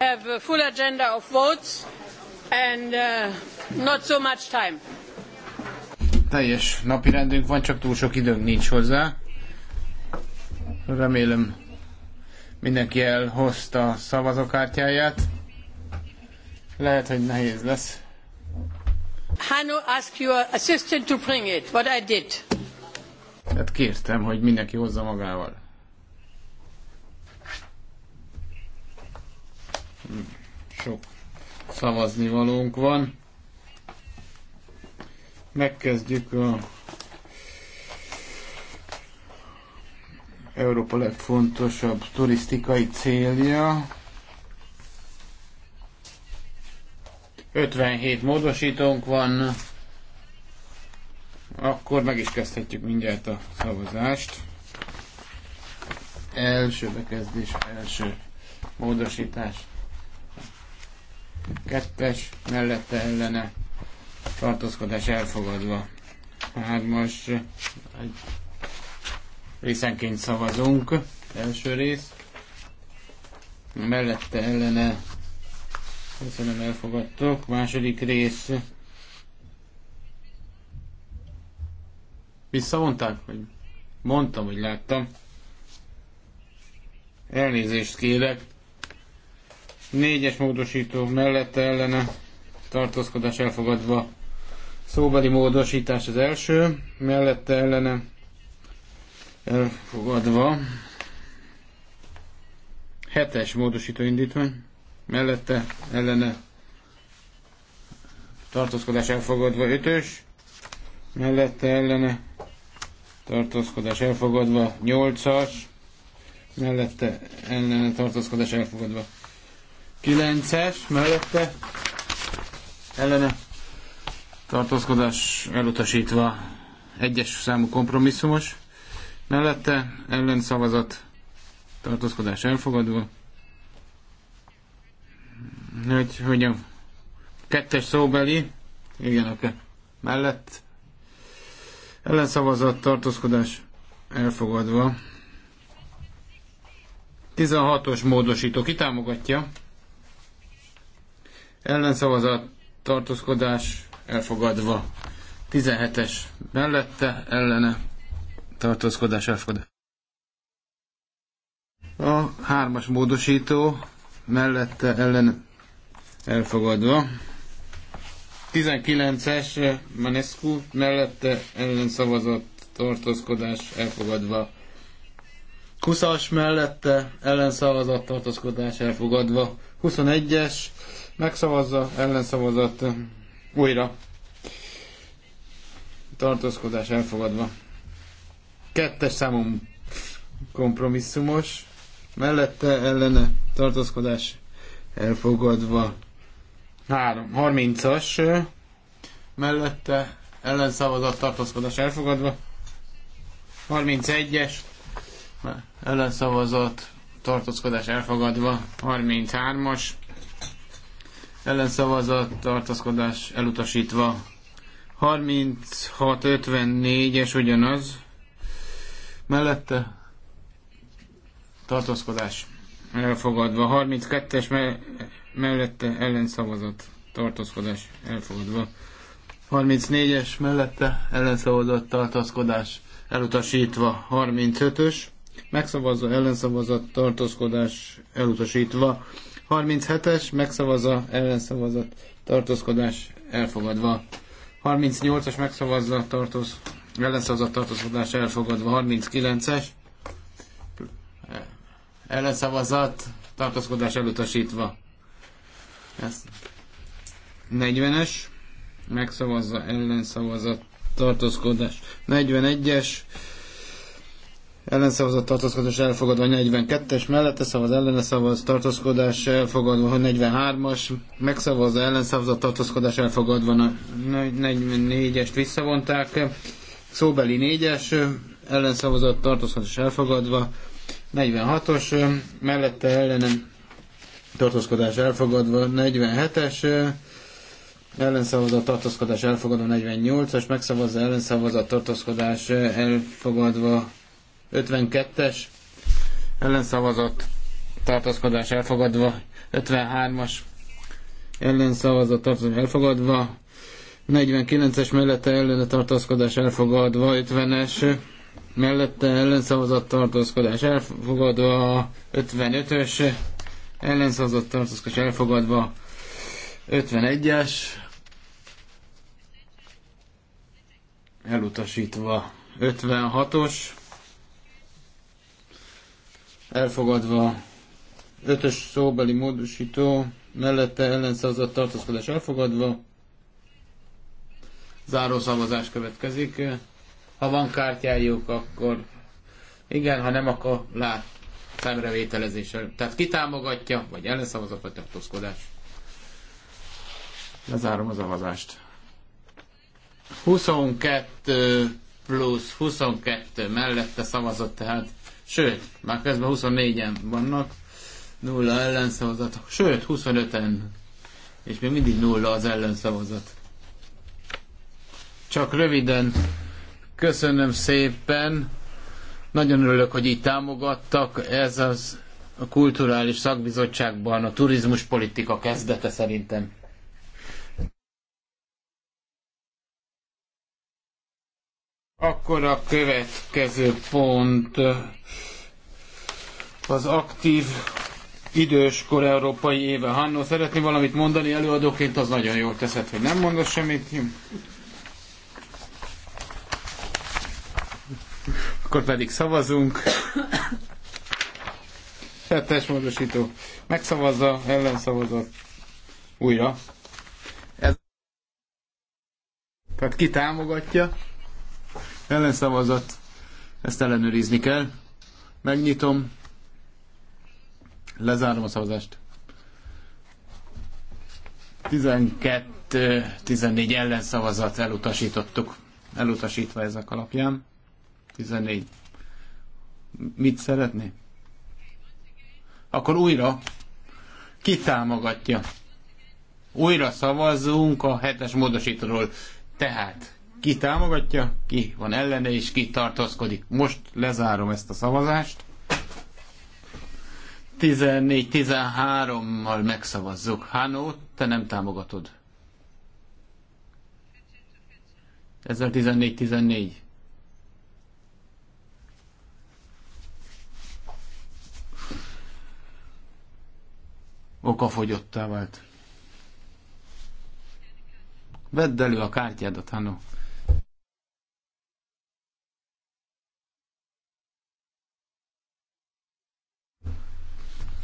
have a full agenda of votes and uh, not so much time. Teljes napi rendünk van, csak túl sok időnk nincs hozzá. Remélem mindenki elhozta a szavazókártyáját. Lehet, hogy nehéz lesz. Hanno ask your assistant to bring it, what I did. Hát kértem, hogy mindenki hozza magával. sok szavazni valónk van. Megkezdjük a Európa legfontosabb turisztikai célja. 57 módosítónk van, akkor meg is kezdhetjük mindjárt a szavazást. Első bekezdés, első módosítás kettes mellette ellene tartózkodás elfogadva. Hát most egy részenként szavazunk. Első rész. Mellette ellene köszönöm elfogadtok. Második rész. Visszavonták? hogy mondtam, hogy láttam. Elnézést kérek. Négyes módosító mellette ellene tartózkodás elfogadva. Szóbeli módosítás az első, mellette ellene elfogadva. Hetes módosító indítvány, mellette ellene tartózkodás elfogadva ötös, mellette ellene tartózkodás elfogadva nyolcas, mellette ellene tartózkodás elfogadva 9-es mellette ellene tartózkodás elutasítva egyes számú kompromisszumos mellette ellen szavazat tartózkodás elfogadva hogy, hogy a kettes szóbeli igen, a mellett ellen szavazat tartózkodás elfogadva 16-os módosító kitámogatja ellenszavazat, tartózkodás elfogadva. 17-es mellette, ellene, tartózkodás elfogadva. A hármas módosító mellette, ellene, elfogadva. 19-es Manescu mellette ellenszavazat tartózkodás elfogadva. 20-as mellette ellenszavazat tartózkodás elfogadva. 21-es megszavazza, ellenszavazat újra. Tartózkodás elfogadva. Kettes számom kompromisszumos. Mellette ellene tartózkodás elfogadva. Három. Harmincas mellette ellenszavazat tartózkodás elfogadva. 31-es ellenszavazat tartózkodás elfogadva. 33-as ellenszavazat, tartaszkodás elutasítva. 36-54-es ugyanaz. Mellette tartózkodás elfogadva. 32-es me- mellette ellenszavazat, tartózkodás elfogadva. 34-es mellette ellenszavazat, tartózkodás elutasítva. 35-ös megszavazza ellenszavazat, tartózkodás elutasítva. 37-es, megszavazza, ellenszavazat, tartózkodás elfogadva. 38-as megszavazza, tartóz, ellenszavazat, tartózkodás elfogadva. 39-es, ellenszavazat, tartózkodás elutasítva. Ez 40-es, megszavazza, ellenszavazat, tartózkodás. 41-es, ellenszavazat tartózkodás elfogadva 42-es, mellette szavaz ellene szavaz tartózkodás elfogadva 43-as, megszavazza ellenszavazat tartózkodás elfogadva 44-est visszavonták, szóbeli 4-es, ellenszavazat tartózkodás elfogadva 46-os, mellette ellenem tartózkodás elfogadva 47-es, ellenszavazat tartózkodás elfogadva 48-as, megszavazza ellenszavazat tartózkodás elfogadva 52-es ellenszavazat tartózkodás elfogadva, 53-as ellenszavazat tartózkodás elfogadva, 49-es mellette ellen tartózkodás elfogadva, 50-es mellette ellenszavazat tartózkodás elfogadva, 55-ös ellenszavazat tartózkodás elfogadva, 51-es elutasítva, 56-os elfogadva. Ötös szóbeli módosító mellette ellenszavazat tartózkodás elfogadva. Záró szavazás következik. Ha van kártyájuk, akkor igen, ha nem, akkor lát szemrevételezéssel. Tehát ki támogatja, vagy ellenszavazat, vagy tartózkodás. Lezárom a szavazást. 22 plusz 22 mellette szavazott, tehát Sőt, már közben 24-en vannak, nulla ellenszavazat, sőt, 25-en, és még mindig nulla az ellenszavazat. Csak röviden, köszönöm szépen, nagyon örülök, hogy így támogattak, ez az a kulturális szakbizottságban a turizmuspolitika kezdete szerintem. Akkor a következő pont az aktív időskor európai éve. Hannó, szeretné valamit mondani előadóként, az nagyon jól teszed, hogy nem mondasz semmit. Akkor pedig szavazunk. Kettes módosító. Megszavazza, ellenszavazat. Újra. Ez... Tehát ki támogatja? ellenszavazat, ezt ellenőrizni kell. Megnyitom, lezárom a szavazást. 12-14 ellenszavazat elutasítottuk, elutasítva ezek alapján. 14. Mit szeretné? Akkor újra kitámogatja. Újra szavazzunk a hetes módosítóról. Tehát ki támogatja, ki van ellene, és ki tartózkodik. Most lezárom ezt a szavazást. 14-13-mal megszavazzuk. Hánó, te nem támogatod. Ezzel 14-14. Okafogyottá vált. Vedd elő a kártyádat, Hanó.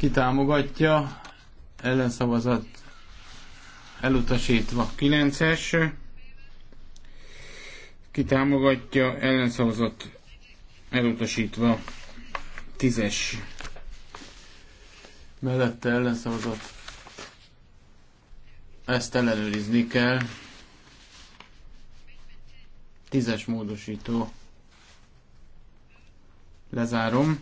Ki támogatja? Ellenszavazat elutasítva. 9-es. Ki támogatja? Ellenszavazat elutasítva. 10-es. Mellette ellenszavazat. Ezt ellenőrizni kell. 10-es módosító. Lezárom.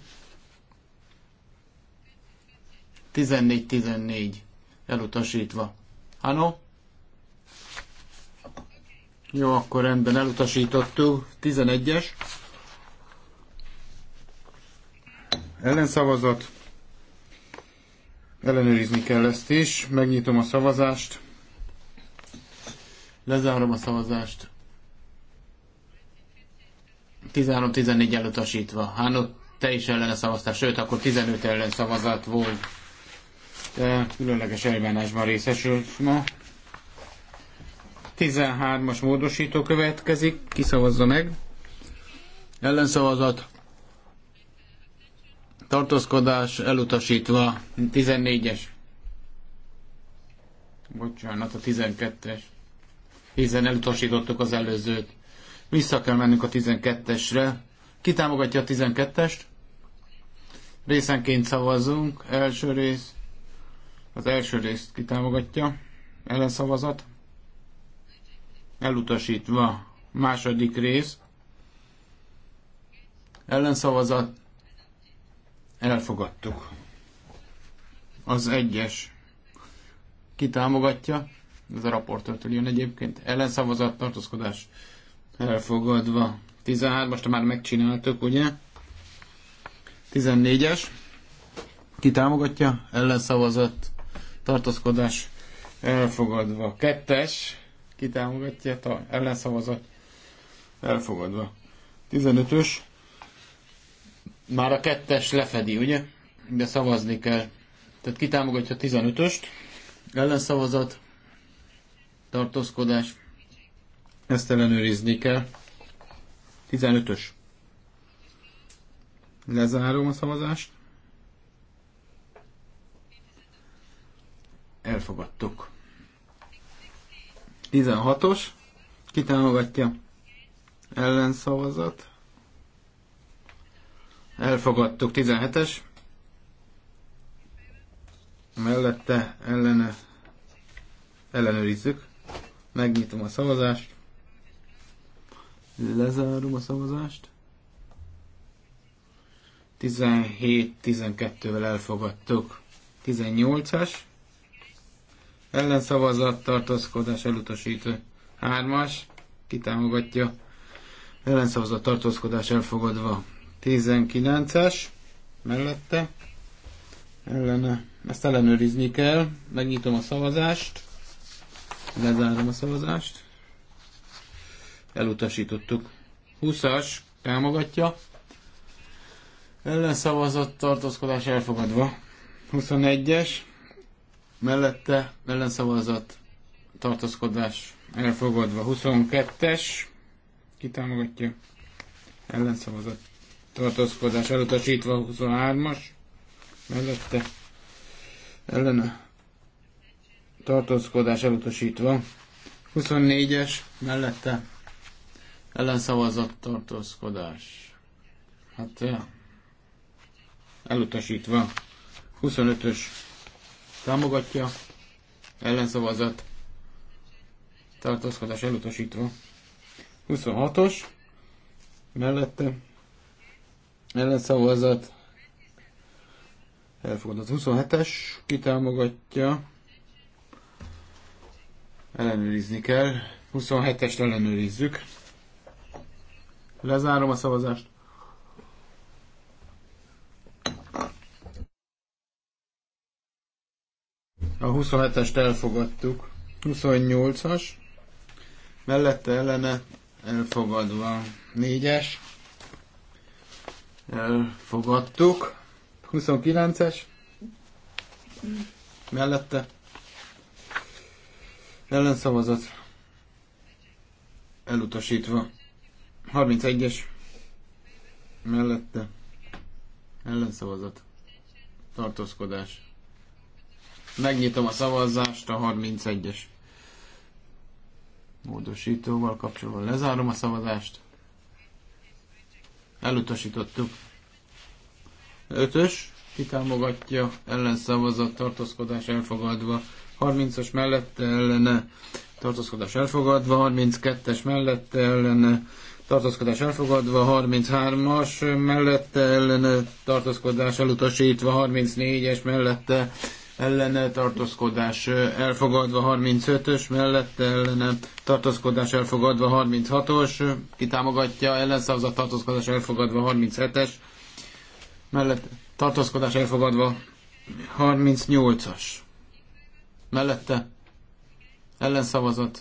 14-14 elutasítva. Hano? Jó, akkor rendben elutasítottuk. 11-es. Ellenszavazat. Ellenőrizni kell ezt is. Megnyitom a szavazást. Lezárom a szavazást. 13-14 elutasítva. Hánó, te is ellene szavaztál, sőt, akkor 15 ellen szavazat volt különleges részesült ma. 13-as módosító következik, kiszavazza meg. Ellenszavazat. Tartózkodás elutasítva. 14-es. Bocsánat, a 12-es. Hiszen elutasítottuk az előzőt. Vissza kell mennünk a 12-esre. Ki támogatja a 12-est? Részenként szavazunk. Első rész az első részt kitámogatja, ellenszavazat, elutasítva. Második rész, ellenszavazat, elfogadtuk. Az egyes kitámogatja, ez a raportőrtől jön egyébként, ellenszavazat, tartózkodás elfogadva. 13, most már megcsináltuk, ugye? 14-es, kitámogatja, ellenszavazat, tartózkodás elfogadva. Kettes, ki támogatja, a ellenszavazat elfogadva. 15-ös, már a kettes lefedi, ugye? De szavazni kell. Tehát ki támogatja 15-öst, ellenszavazat, tartózkodás, ezt ellenőrizni kell. 15-ös. Lezárom a szavazást. elfogadtuk. 16-os, kitámogatja ellenszavazat, elfogadtuk 17-es, mellette ellene ellenőrizzük, megnyitom a szavazást, lezárom a szavazást, 17-12-vel elfogadtuk, 18-as, ellenszavazat, tartózkodás elutasítva. Hármas, kitámogatja, ellenszavazat, tartózkodás elfogadva. 19-es, mellette, ellene. Ezt ellenőrizni kell, megnyitom a szavazást, lezárom a szavazást, elutasítottuk. 20-as, támogatja, ellenszavazat, tartózkodás elfogadva. 21-es, mellette ellenszavazat, tartózkodás elfogadva. 22-es, kitámogatja, ellenszavazat, tartózkodás elutasítva. 23-as, mellette ellene tartózkodás elutasítva. 24-es, mellette ellenszavazat, tartózkodás. Hát elutasítva. 25-ös támogatja, ellenszavazat, tartózkodás elutasítva. 26-os, mellette, ellenszavazat, elfogadott. 27-es, kitámogatja, ellenőrizni kell. 27-est ellenőrizzük. Lezárom a szavazást. A 27-est elfogadtuk. 28-as. Mellette ellene elfogadva. 4-es. Elfogadtuk. 29-es. Mellette. Ellenszavazat. Elutasítva. 31-es. Mellette. Ellenszavazat. Tartózkodás Megnyitom a szavazást a 31-es módosítóval kapcsolatban. Lezárom a szavazást. Elutasítottuk. Ötös, ki támogatja, ellenszavazat, tartózkodás elfogadva. 30-as mellette ellene, tartózkodás elfogadva. 32-es mellette ellene, tartózkodás elfogadva, 33-as mellette ellene tartózkodás elutasítva, 34-es mellette ellene tartózkodás elfogadva 35-ös, mellette ellene tartózkodás elfogadva 36-os, kitámogatja ellenszavazat tartózkodás elfogadva 37-es, mellette tartózkodás elfogadva 38-as, mellette ellenszavazat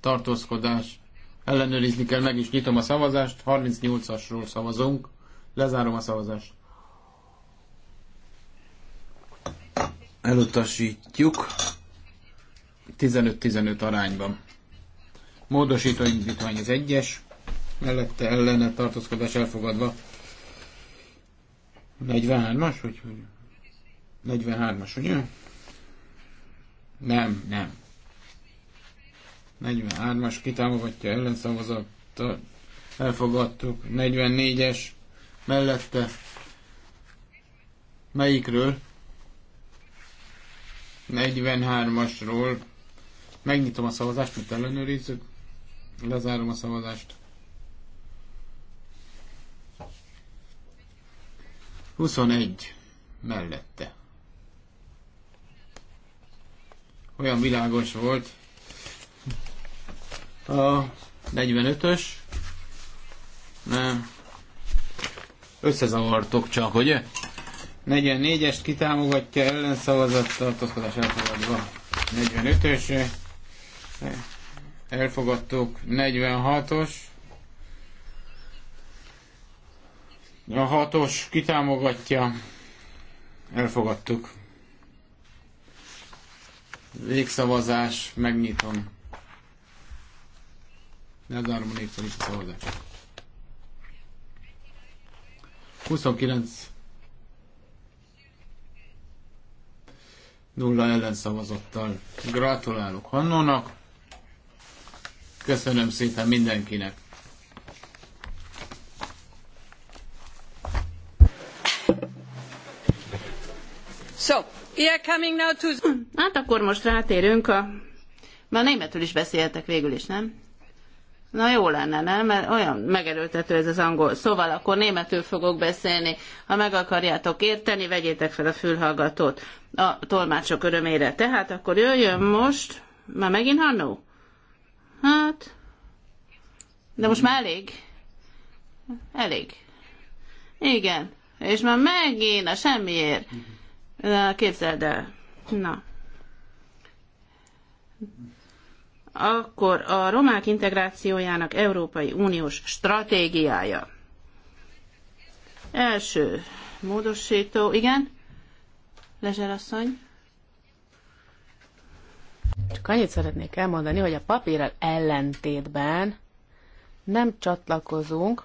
tartózkodás ellenőrizni kell, meg is nyitom a szavazást, 38-asról szavazunk, lezárom a szavazást. elutasítjuk 15-15 arányban. Módosító indítvány az egyes, mellette ellene tartózkodás elfogadva 43-as, vagy 43-as, ugye? Nem, nem. 43-as kitámogatja ellenszavazattal, elfogadtuk. 44-es mellette melyikről? 43-asról megnyitom a szavazást, mint ellenőrizzük. Lezárom a szavazást. 21 mellette. Olyan világos volt. A 45-ös. Nem. Összezavartok csak, ugye? 44-est kitámogatja ellenszavazattal, tartózkodás elfogadva. 45-ös elfogadtuk. 46-os a 6-os kitámogatja elfogadtuk. Végszavazás, megnyitom. Ne zárom a népszerű szavazást. 29 nulla ellenszavazattal. Gratulálok Hannónak. Köszönöm szépen mindenkinek. So, here coming now to... Hát akkor most rátérünk a... Már németül is beszéltek végül is, nem? Na jó lenne, nem? Mert olyan megerőltető ez az angol. Szóval akkor németül fogok beszélni. Ha meg akarjátok érteni, vegyétek fel a fülhallgatót a tolmácsok örömére. Tehát akkor jöjjön most... Már megint Hannó? Hát... De most már elég? Elég. Igen. És már megint a semmiért. Képzeld el. Na akkor a romák integrációjának Európai Uniós stratégiája. Első módosító, igen, Lezser asszony. Csak annyit szeretnék elmondani, hogy a papírral ellentétben nem csatlakozunk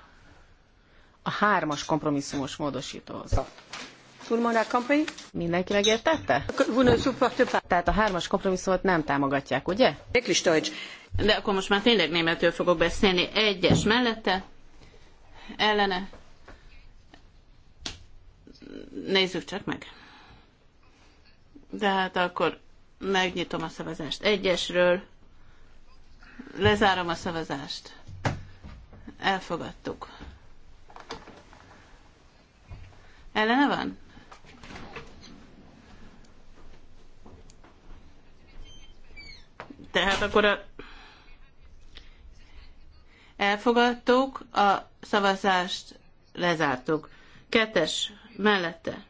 a hármas kompromisszumos módosítóhoz. Mindenki megértette? Tehát a hármas kompromisszumot nem támogatják, ugye? De akkor most már tényleg németül fogok beszélni. Egyes mellette, ellene. Nézzük csak meg. De hát akkor megnyitom a szavazást. Egyesről lezárom a szavazást. Elfogadtuk. Ellene van? Tehát akkor a... elfogadtuk, a szavazást lezártuk. Kettes, mellette,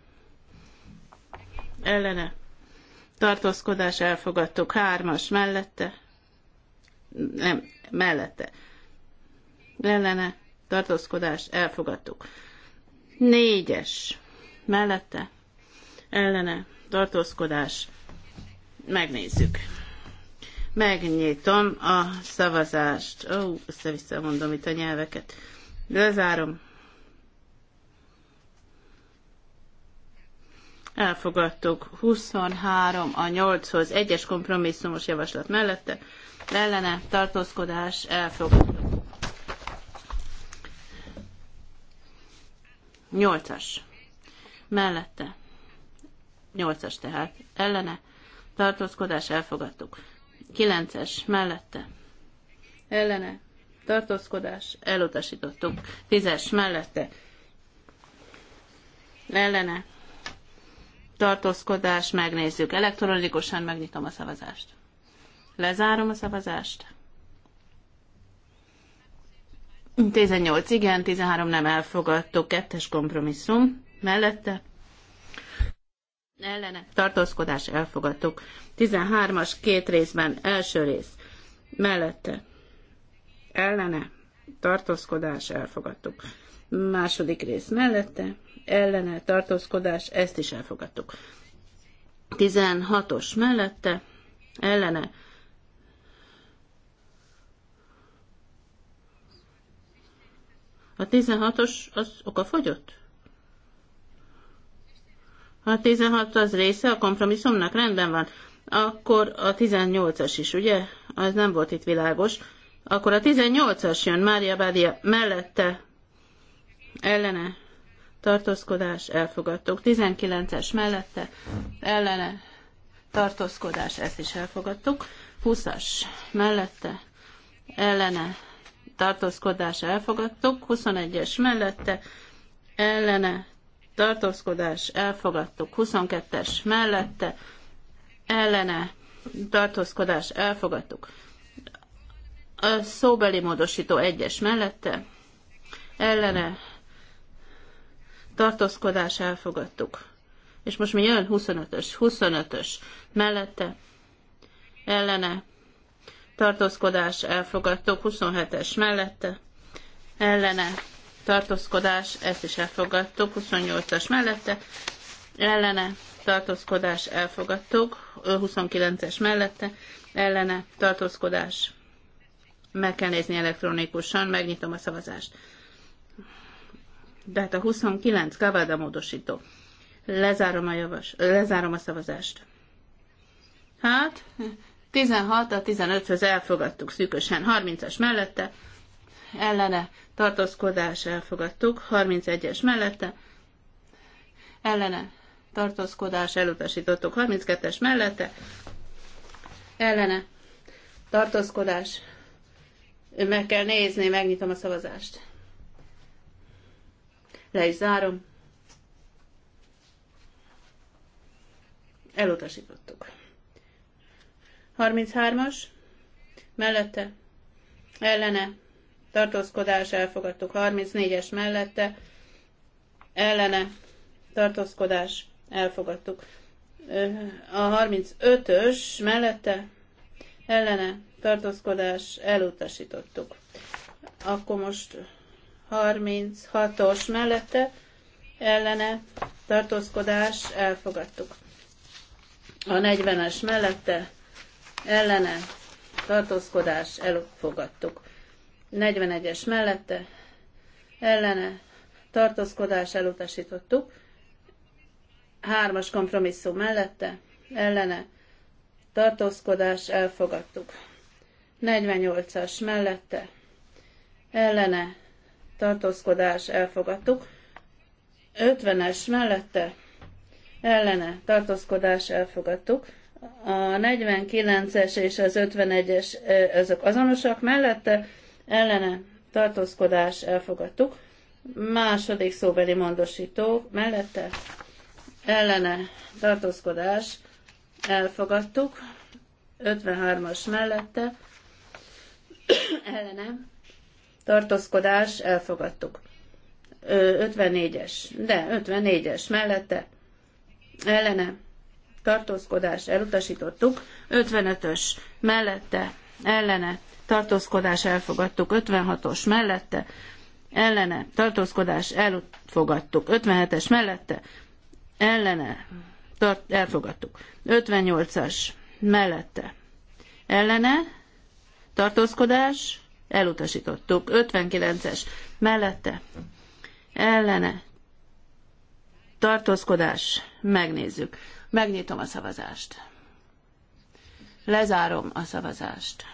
ellene, tartózkodás elfogadtuk. Hármas, mellette, nem, mellette, ellene, tartózkodás elfogadtuk. Négyes, mellette, ellene, tartózkodás, megnézzük. Megnyitom a szavazást. Ó, össze-vissza mondom itt a nyelveket. Lezárom. Elfogadtuk 23 a 8-hoz egyes kompromisszumos javaslat mellette. Ellene tartózkodás elfogadtuk. 8-as. Mellette. 8-as tehát. Ellene tartózkodás elfogadtuk kilences mellette ellene tartózkodás elutasítottuk. Tízes, mellette ellene tartózkodás megnézzük. Elektronikusan megnyitom a szavazást. Lezárom a szavazást. 18 igen, 13 nem elfogadtuk, kettes kompromisszum mellette ellene tartózkodás elfogadtuk. 13-as két részben első rész mellette ellene tartózkodás elfogadtuk. Második rész mellette ellene tartózkodás ezt is elfogadtuk. 16-os mellette ellene a 16-os az oka fogyott? A 16 az része a kompromisszumnak? Rendben van. Akkor a 18-as is, ugye? Az nem volt itt világos. Akkor a 18-as jön, Mária Bádia mellette. Ellene. Tartózkodás, elfogadtuk. 19-es mellette. Ellene. Tartózkodás, ezt is elfogadtuk. 20-as mellette. Ellene. Tartózkodás, elfogadtuk. 21-es mellette. Ellene tartózkodás, elfogadtuk. 22-es mellette, ellene, tartózkodás, elfogadtuk. A szóbeli módosító egyes mellette, ellene, tartózkodás, elfogadtuk. És most mi jön? 25-ös, 25-ös mellette, ellene, tartózkodás, elfogadtuk. 27-es mellette, ellene, tartózkodás, ezt is elfogadtuk, 28-as mellette, ellene, tartózkodás, elfogadtuk, 29-es mellette, ellene, tartózkodás, meg kell nézni elektronikusan, megnyitom a szavazást. De hát a 29 Kavada módosító. Lezárom a, javas, lezárom a szavazást. Hát, 16 a 15-höz elfogadtuk szűkösen, 30-as mellette, ellene tartózkodás elfogadtuk, 31-es mellette, ellene tartózkodás elutasítottuk, 32-es mellette, ellene tartózkodás, meg kell nézni, megnyitom a szavazást. Le is zárom. Elutasítottuk. 33-as, mellette, ellene, tartózkodás, elfogadtuk 34-es mellette, ellene tartózkodás, elfogadtuk. A 35-ös mellette ellene tartózkodás elutasítottuk. Akkor most 36-os mellette ellene tartózkodás elfogadtuk. A 40-es mellette ellene tartózkodás elfogadtuk. 41-es mellette ellene tartózkodás elutasítottuk. Hármas kompromisszum mellette ellene tartózkodás elfogadtuk. 48-as mellette ellene tartózkodás elfogadtuk. 50-es mellette ellene tartózkodás elfogadtuk. A 49-es és az 51-es azok azonosak mellette ellene tartózkodás elfogadtuk. Második szóbeli mondosító mellette ellene tartózkodás elfogadtuk. 53-as mellette ellene tartózkodás elfogadtuk. 54-es, de 54-es mellette ellene tartózkodás elutasítottuk, 55-ös mellette ellene tartózkodás elfogadtuk, 56-os mellette, ellene, tartózkodás elfogadtuk, 57-es mellette, ellene, tart, elfogadtuk, 58-as mellette, ellene, tartózkodás, elutasítottuk, 59-es mellette, ellene, tartózkodás, megnézzük. Megnyitom a szavazást. Lezárom a szavazást.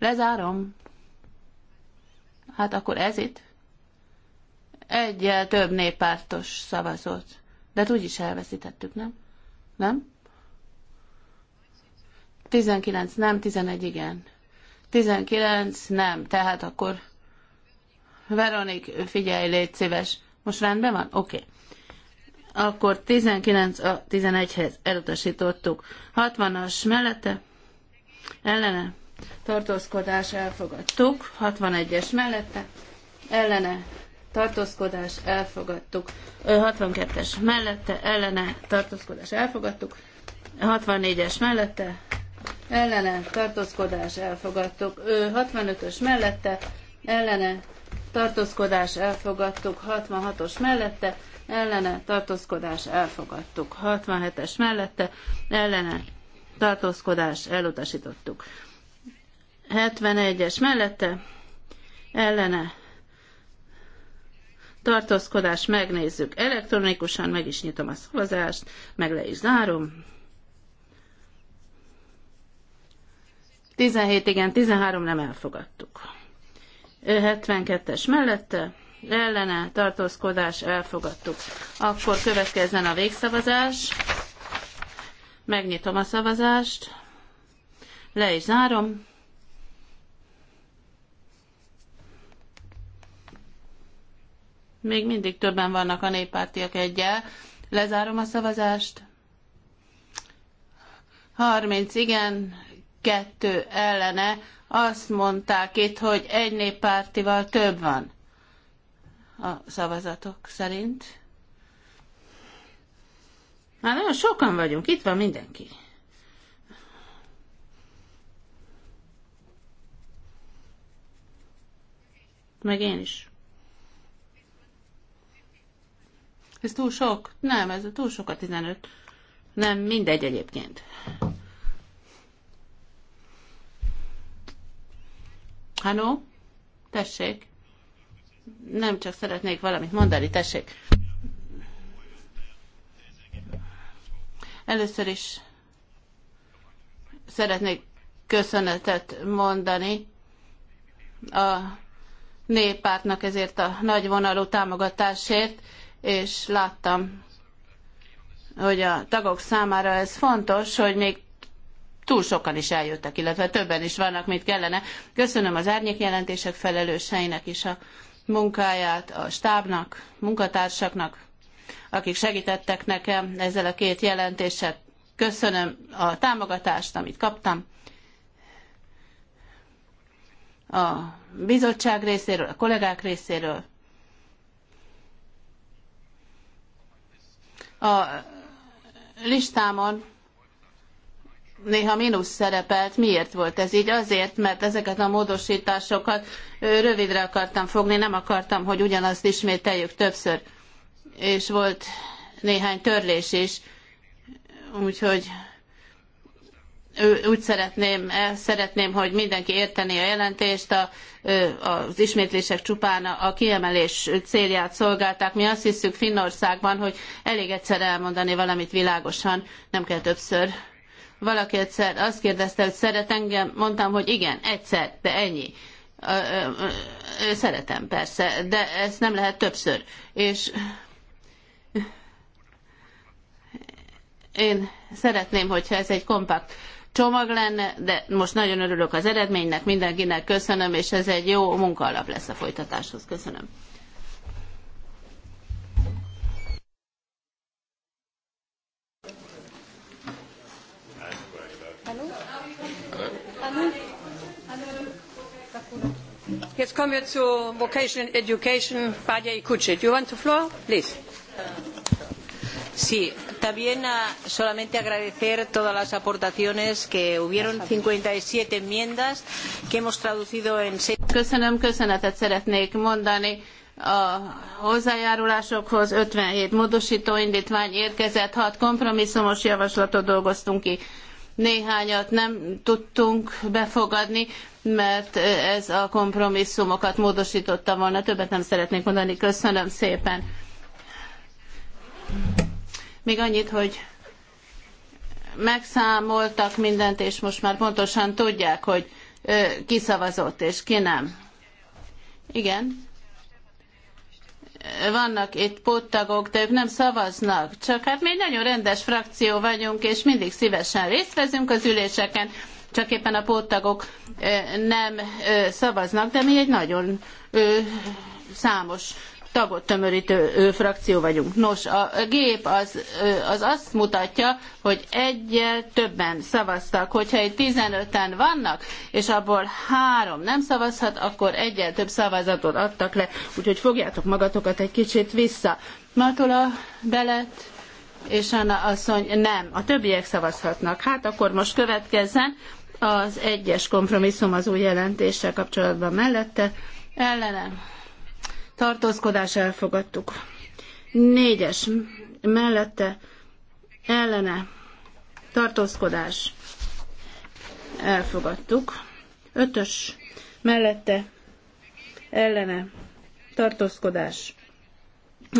Lezárom. Hát akkor ez itt? Egyel több néppártos szavazott. De úgy is elveszítettük, nem? Nem? 19 nem, 11 igen. 19 nem, tehát akkor Veronik, figyelj, légy szíves. Most rendben van? Oké. Okay. Akkor 19 a 11-hez elutasítottuk. 60-as mellette? Ellene? tartózkodás elfogadtuk, 61-es mellette, ellene tartózkodás elfogadtuk, 62-es mellette, ellene tartózkodás elfogadtuk, 64-es mellette, ellene tartózkodás elfogadtuk, 65-ös mellette, ellene tartózkodás elfogadtuk, 66-os mellette, ellene tartózkodás elfogadtuk, 67-es mellette, ellene tartózkodás elutasítottuk. 71-es mellette ellene tartózkodás, megnézzük elektronikusan, meg is nyitom a szavazást, meg le is zárom. 17 igen, 13 nem elfogadtuk. 72-es mellette, ellene, tartózkodás, elfogadtuk. Akkor következzen a végszavazás. Megnyitom a szavazást, le is zárom. Még mindig többen vannak a néppártiak egyel. Lezárom a szavazást. 30 igen, kettő ellene. Azt mondták itt, hogy egy néppártival több van a szavazatok szerint. Már nagyon sokan vagyunk, itt van mindenki. Meg én is. Ez túl sok? Nem, ez túl sok a 15. Nem, mindegy egyébként. Hanó? Tessék? Nem, csak szeretnék valamit mondani, tessék. Először is szeretnék köszönetet mondani a néppártnak ezért a nagyvonalú támogatásért és láttam, hogy a tagok számára ez fontos, hogy még túl sokan is eljöttek, illetve többen is vannak, mint kellene. Köszönöm az árnyékjelentések felelőseinek is a munkáját, a stábnak, munkatársaknak, akik segítettek nekem ezzel a két jelentéssel. Köszönöm a támogatást, amit kaptam. A bizottság részéről, a kollégák részéről, A listámon néha mínusz szerepelt. Miért volt ez így? Azért, mert ezeket a módosításokat rövidre akartam fogni, nem akartam, hogy ugyanazt ismételjük többször. És volt néhány törlés is, úgyhogy úgy szeretném, e, szeretném, hogy mindenki értené a jelentést, a, az ismétlések csupán a kiemelés célját szolgálták. Mi azt hiszük Finnországban, hogy elég egyszer elmondani valamit világosan, nem kell többször. Valaki egyszer azt kérdezte, hogy szeret engem, mondtam, hogy igen, egyszer, de ennyi. Szeretem persze, de ezt nem lehet többször. És én szeretném, hogyha ez egy kompakt csomag lenne, de most nagyon örülök az eredménynek, mindenkinek köszönöm, és ez egy jó munkaalap lesz a folytatáshoz. Köszönöm. Jetzt kommen wir zu Vocational Education. Badia Ikucic. You want the floor? Please. Sí, también a, ah, solamente agradecer todas las aportaciones que hubieron 57 enmiendas que hemos traducido en seis. Köszönöm, köszönetet szeretnék mondani a hozzájárulásokhoz 57 módosító indítvány érkezett, 6 kompromisszumos javaslatot dolgoztunk ki. Néhányat nem tudtunk befogadni, mert eh, ez a kompromisszumokat módosította volna. Többet nem szeretnék mondani. Köszönöm szépen. Még annyit, hogy megszámoltak mindent, és most már pontosan tudják, hogy ki szavazott és ki nem. Igen. Vannak itt póttagok, de ők nem szavaznak. Csak hát mi egy nagyon rendes frakció vagyunk, és mindig szívesen részt veszünk az üléseken, csak éppen a póttagok nem szavaznak, de mi egy nagyon számos tagot tömörítő frakció vagyunk. Nos, a gép az, az azt mutatja, hogy egyel többen szavaztak. Hogyha itt 15-en vannak, és abból három nem szavazhat, akkor egyel több szavazatot adtak le. Úgyhogy fogjátok magatokat egy kicsit vissza. Matula, Belet, és Anna asszony nem. A többiek szavazhatnak. Hát akkor most következzen az egyes kompromisszum az új jelentéssel kapcsolatban mellette. Ellenem tartózkodás elfogadtuk. Négyes mellette ellene tartózkodás elfogadtuk. Ötös mellette ellene tartózkodás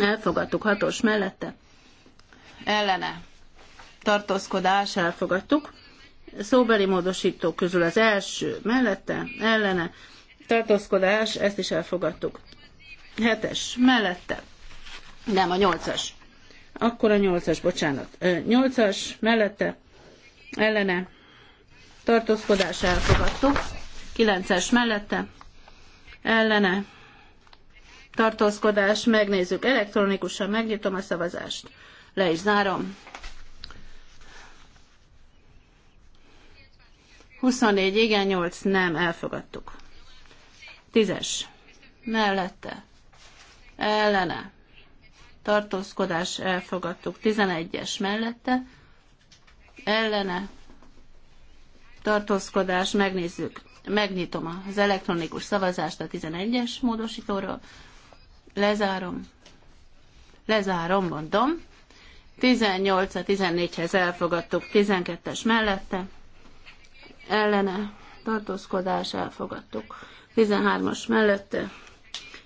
elfogadtuk. Hatos mellette ellene tartózkodás elfogadtuk. Szóbeli módosítók közül az első mellette ellene tartózkodás, ezt is elfogadtuk. Hetes. Mellette. Nem, a nyolcas. Akkor a nyolcas, bocsánat. Nyolcas, mellette, ellene, tartózkodás elfogadtuk. Kilences mellette, ellene, tartózkodás, megnézzük elektronikusan, megnyitom a szavazást. Le is zárom. 24 igen, 8 nem, elfogadtuk. 10-es. Mellette ellene tartózkodás elfogadtuk 11-es mellette, ellene tartózkodás megnézzük, megnyitom az elektronikus szavazást a 11-es módosítóról, lezárom, lezárom, mondom, 18 a 14-hez elfogadtuk, 12-es mellette, ellene tartózkodás elfogadtuk, 13-as mellette,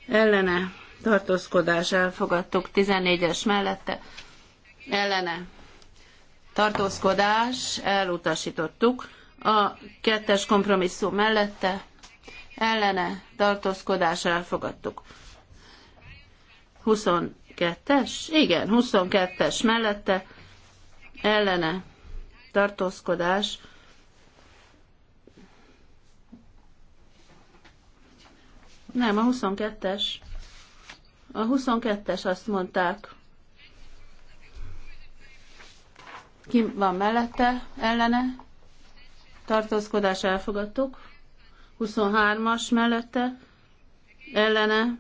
ellene tartózkodás elfogadtuk 14-es mellette, ellene tartózkodás elutasítottuk, a kettes kompromisszum mellette, ellene tartózkodás elfogadtuk. 22-es? Igen, 22-es mellette, ellene tartózkodás nem, a 22-es. A 22-es azt mondták, ki van mellette, ellene, tartózkodás elfogadtuk. 23-as mellette, ellene,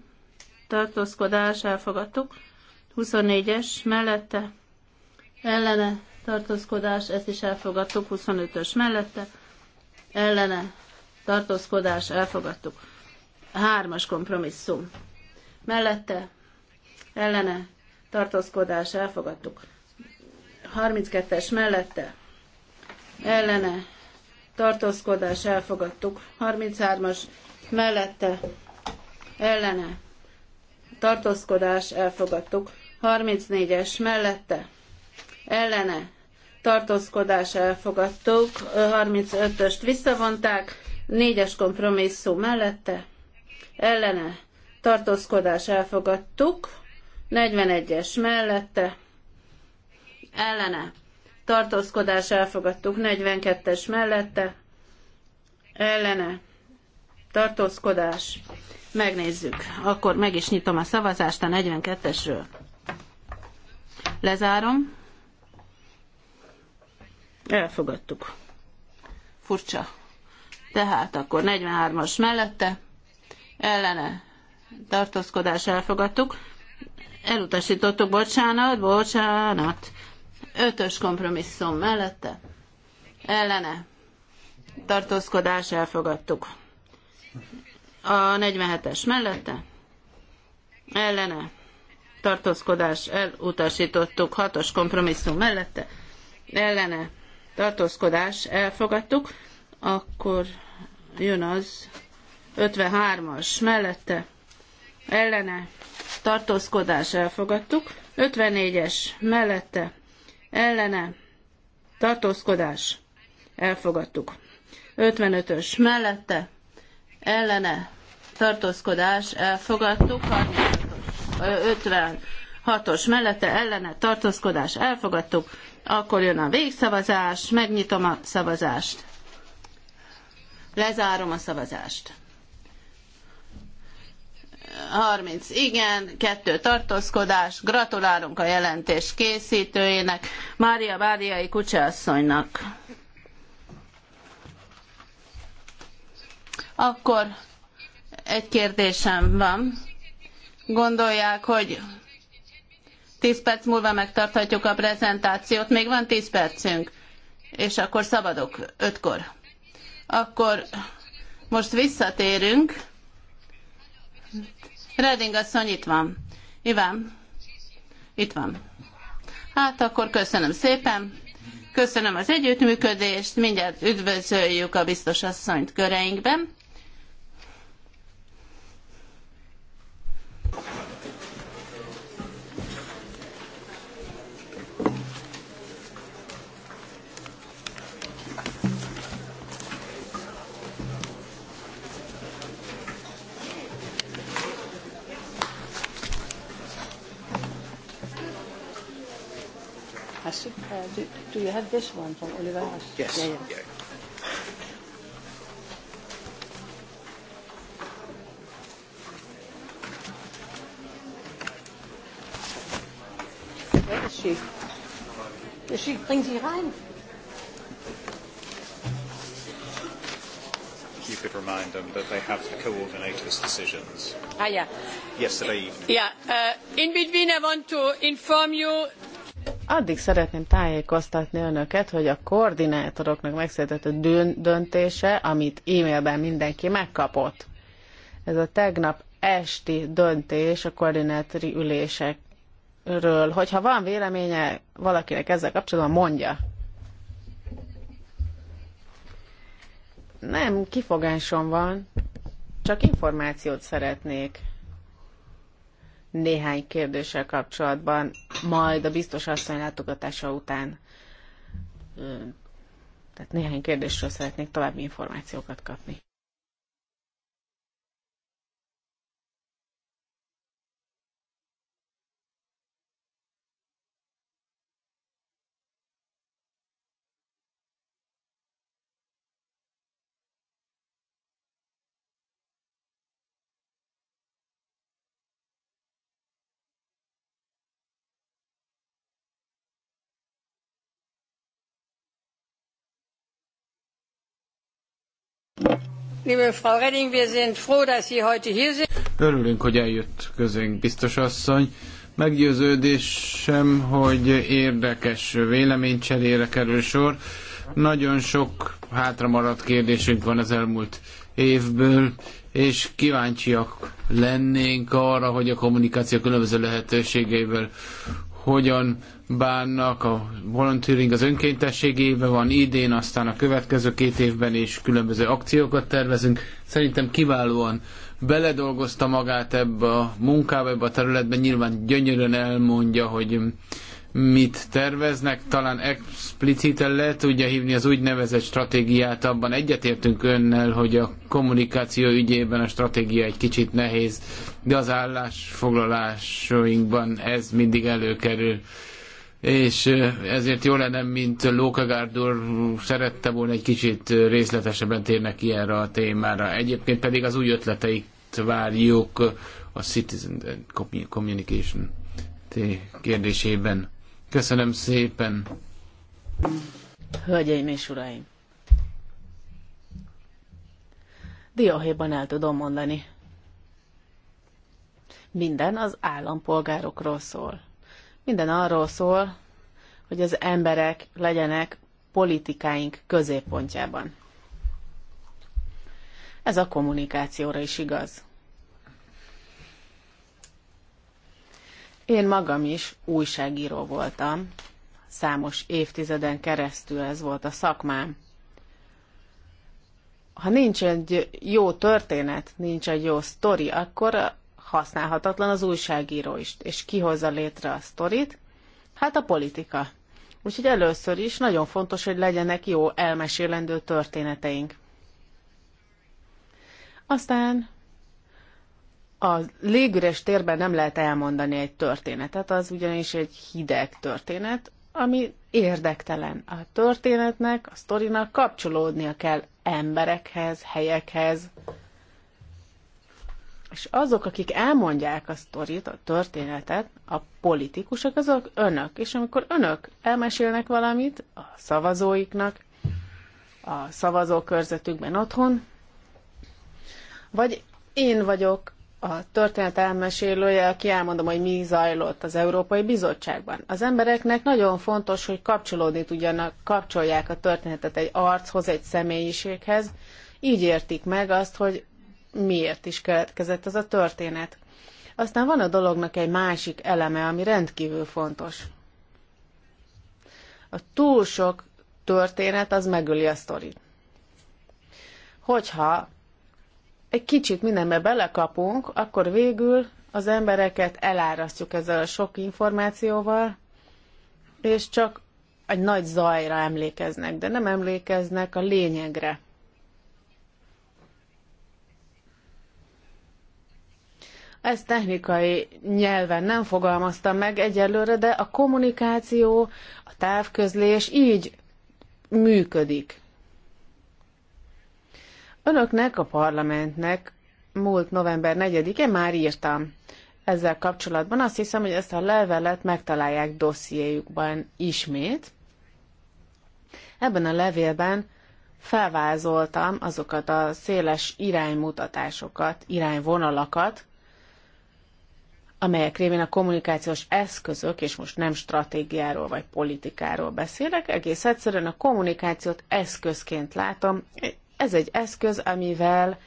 tartózkodás elfogadtuk. 24-es mellette, ellene, tartózkodás, ezt is elfogadtuk. 25-ös mellette, ellene, tartózkodás elfogadtuk. Hármas kompromisszum mellette ellene tartózkodás elfogadtuk. 32-es mellette ellene tartózkodás elfogadtuk. 33-as mellette ellene tartózkodás elfogadtuk. 34-es mellette ellene tartózkodás elfogadtuk. 35-öst visszavonták. 4-es kompromisszum mellette ellene tartózkodás elfogadtuk, 41-es mellette, ellene, tartózkodás elfogadtuk, 42-es mellette, ellene, tartózkodás, megnézzük. Akkor meg is nyitom a szavazást a 42-esről. Lezárom. Elfogadtuk. Furcsa. Tehát akkor 43-as mellette, ellene tartózkodás elfogadtuk. Elutasítottuk, bocsánat, bocsánat. Ötös kompromisszum mellette. Ellene. Tartózkodás elfogadtuk. A 47-es mellette. Ellene. Tartózkodás elutasítottuk. Hatos kompromisszum mellette. Ellene. Tartózkodás elfogadtuk. Akkor jön az 53-as mellette ellene tartózkodás elfogadtuk, 54-es mellette ellene tartózkodás elfogadtuk, 55-ös mellette ellene tartózkodás elfogadtuk, 56-os mellette ellene tartózkodás elfogadtuk, akkor jön a végszavazás, megnyitom a szavazást. Lezárom a szavazást. 30 igen, 2 tartózkodás. Gratulálunk a jelentés készítőjének, Mária Báriai Kucseasszonynak. Akkor egy kérdésem van. Gondolják, hogy 10 perc múlva megtarthatjuk a prezentációt, még van 10 percünk, és akkor szabadok 5-kor. Akkor most visszatérünk Reding asszony itt van. Iván, itt van. Hát akkor köszönöm szépen. Köszönöm az együttműködést, mindjárt üdvözöljük a biztos asszonyt köreinkben. Uh, do, do you have this one from Oliver Haas? Yes. Yeah, yeah. yeah. Where is she? Is she bring sie rein. You could remind them that they have the coordinators' decisions. Ah, yeah. Yesterday evening. Yeah. Uh, in between, I want to inform you addig szeretném tájékoztatni önöket, hogy a koordinátoroknak megszületett döntése, amit e-mailben mindenki megkapott. Ez a tegnap esti döntés a koordinátori ülésekről. Hogyha van véleménye valakinek ezzel kapcsolatban, mondja. Nem, kifogásom van, csak információt szeretnék néhány kérdéssel kapcsolatban, majd a biztos asszony látogatása után. Tehát néhány kérdésről szeretnék további információkat kapni. Liebe Frau Redding, wir sind froh, dass Sie heute hier sind. Örülünk, hogy eljött közénk, biztos asszony. Meggyőződésem, hogy érdekes véleménycserére kerül sor. Nagyon sok hátramaradt kérdésünk van az elmúlt évből, és kíváncsiak lennénk arra, hogy a kommunikáció különböző lehetőségeivel hogyan bánnak, a volunteering az önkéntességében van idén, aztán a következő két évben is különböző akciókat tervezünk. Szerintem kiválóan beledolgozta magát ebbe a munkába, ebbe a területben, nyilván gyönyörűen elmondja, hogy mit terveznek, talán expliciten le tudja hívni az úgynevezett stratégiát, abban egyetértünk önnel, hogy a kommunikáció ügyében a stratégia egy kicsit nehéz, de az állásfoglalásainkban ez mindig előkerül és ezért jó lenne, mint Lókagárd úr szerette volna egy kicsit részletesebben térnek erre a témára. Egyébként pedig az új ötleteit várjuk a Citizen Communication kérdésében. Köszönöm szépen. Hölgyeim és uraim! Dióhéjban el tudom mondani. Minden az állampolgárokról szól. Minden arról szól, hogy az emberek legyenek politikáink középpontjában. Ez a kommunikációra is igaz. Én magam is újságíró voltam, számos évtizeden keresztül ez volt a szakmám. Ha nincs egy jó történet, nincs egy jó sztori, akkor használhatatlan az újságíró is. És ki hozza létre a sztorit? Hát a politika. Úgyhogy először is nagyon fontos, hogy legyenek jó elmesélendő történeteink. Aztán a légüres térben nem lehet elmondani egy történetet, az ugyanis egy hideg történet, ami érdektelen. A történetnek, a sztorinak kapcsolódnia kell emberekhez, helyekhez. És azok, akik elmondják a sztorit, a történetet, a politikusok, azok önök. És amikor önök elmesélnek valamit a szavazóiknak, a szavazókörzetükben otthon, vagy én vagyok a történet elmesélője, aki elmondom, hogy mi zajlott az Európai Bizottságban. Az embereknek nagyon fontos, hogy kapcsolódni tudjanak, kapcsolják a történetet egy archoz, egy személyiséghez, így értik meg azt, hogy miért is keletkezett ez a történet. Aztán van a dolognak egy másik eleme, ami rendkívül fontos. A túl sok történet az megöli a sztorit. Hogyha egy kicsit mindenbe belekapunk, akkor végül az embereket elárasztjuk ezzel a sok információval, és csak egy nagy zajra emlékeznek, de nem emlékeznek a lényegre. Ezt technikai nyelven nem fogalmaztam meg egyelőre, de a kommunikáció, a távközlés így működik. Önöknek, a parlamentnek múlt november 4-e már írtam ezzel kapcsolatban. Azt hiszem, hogy ezt a levelet megtalálják dossziéjukban ismét. Ebben a levélben felvázoltam azokat a széles iránymutatásokat, irányvonalakat, amelyek révén a kommunikációs eszközök, és most nem stratégiáról vagy politikáról beszélek, egész egyszerűen a kommunikációt eszközként látom, ez egy eszköz, amivel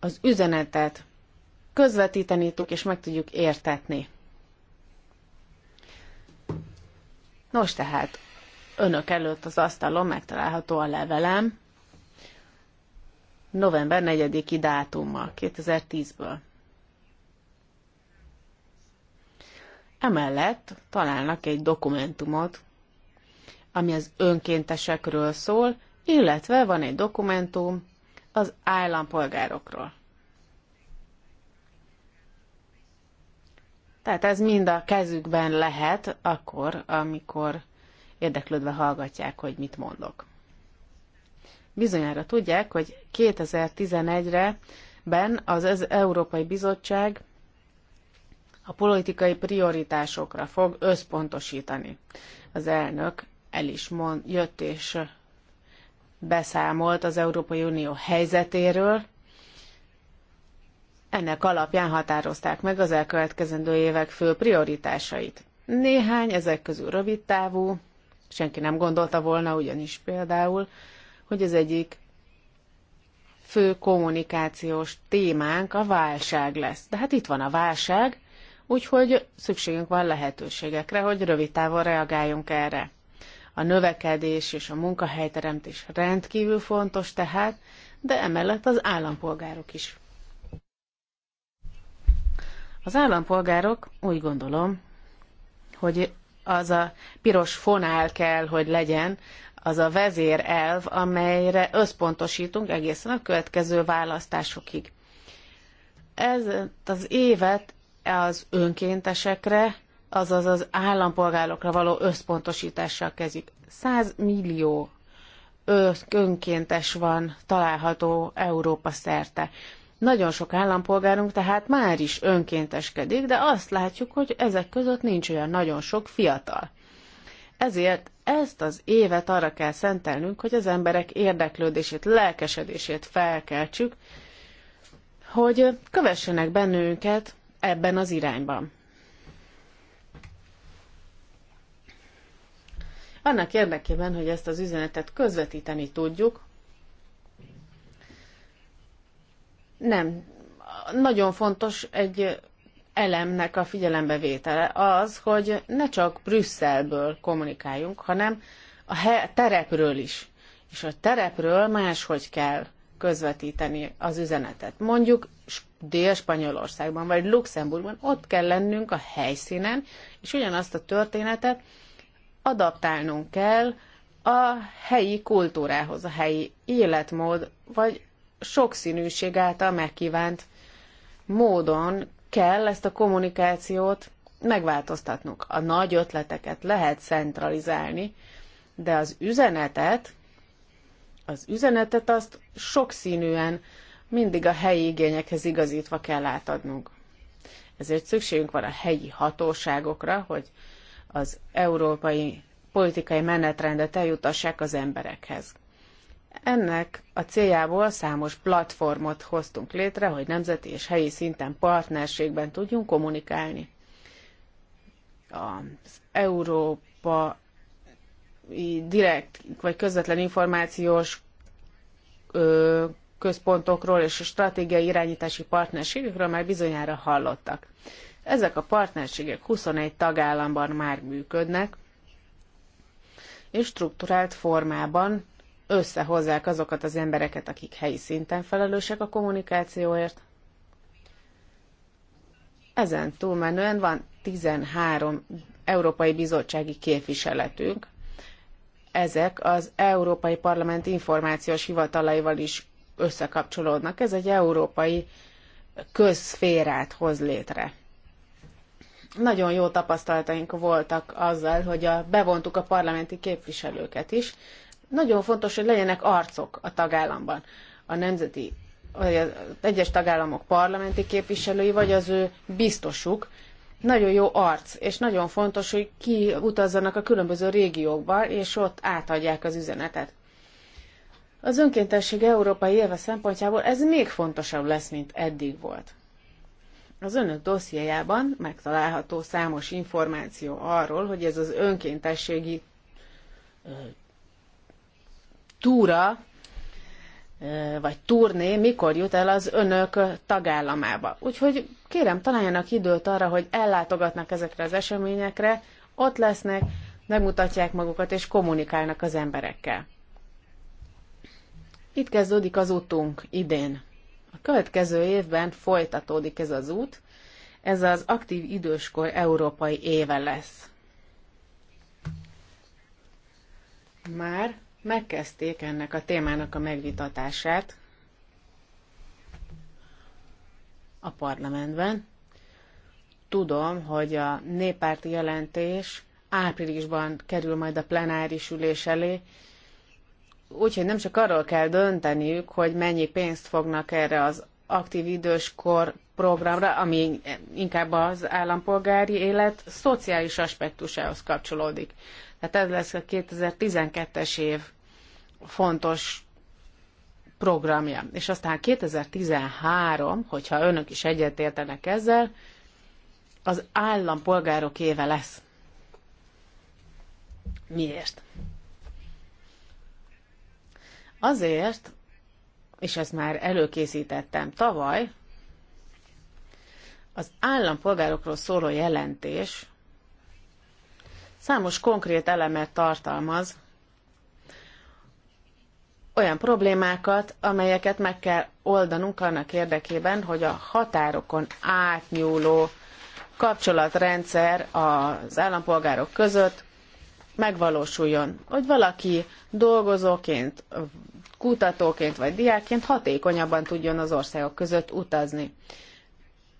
az üzenetet közvetíteni tudjuk és meg tudjuk értetni. Nos tehát, önök előtt az asztalon megtalálható a levelem november 4-i dátummal, 2010-ből. Emellett találnak egy dokumentumot, ami az önkéntesekről szól, illetve van egy dokumentum az állampolgárokról. Tehát ez mind a kezükben lehet akkor, amikor érdeklődve hallgatják, hogy mit mondok. Bizonyára tudják, hogy 2011-re ben az, az Európai Bizottság a politikai prioritásokra fog összpontosítani. Az elnök el is mond, jött és beszámolt az Európai Unió helyzetéről. Ennek alapján határozták meg az elkövetkezendő évek fő prioritásait. Néhány ezek közül rövid távú, senki nem gondolta volna ugyanis például, hogy az egyik fő kommunikációs témánk a válság lesz. De hát itt van a válság, úgyhogy szükségünk van lehetőségekre, hogy rövid távon reagáljunk erre. A növekedés és a munkahelyteremtés rendkívül fontos tehát, de emellett az állampolgárok is. Az állampolgárok úgy gondolom, hogy az a piros fonál kell, hogy legyen, az a vezérelv, amelyre összpontosítunk egészen a következő választásokig. Ez az évet az önkéntesekre azaz az állampolgárokra való összpontosítással kezdjük. 100 millió önkéntes van található Európa szerte. Nagyon sok állampolgárunk tehát már is önkénteskedik, de azt látjuk, hogy ezek között nincs olyan nagyon sok fiatal. Ezért ezt az évet arra kell szentelnünk, hogy az emberek érdeklődését, lelkesedését felkeltsük, hogy kövessenek bennünket ebben az irányban. annak érdekében, hogy ezt az üzenetet közvetíteni tudjuk, nem. Nagyon fontos egy elemnek a figyelembevétele az, hogy ne csak Brüsszelből kommunikáljunk, hanem a terepről is. És a terepről máshogy kell közvetíteni az üzenetet. Mondjuk Dél-Spanyolországban vagy Luxemburgban ott kell lennünk a helyszínen, és ugyanazt a történetet adaptálnunk kell a helyi kultúrához, a helyi életmód, vagy sokszínűség által megkívánt módon kell ezt a kommunikációt megváltoztatnunk. A nagy ötleteket lehet centralizálni, de az üzenetet, az üzenetet azt sokszínűen mindig a helyi igényekhez igazítva kell átadnunk. Ezért szükségünk van a helyi hatóságokra, hogy az európai politikai menetrendet eljutassák az emberekhez. Ennek a céljából számos platformot hoztunk létre, hogy nemzeti és helyi szinten partnerségben tudjunk kommunikálni. Az Európa direkt vagy közvetlen információs ö, központokról és a stratégiai irányítási partnerségekről már bizonyára hallottak. Ezek a partnerségek 21 tagállamban már működnek, és struktúrált formában összehozzák azokat az embereket, akik helyi szinten felelősek a kommunikációért. Ezen túlmenően van 13 Európai Bizottsági képviseletünk. Ezek az Európai Parlament információs hivatalaival is összekapcsolódnak. Ez egy európai közszférát hoz létre. Nagyon jó tapasztalataink voltak azzal, hogy a, bevontuk a parlamenti képviselőket is. Nagyon fontos, hogy legyenek arcok a tagállamban. A nemzeti, vagy az egyes tagállamok parlamenti képviselői, vagy az ő biztosuk, nagyon jó arc, és nagyon fontos, hogy ki utazzanak a különböző régiókba, és ott átadják az üzenetet. Az önkéntesség európai élve szempontjából ez még fontosabb lesz, mint eddig volt. Az önök dossziéjában megtalálható számos információ arról, hogy ez az önkéntességi túra vagy turné mikor jut el az önök tagállamába. Úgyhogy kérem, találjanak időt arra, hogy ellátogatnak ezekre az eseményekre, ott lesznek, megmutatják magukat és kommunikálnak az emberekkel. Itt kezdődik az utunk idén következő évben folytatódik ez az út, ez az aktív időskor európai éve lesz. Már megkezdték ennek a témának a megvitatását a parlamentben. Tudom, hogy a néppárti jelentés áprilisban kerül majd a plenáris ülés elé, Úgyhogy nem csak arról kell dönteniük, hogy mennyi pénzt fognak erre az aktív időskor programra, ami inkább az állampolgári élet szociális aspektusához kapcsolódik. Tehát ez lesz a 2012-es év fontos programja. És aztán 2013, hogyha önök is egyetértenek ezzel, az állampolgárok éve lesz. Miért? Azért, és ezt már előkészítettem tavaly, az állampolgárokról szóló jelentés számos konkrét elemet tartalmaz, olyan problémákat, amelyeket meg kell oldanunk annak érdekében, hogy a határokon átnyúló kapcsolatrendszer az állampolgárok között megvalósuljon, hogy valaki dolgozóként, kutatóként vagy diákként hatékonyabban tudjon az országok között utazni.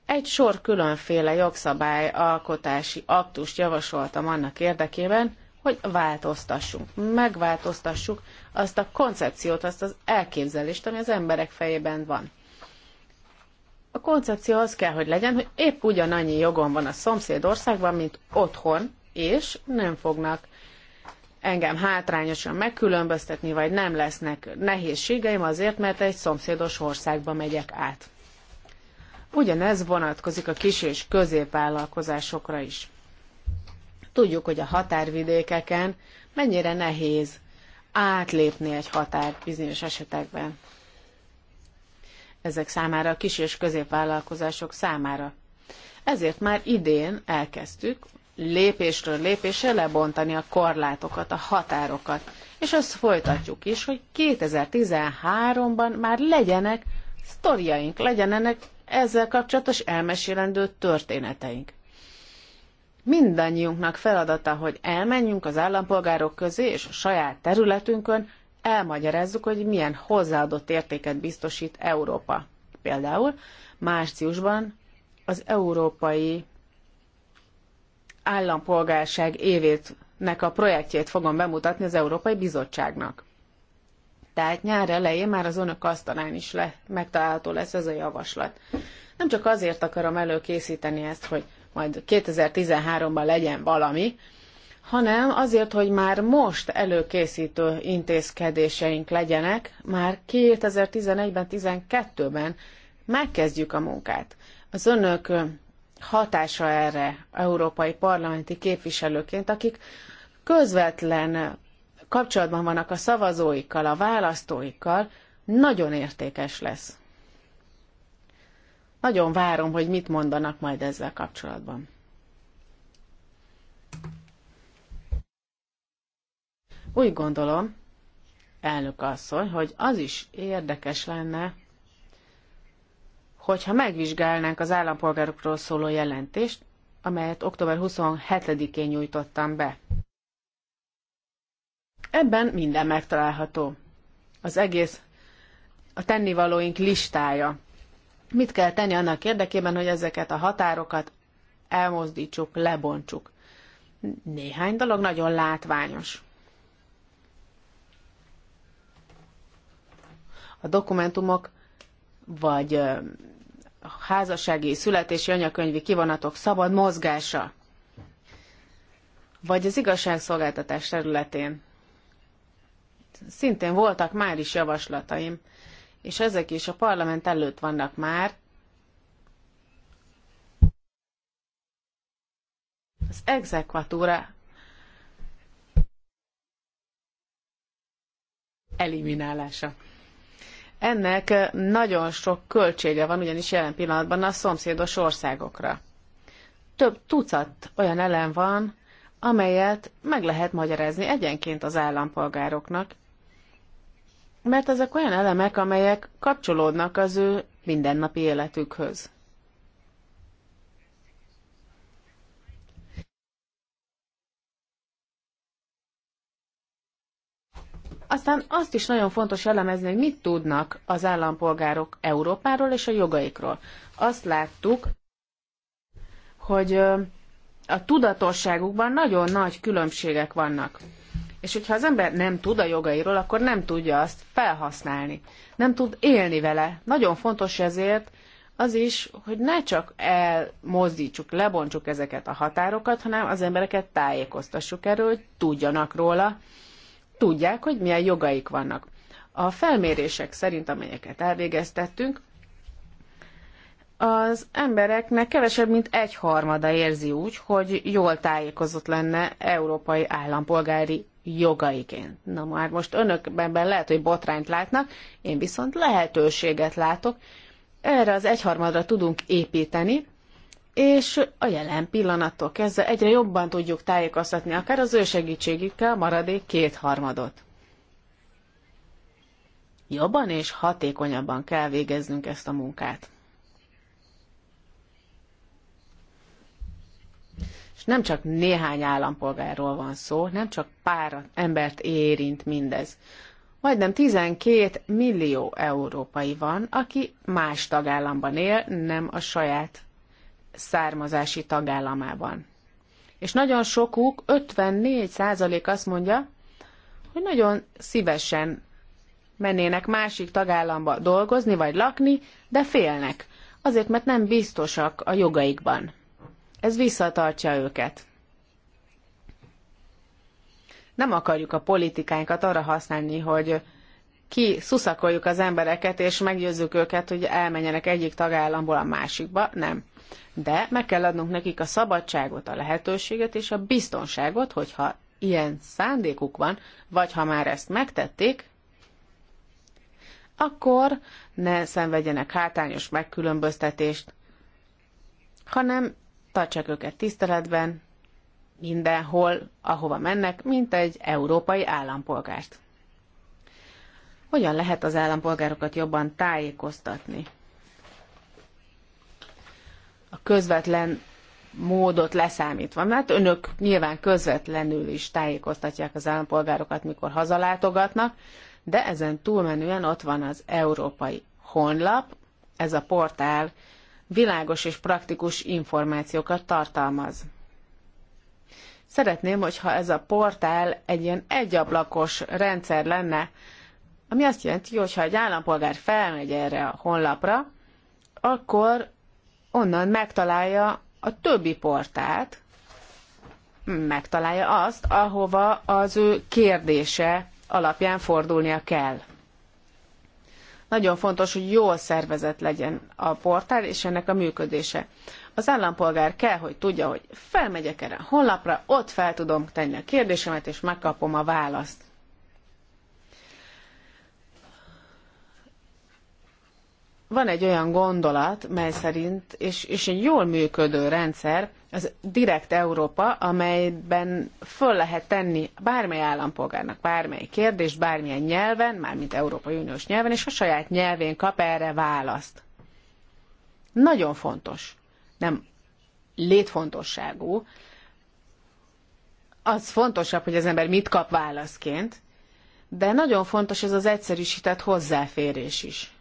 Egy sor különféle jogszabály alkotási aktust javasoltam annak érdekében, hogy változtassunk, megváltoztassuk azt a koncepciót, azt az elképzelést, ami az emberek fejében van. A koncepció az kell, hogy legyen, hogy épp ugyanannyi jogon van a szomszéd országban, mint otthon, és nem fognak engem hátrányosan megkülönböztetni, vagy nem lesznek nehézségeim azért, mert egy szomszédos országba megyek át. Ugyanez vonatkozik a kis és középvállalkozásokra is. Tudjuk, hogy a határvidékeken mennyire nehéz átlépni egy határt bizonyos esetekben. Ezek számára a kis és középvállalkozások számára. Ezért már idén elkezdtük lépésről lépésre lebontani a korlátokat, a határokat. És azt folytatjuk is, hogy 2013-ban már legyenek sztoriaink, legyenek ezzel kapcsolatos elmesélendő történeteink. Mindannyiunknak feladata, hogy elmenjünk az állampolgárok közé és a saját területünkön, elmagyarázzuk, hogy milyen hozzáadott értéket biztosít Európa. Például márciusban az Európai állampolgárság évétnek a projektjét fogom bemutatni az Európai Bizottságnak. Tehát nyár elején már az önök asztalán is le, megtalálható lesz ez a javaslat. Nem csak azért akarom előkészíteni ezt, hogy majd 2013-ban legyen valami, hanem azért, hogy már most előkészítő intézkedéseink legyenek, már 2011-ben, 12 ben megkezdjük a munkát. Az önök hatása erre európai parlamenti képviselőként, akik közvetlen kapcsolatban vannak a szavazóikkal, a választóikkal, nagyon értékes lesz. Nagyon várom, hogy mit mondanak majd ezzel kapcsolatban. Úgy gondolom, elnök asszony, hogy az is érdekes lenne, hogyha megvizsgálnánk az állampolgárokról szóló jelentést, amelyet október 27-én nyújtottam be. Ebben minden megtalálható. Az egész a tennivalóink listája. Mit kell tenni annak érdekében, hogy ezeket a határokat elmozdítsuk, lebontsuk? Néhány dolog nagyon látványos. A dokumentumok vagy a házassági, születési anyakönyvi kivonatok szabad mozgása, vagy az igazságszolgáltatás területén. Szintén voltak már is javaslataim, és ezek is a parlament előtt vannak már. Az exekvatúra eliminálása. Ennek eh, nagyon sok költsége van, ugyanis jelen pillanatban a szomszédos országokra. Több tucat olyan elem van, amelyet meg lehet magyarázni egyenként az állampolgároknak, mert ezek olyan elemek, amelyek kapcsolódnak az ő mindennapi életükhöz. Aztán azt is nagyon fontos elemezni, hogy mit tudnak az állampolgárok Európáról és a jogaikról. Azt láttuk, hogy a tudatosságukban nagyon nagy különbségek vannak. És hogyha az ember nem tud a jogairól, akkor nem tudja azt felhasználni. Nem tud élni vele. Nagyon fontos ezért az is, hogy ne csak elmozdítsuk, lebontsuk ezeket a határokat, hanem az embereket tájékoztassuk erről, hogy tudjanak róla, tudják, hogy milyen jogaik vannak. A felmérések szerint, amelyeket elvégeztettünk, az embereknek kevesebb, mint egy harmada érzi úgy, hogy jól tájékozott lenne európai állampolgári jogaiként. Na már most önök ebben lehet, hogy botrányt látnak, én viszont lehetőséget látok. Erre az egyharmadra tudunk építeni, és a jelen pillanattól kezdve egyre jobban tudjuk tájékoztatni, akár az ő segítségükkel maradék kétharmadot. Jobban és hatékonyabban kell végeznünk ezt a munkát. És nem csak néhány állampolgárról van szó, nem csak pár embert érint mindez. Majdnem 12 millió európai van, aki más tagállamban él, nem a saját származási tagállamában. És nagyon sokuk, 54% százalék azt mondja, hogy nagyon szívesen mennének másik tagállamba dolgozni vagy lakni, de félnek, azért mert nem biztosak a jogaikban. Ez visszatartja őket. Nem akarjuk a politikánkat arra használni, hogy ki szuszakoljuk az embereket, és meggyőzzük őket, hogy elmenjenek egyik tagállamból a másikba. Nem de meg kell adnunk nekik a szabadságot, a lehetőséget és a biztonságot, hogyha ilyen szándékuk van, vagy ha már ezt megtették, akkor ne szenvedjenek hátányos megkülönböztetést, hanem tartsák őket tiszteletben, mindenhol, ahova mennek, mint egy európai állampolgárt. Hogyan lehet az állampolgárokat jobban tájékoztatni? a közvetlen módot leszámítva. Mert önök nyilván közvetlenül is tájékoztatják az állampolgárokat, mikor hazalátogatnak, de ezen túlmenően ott van az európai honlap, ez a portál világos és praktikus információkat tartalmaz. Szeretném, hogyha ez a portál egy ilyen egyablakos rendszer lenne, ami azt jelenti, hogy ha egy állampolgár felmegy erre a honlapra, akkor onnan megtalálja a többi portát, megtalálja azt, ahova az ő kérdése alapján fordulnia kell. Nagyon fontos, hogy jól szervezett legyen a portál és ennek a működése. Az állampolgár kell, hogy tudja, hogy felmegyek erre a honlapra, ott fel tudom tenni a kérdésemet, és megkapom a választ. van egy olyan gondolat, mely szerint, és, és egy jól működő rendszer, az direkt Európa, amelyben föl lehet tenni bármely állampolgárnak bármely kérdést, bármilyen nyelven, mármint Európai Uniós nyelven, és a saját nyelvén kap erre választ. Nagyon fontos, nem létfontosságú. Az fontosabb, hogy az ember mit kap válaszként, de nagyon fontos ez az egyszerűsített hozzáférés is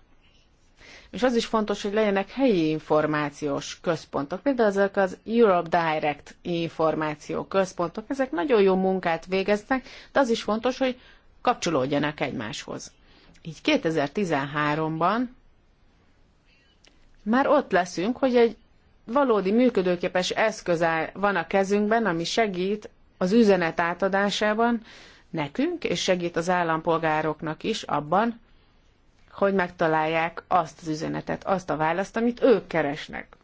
és az is fontos, hogy legyenek helyi információs központok, például ezek az Europe Direct információ központok, ezek nagyon jó munkát végeznek, de az is fontos, hogy kapcsolódjanak egymáshoz. Így 2013-ban már ott leszünk, hogy egy valódi működőképes eszköz van a kezünkben, ami segít az üzenet átadásában nekünk, és segít az állampolgároknak is abban, hogy megtalálják azt az üzenetet, azt a választ, amit ők keresnek.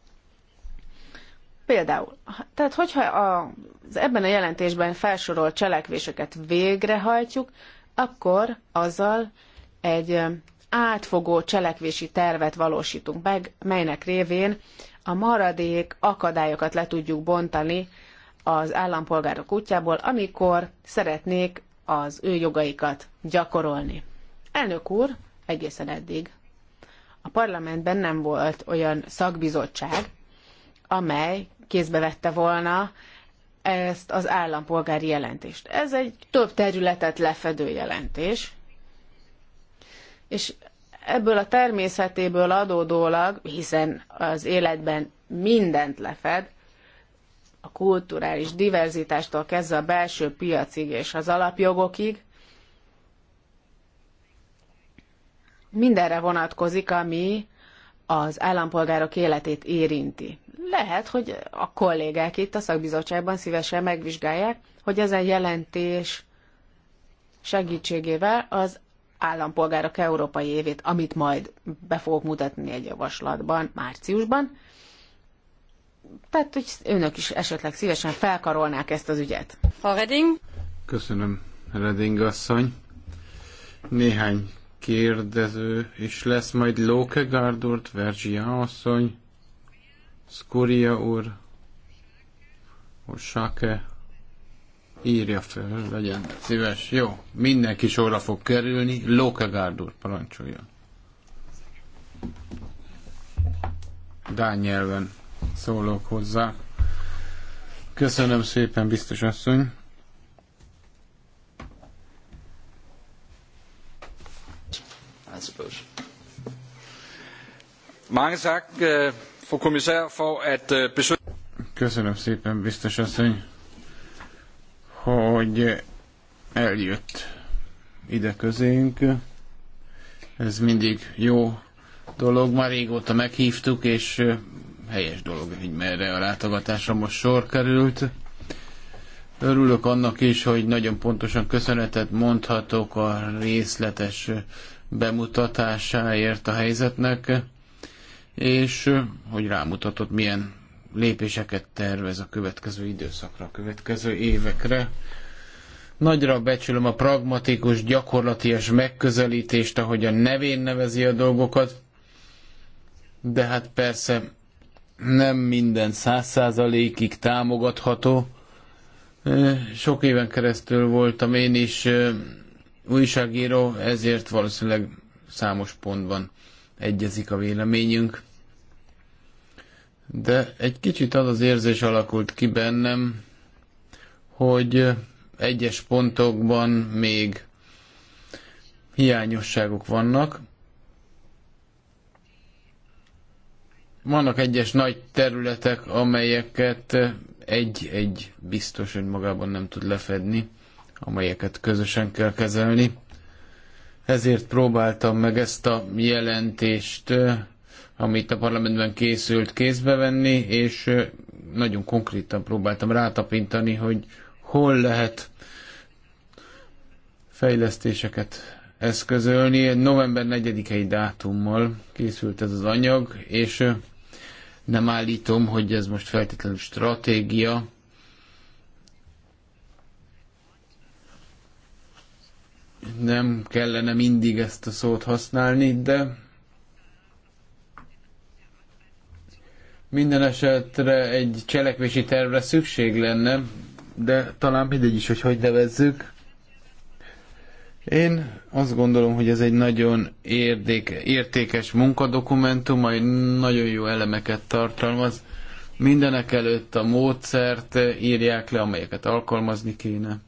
Például, tehát hogyha a, az ebben a jelentésben felsorolt cselekvéseket végrehajtjuk, akkor azzal egy átfogó cselekvési tervet valósítunk meg, melynek révén a maradék akadályokat le tudjuk bontani az állampolgárok útjából, amikor szeretnék az ő jogaikat gyakorolni. Elnök úr, egészen eddig a parlamentben nem volt olyan szakbizottság, amely kézbe vette volna ezt az állampolgári jelentést. Ez egy több területet lefedő jelentés, és ebből a természetéből adódólag, hiszen az életben mindent lefed, a kulturális diverzitástól kezdve a belső piacig és az alapjogokig, mindenre vonatkozik, ami az állampolgárok életét érinti. Lehet, hogy a kollégák itt a szakbizottságban szívesen megvizsgálják, hogy ez a jelentés segítségével az állampolgárok európai évét, amit majd be fogok mutatni egy javaslatban márciusban. Tehát, hogy önök is esetleg szívesen felkarolnák ezt az ügyet. A Reding. Köszönöm, Reding asszony. Néhány kérdező, és lesz majd Lókegárd úr, Vergia asszony, Skuria úr, Osáke, írja fel, legyen szíves. Jó, mindenki sorra fog kerülni, Lókegárd úr, parancsolja. Dán nyelven szólok hozzá. Köszönöm szépen, biztos asszony. Mange tak, øh, fru kommissær, for at øh, besøge... Köszönöm szépen, biztos asszony, hogy eljött ide közénk. Ez mindig jó dolog, már régóta meghívtuk, és helyes dolog, hogy merre a látogatásra most sor került. Örülök annak is, hogy nagyon pontosan köszönetet mondhatok a részletes bemutatásáért a helyzetnek, és hogy rámutatott, milyen lépéseket tervez a következő időszakra, a következő évekre. Nagyra becsülöm a pragmatikus, gyakorlatias megközelítést, ahogy a nevén nevezi a dolgokat, de hát persze nem minden száz százalékig támogatható. Sok éven keresztül voltam én is újságíró, ezért valószínűleg számos pontban egyezik a véleményünk. De egy kicsit az az érzés alakult ki bennem, hogy egyes pontokban még hiányosságok vannak. Vannak egyes nagy területek, amelyeket egy-egy biztos, hogy magában nem tud lefedni amelyeket közösen kell kezelni. Ezért próbáltam meg ezt a jelentést, amit a parlamentben készült, kézbe venni, és nagyon konkrétan próbáltam rátapintani, hogy hol lehet fejlesztéseket eszközölni. November 4-i dátummal készült ez az anyag, és nem állítom, hogy ez most feltétlenül stratégia, nem kellene mindig ezt a szót használni, de minden esetre egy cselekvési tervre szükség lenne, de talán mindegy is, hogy hogy nevezzük. Én azt gondolom, hogy ez egy nagyon érdéke, értékes munkadokumentum, majd nagyon jó elemeket tartalmaz. Mindenek előtt a módszert írják le, amelyeket alkalmazni kéne.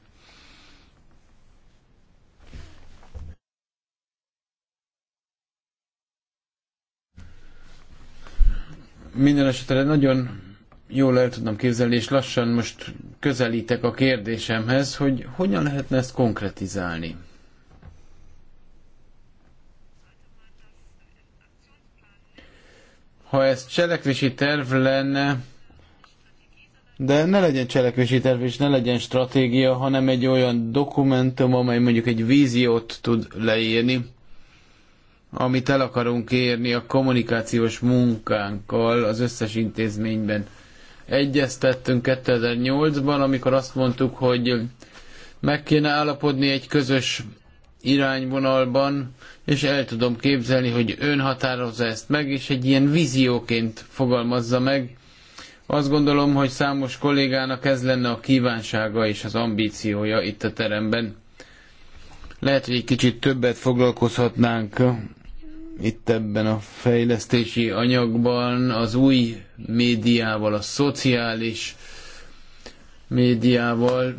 Minden esetre nagyon jól el tudnom képzelni, és lassan most közelítek a kérdésemhez, hogy hogyan lehetne ezt konkretizálni. Ha ez cselekvési terv lenne, de ne legyen cselekvési terv, és ne legyen stratégia, hanem egy olyan dokumentum, amely mondjuk egy víziót tud leírni amit el akarunk érni a kommunikációs munkánkkal az összes intézményben. Egyeztettünk 2008-ban, amikor azt mondtuk, hogy meg kéne állapodni egy közös irányvonalban, és el tudom képzelni, hogy ön határozza ezt meg, és egy ilyen vízióként fogalmazza meg. Azt gondolom, hogy számos kollégának ez lenne a kívánsága és az ambíciója itt a teremben. Lehet, hogy egy kicsit többet foglalkozhatnánk itt ebben a fejlesztési anyagban az új médiával, a szociális médiával,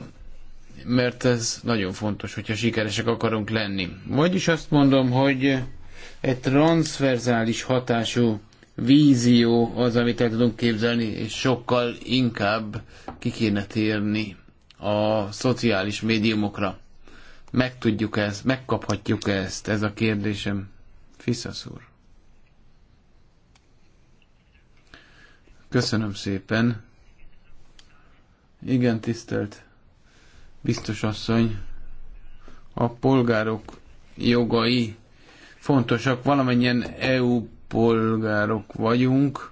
mert ez nagyon fontos, hogyha sikeresek akarunk lenni. Vagyis azt mondom, hogy egy transverzális hatású vízió az, amit el tudunk képzelni, és sokkal inkább ki kéne térni a szociális médiumokra. Megtudjuk ezt, megkaphatjuk ezt, ez a kérdésem. Fiszasz úr. Köszönöm szépen. Igen, tisztelt biztos asszony, a polgárok jogai fontosak, valamennyien EU polgárok vagyunk,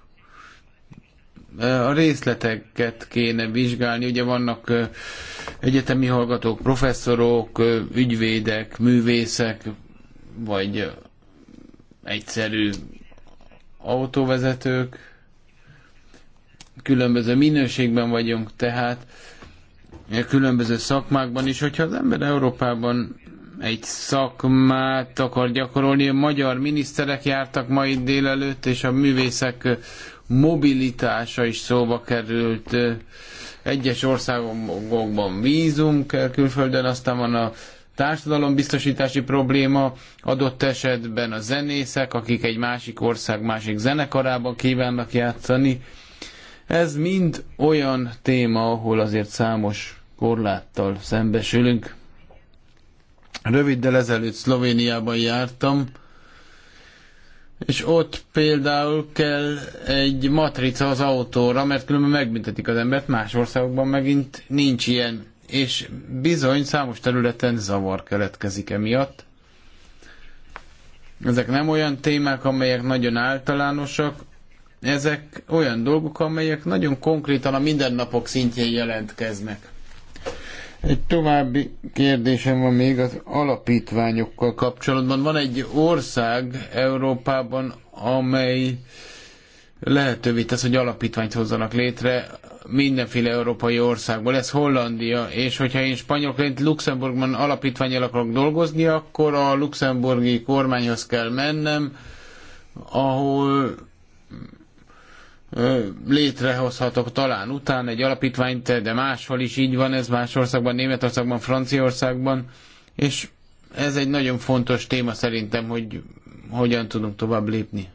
e, a részleteket kéne vizsgálni. Ugye vannak e, egyetemi hallgatók, professzorok, e, ügyvédek, művészek, vagy egyszerű autóvezetők, különböző minőségben vagyunk, tehát különböző szakmákban is, hogyha az ember Európában egy szakmát akar gyakorolni, a magyar miniszterek jártak ma itt délelőtt, és a művészek mobilitása is szóba került. Egyes országokban vízum kell külföldön, aztán van a társadalombiztosítási probléma, adott esetben a zenészek, akik egy másik ország másik zenekarában kívánnak játszani. Ez mind olyan téma, ahol azért számos korláttal szembesülünk. Röviddel ezelőtt Szlovéniában jártam, és ott például kell egy matrica az autóra, mert különben megbüntetik az embert, más országokban megint nincs ilyen és bizony számos területen zavar keletkezik emiatt. Ezek nem olyan témák, amelyek nagyon általánosak, ezek olyan dolgok, amelyek nagyon konkrétan a mindennapok szintjén jelentkeznek. Egy további kérdésem van még az alapítványokkal kapcsolatban. Van egy ország Európában, amely lehetővé tesz, hogy alapítványt hozzanak létre mindenféle európai országból, ez Hollandia, és hogyha én spanyolként Luxemburgban alapítványjal akarok dolgozni, akkor a luxemburgi kormányhoz kell mennem, ahol létrehozhatok talán után egy alapítványt, de máshol is így van, ez más országban, Németországban, Franciaországban, és ez egy nagyon fontos téma szerintem, hogy hogyan tudunk tovább lépni.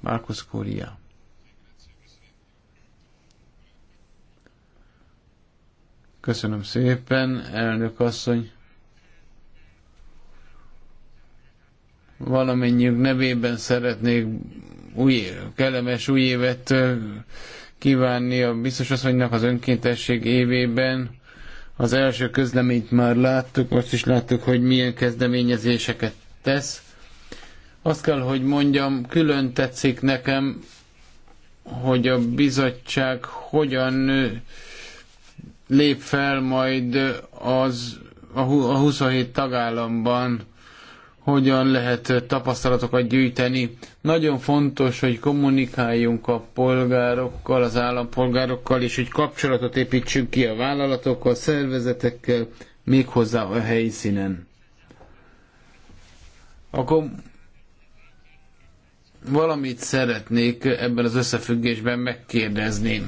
Markus Kóriá. Köszönöm szépen, elnök asszony. Valamennyiük nevében szeretnék új, kellemes új évet kívánni a biztos asszonynak az önkéntesség évében. Az első közleményt már láttuk, most is láttuk, hogy milyen kezdeményezéseket tesz. Azt kell, hogy mondjam, külön tetszik nekem, hogy a bizottság hogyan lép fel majd az a 27 tagállamban, hogyan lehet tapasztalatokat gyűjteni. Nagyon fontos, hogy kommunikáljunk a polgárokkal, az állampolgárokkal, és hogy kapcsolatot építsünk ki a vállalatokkal, szervezetekkel, méghozzá a helyszínen. Akkor valamit szeretnék ebben az összefüggésben megkérdezni.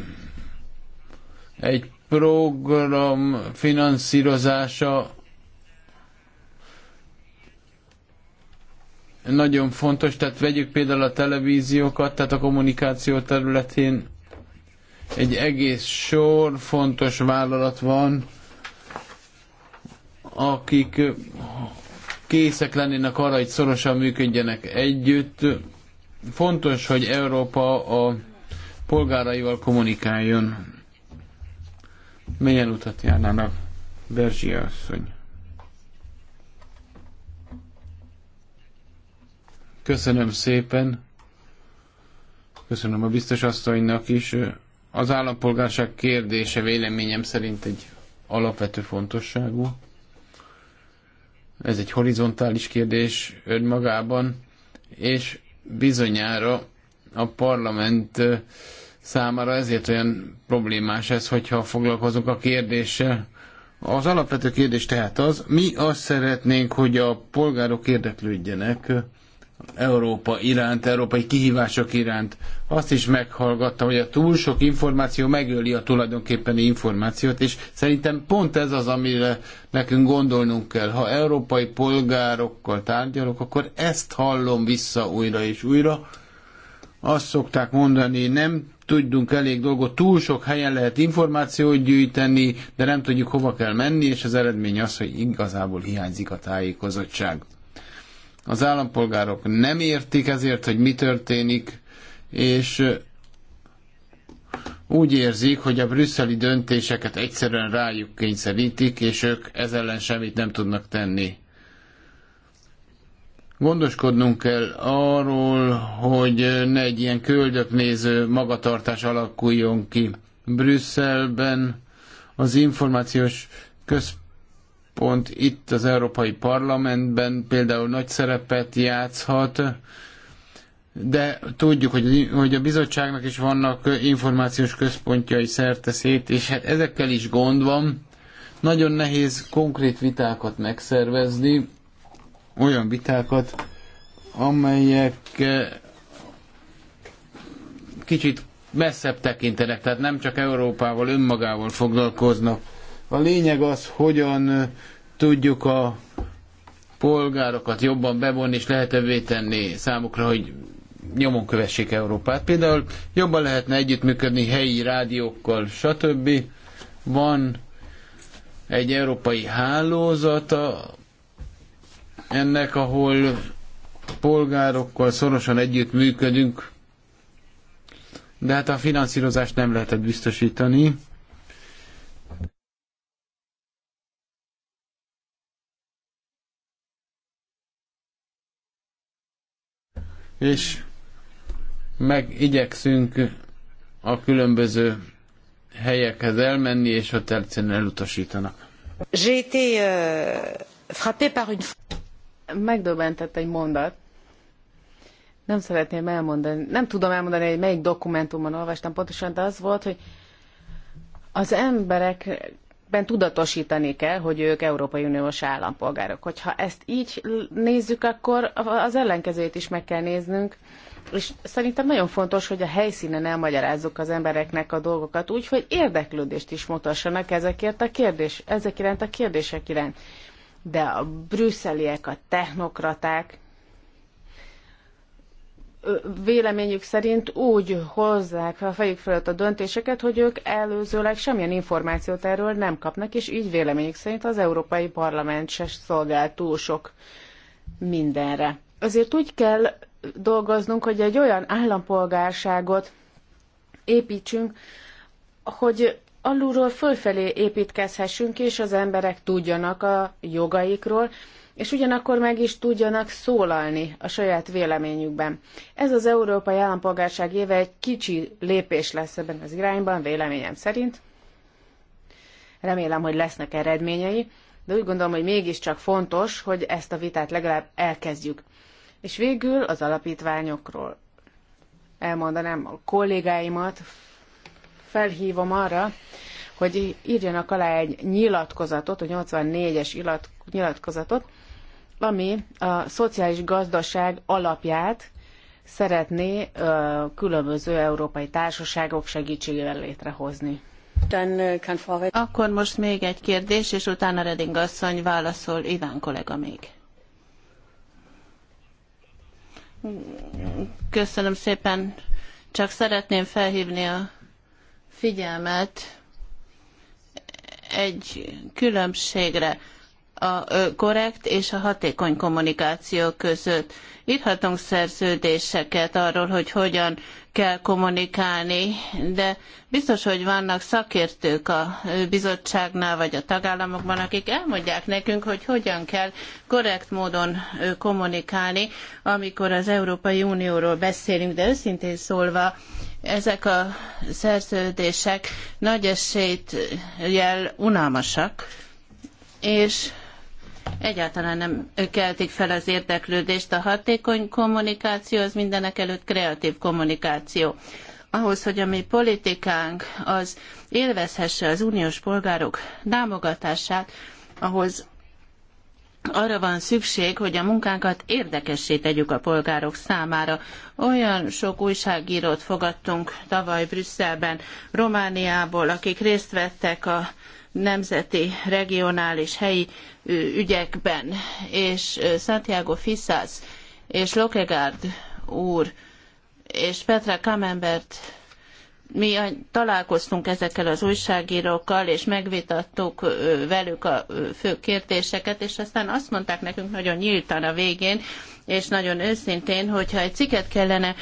Egy program finanszírozása nagyon fontos, tehát vegyük például a televíziókat, tehát a kommunikáció területén egy egész sor fontos vállalat van, akik készek lennének arra, hogy szorosan működjenek együtt. Fontos, hogy Európa a polgáraival kommunikáljon. Milyen utat járnának? Berzsia asszony. Köszönöm szépen. Köszönöm a biztos asszonynak is. Az állampolgárság kérdése véleményem szerint egy alapvető fontosságú. Ez egy horizontális kérdés önmagában, és bizonyára a parlament számára, ezért olyan problémás ez, hogyha foglalkozunk a kérdéssel. Az alapvető kérdés tehát az, mi azt szeretnénk, hogy a polgárok érdeklődjenek Európa iránt, európai kihívások iránt. Azt is meghallgattam, hogy a túl sok információ megöli a tulajdonképpeni információt, és szerintem pont ez az, amire nekünk gondolnunk kell. Ha európai polgárokkal tárgyalok, akkor ezt hallom vissza újra és újra, azt szokták mondani, nem tudjunk elég dolgot, túl sok helyen lehet információt gyűjteni, de nem tudjuk hova kell menni, és az eredmény az, hogy igazából hiányzik a tájékozottság. Az állampolgárok nem értik ezért, hogy mi történik, és úgy érzik, hogy a brüsszeli döntéseket egyszerűen rájuk kényszerítik, és ők ezzel ellen semmit nem tudnak tenni gondoskodnunk kell arról, hogy ne egy ilyen köldöknéző magatartás alakuljon ki. Brüsszelben az információs központ itt az Európai Parlamentben például nagy szerepet játszhat, de tudjuk, hogy, hogy a bizottságnak is vannak információs központjai szerte szét, és hát ezekkel is gond van. Nagyon nehéz konkrét vitákat megszervezni, olyan vitákat, amelyek eh, kicsit messzebb tekintenek, tehát nem csak Európával, önmagával foglalkoznak. A lényeg az, hogyan eh, tudjuk a polgárokat jobban bevonni és lehetővé tenni számukra, hogy nyomon kövessék Európát. Például jobban lehetne együttműködni helyi rádiókkal, stb. Van egy európai hálózata ennek, ahol polgárokkal szorosan együtt működünk, de hát a finanszírozást nem lehetett biztosítani. És igyekszünk a különböző helyekhez elmenni, és a tercén elutasítanak. J'ai été euh, frappé par une megdöbbentett egy mondat. Nem szeretném elmondani, nem tudom elmondani, hogy melyik dokumentumon olvastam pontosan, de az volt, hogy az emberekben tudatosítani kell, hogy ők Európai Uniós állampolgárok. Hogyha ezt így nézzük, akkor az ellenkezőjét is meg kell néznünk. És szerintem nagyon fontos, hogy a helyszínen elmagyarázzuk az embereknek a dolgokat úgy, hogy érdeklődést is mutassanak ezekért a kérdés, ezek iránt a kérdések iránt de a brüsszeliek, a technokraták véleményük szerint úgy hozzák a fejük fölött a döntéseket, hogy ők előzőleg semmilyen információt erről nem kapnak, és így véleményük szerint az Európai Parlament se szolgál túl sok mindenre. Azért úgy kell dolgoznunk, hogy egy olyan állampolgárságot építsünk, hogy alulról fölfelé építkezhessünk, és az emberek tudjanak a jogaikról, és ugyanakkor meg is tudjanak szólalni a saját véleményükben. Ez az Európai Állampolgárság éve egy kicsi lépés lesz ebben az irányban, véleményem szerint. Remélem, hogy lesznek eredményei, de úgy gondolom, hogy mégiscsak fontos, hogy ezt a vitát legalább elkezdjük. És végül az alapítványokról elmondanám a kollégáimat, felhívom arra, hogy írjanak alá egy nyilatkozatot, a 84-es nyilatkozatot, ami a szociális gazdaság alapját szeretné ö, különböző európai társaságok segítségével létrehozni. Akkor most még egy kérdés, és utána Reding asszony válaszol Iván kollega még. Köszönöm szépen. Csak szeretném felhívni a figyelmet egy különbségre a korrekt és a hatékony kommunikáció között. Írhatunk szerződéseket arról, hogy hogyan kell kommunikálni, de biztos, hogy vannak szakértők a bizottságnál vagy a tagállamokban, akik elmondják nekünk, hogy hogyan kell korrekt módon kommunikálni, amikor az Európai Unióról beszélünk, de őszintén szólva ezek a szerződések nagy esélyt jel unalmasak, és egyáltalán nem keltik fel az érdeklődést. A hatékony kommunikáció az mindenek előtt kreatív kommunikáció. Ahhoz, hogy a mi politikánk az élvezhesse az uniós polgárok támogatását, ahhoz arra van szükség, hogy a munkánkat érdekessé tegyük a polgárok számára. Olyan sok újságírót fogadtunk tavaly Brüsszelben, Romániából, akik részt vettek a nemzeti, regionális, helyi ügyekben, és Santiago Fisas és Lokegard úr és Petra Kamembert mi találkoztunk ezekkel az újságírókkal, és megvitattuk velük a fő kérdéseket, és aztán azt mondták nekünk nagyon nyíltan a végén, és nagyon őszintén, hogyha egy cikket kellene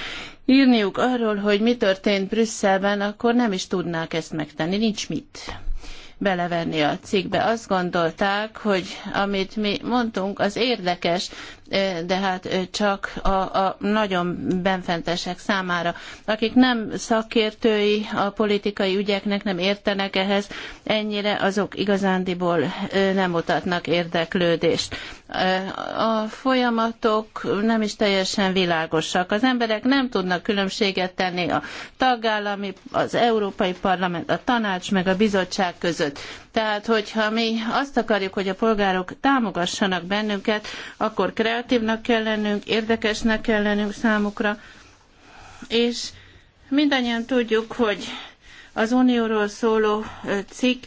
írniuk arról, hogy mi történt Brüsszelben, akkor nem is tudnák ezt megtenni, nincs mit belevenni a cikkbe. Azt gondolták, hogy amit mi mondtunk, az érdekes, de hát csak a, a nagyon benfentesek számára, akik nem szakértői a politikai ügyeknek, nem értenek ehhez, ennyire azok igazándiból nem mutatnak érdeklődést. A folyamatok nem is teljesen világosak. Az emberek nem tudnak különbséget tenni a tagállami, az Európai Parlament, a tanács meg a bizottság között tehát, hogyha mi azt akarjuk, hogy a polgárok támogassanak bennünket, akkor kreatívnak kell lennünk, érdekesnek kell lennünk számukra, és mindannyian tudjuk, hogy az unióról szóló cikk,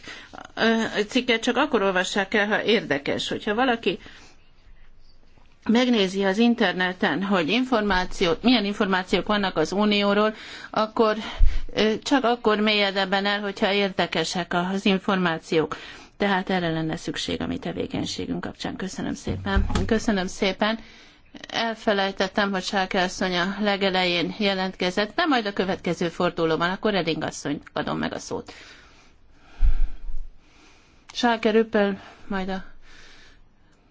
cikket csak akkor olvassák el, ha érdekes. Hogyha valaki megnézi az interneten, hogy információt, milyen információk vannak az Unióról, akkor csak akkor ebben el, hogyha érdekesek az információk. Tehát erre lenne szükség a mi tevékenységünk kapcsán. Köszönöm szépen. Köszönöm szépen. Elfelejtettem, hogy Sáke asszony a legelején jelentkezett, de majd a következő fordulóban, akkor Reding asszony adom meg a szót. Sáke Rüppel, majd a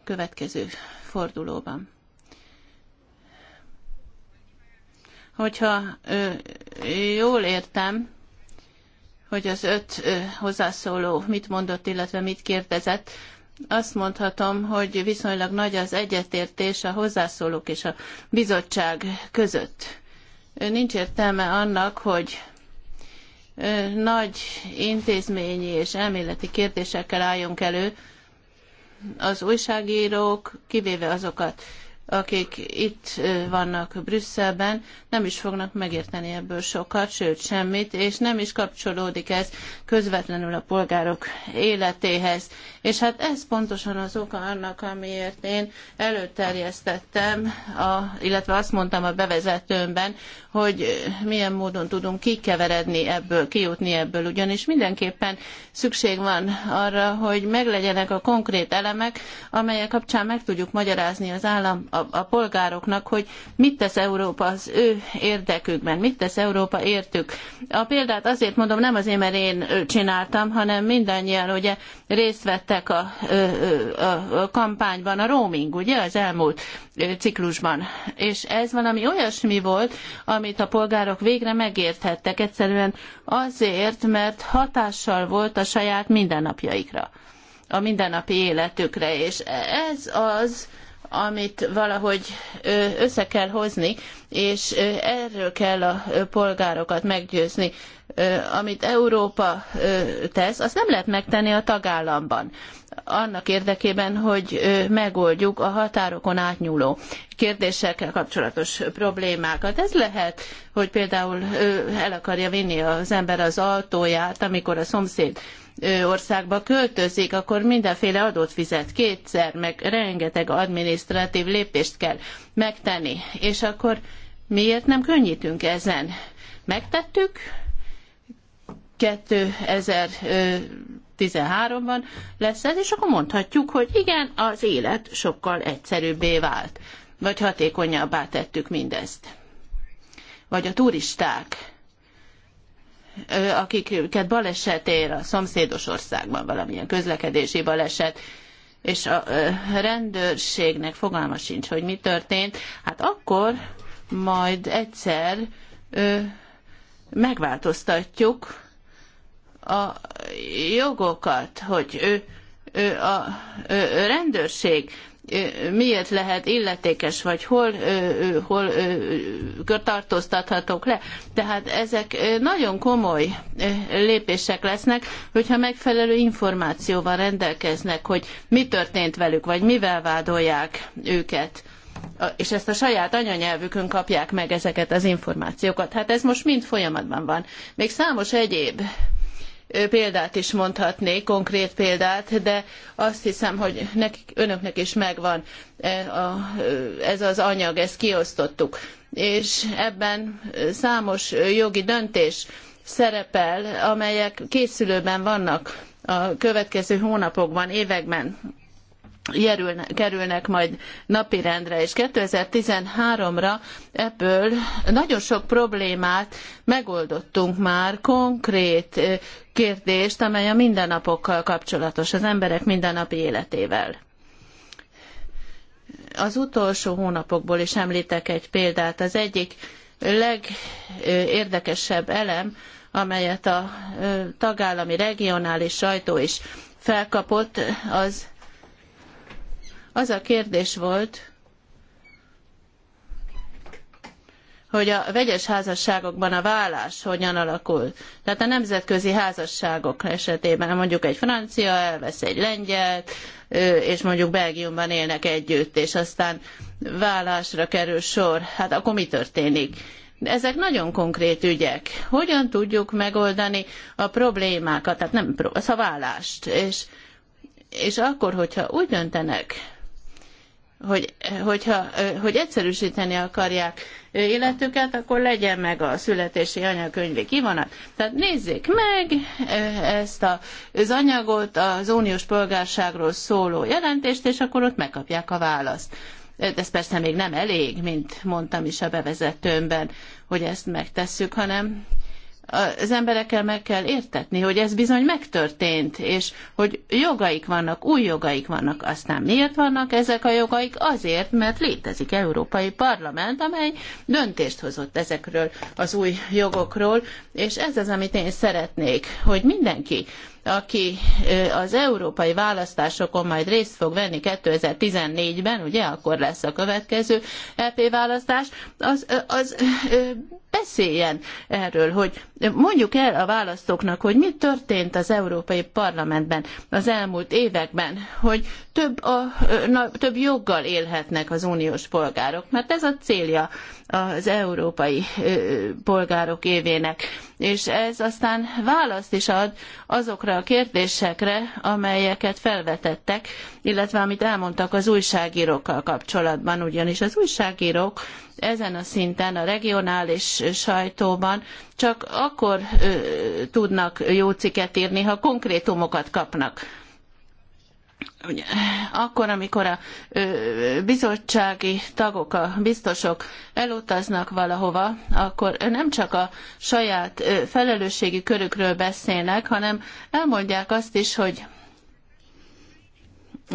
következő fordulóban. Hogyha ö, jól értem, hogy az öt ö, hozzászóló mit mondott, illetve mit kérdezett, azt mondhatom, hogy viszonylag nagy az egyetértés a hozzászólók és a bizottság között. Nincs értelme annak, hogy nagy intézményi és elméleti kérdésekkel álljunk elő, az újságírók, kivéve azokat, akik itt vannak Brüsszelben, nem is fognak megérteni ebből sokat, sőt semmit, és nem is kapcsolódik ez közvetlenül a polgárok életéhez. És hát ez pontosan az oka annak, amiért én előterjesztettem, a, illetve azt mondtam a bevezetőmben, hogy milyen módon tudunk kikeveredni ebből, kijutni ebből, ugyanis mindenképpen szükség van arra, hogy meglegyenek a konkrét elemek, amelyek kapcsán meg tudjuk magyarázni az állam, a, a polgároknak, hogy mit tesz Európa az ő érdekükben, mit tesz Európa értük. A példát azért mondom, nem azért, mert én csináltam, hanem mindannyian ugye részt vett tettek a, a, a kampányban, a roaming, ugye, az elmúlt ciklusban. És ez valami olyasmi volt, amit a polgárok végre megérthettek, egyszerűen azért, mert hatással volt a saját mindennapjaikra, a mindennapi életükre, és ez az, amit valahogy össze kell hozni, és erről kell a polgárokat meggyőzni. Amit Európa tesz, azt nem lehet megtenni a tagállamban annak érdekében, hogy megoldjuk a határokon átnyúló kérdésekkel kapcsolatos problémákat. Ez lehet, hogy például el akarja vinni az ember az autóját, amikor a szomszéd országba költözik, akkor mindenféle adót fizet kétszer, meg rengeteg adminisztratív lépést kell megtenni. És akkor miért nem könnyítünk ezen? Megtettük 2013-ban lesz ez, és akkor mondhatjuk, hogy igen, az élet sokkal egyszerűbbé vált, vagy hatékonyabbá tettük mindezt. Vagy a turisták akiket baleset ér a szomszédos országban valamilyen közlekedési baleset, és a rendőrségnek fogalma sincs, hogy mi történt, hát akkor majd egyszer megváltoztatjuk a jogokat, hogy ő, ő a ő, rendőrség miért lehet illetékes, vagy hol, hol tartóztathatok le. Tehát ezek nagyon komoly lépések lesznek, hogyha megfelelő információval rendelkeznek, hogy mi történt velük, vagy mivel vádolják őket és ezt a saját anyanyelvükön kapják meg ezeket az információkat. Hát ez most mind folyamatban van. Még számos egyéb példát is mondhatnék, konkrét példát, de azt hiszem, hogy nekik, önöknek is megvan ez az anyag, ezt kiosztottuk. És ebben számos jogi döntés szerepel, amelyek készülőben vannak a következő hónapokban, években Jerülnek, kerülnek majd napirendre, és 2013-ra ebből nagyon sok problémát megoldottunk már, konkrét eh, kérdést, amely a mindennapokkal kapcsolatos, az emberek mindennapi életével. Az utolsó hónapokból is említek egy példát. Az egyik legérdekesebb elem, amelyet a eh, tagállami regionális sajtó is felkapott, az az a kérdés volt, hogy a vegyes házasságokban a vállás hogyan alakul. Tehát a nemzetközi házasságok esetében mondjuk egy francia elvesz egy lengyelt, és mondjuk Belgiumban élnek együtt, és aztán vállásra kerül sor. Hát akkor mi történik? Ezek nagyon konkrét ügyek. Hogyan tudjuk megoldani a problémákat, tehát nem a vállást, és, és akkor, hogyha úgy döntenek, hogy, hogyha, hogy egyszerűsíteni akarják életüket, akkor legyen meg a születési anyakönyvi kivonat. Tehát nézzék meg ezt a, az anyagot, az uniós polgárságról szóló jelentést, és akkor ott megkapják a választ. Ez persze még nem elég, mint mondtam is a bevezetőmben, hogy ezt megtesszük, hanem az emberekkel meg kell értetni, hogy ez bizony megtörtént, és hogy jogaik vannak, új jogaik vannak. Aztán miért vannak ezek a jogaik? Azért, mert létezik Európai Parlament, amely döntést hozott ezekről az új jogokról, és ez az, amit én szeretnék, hogy mindenki aki az európai választásokon majd részt fog venni 2014-ben, ugye akkor lesz a következő EP választás, az, az beszéljen erről, hogy mondjuk el a választóknak, hogy mi történt az Európai Parlamentben az elmúlt években, hogy több, a, na, több joggal élhetnek az uniós polgárok, mert ez a célja az európai polgárok évének. És ez aztán választ is ad azokra azokra a kérdésekre, amelyeket felvetettek, illetve amit elmondtak az újságírókkal kapcsolatban, ugyanis az újságírók ezen a szinten, a regionális sajtóban csak akkor ö, tudnak jó cikket írni, ha konkrétumokat kapnak akkor, amikor a bizottsági tagok, a biztosok elutaznak valahova, akkor nem csak a saját felelősségi körükről beszélnek, hanem elmondják azt is, hogy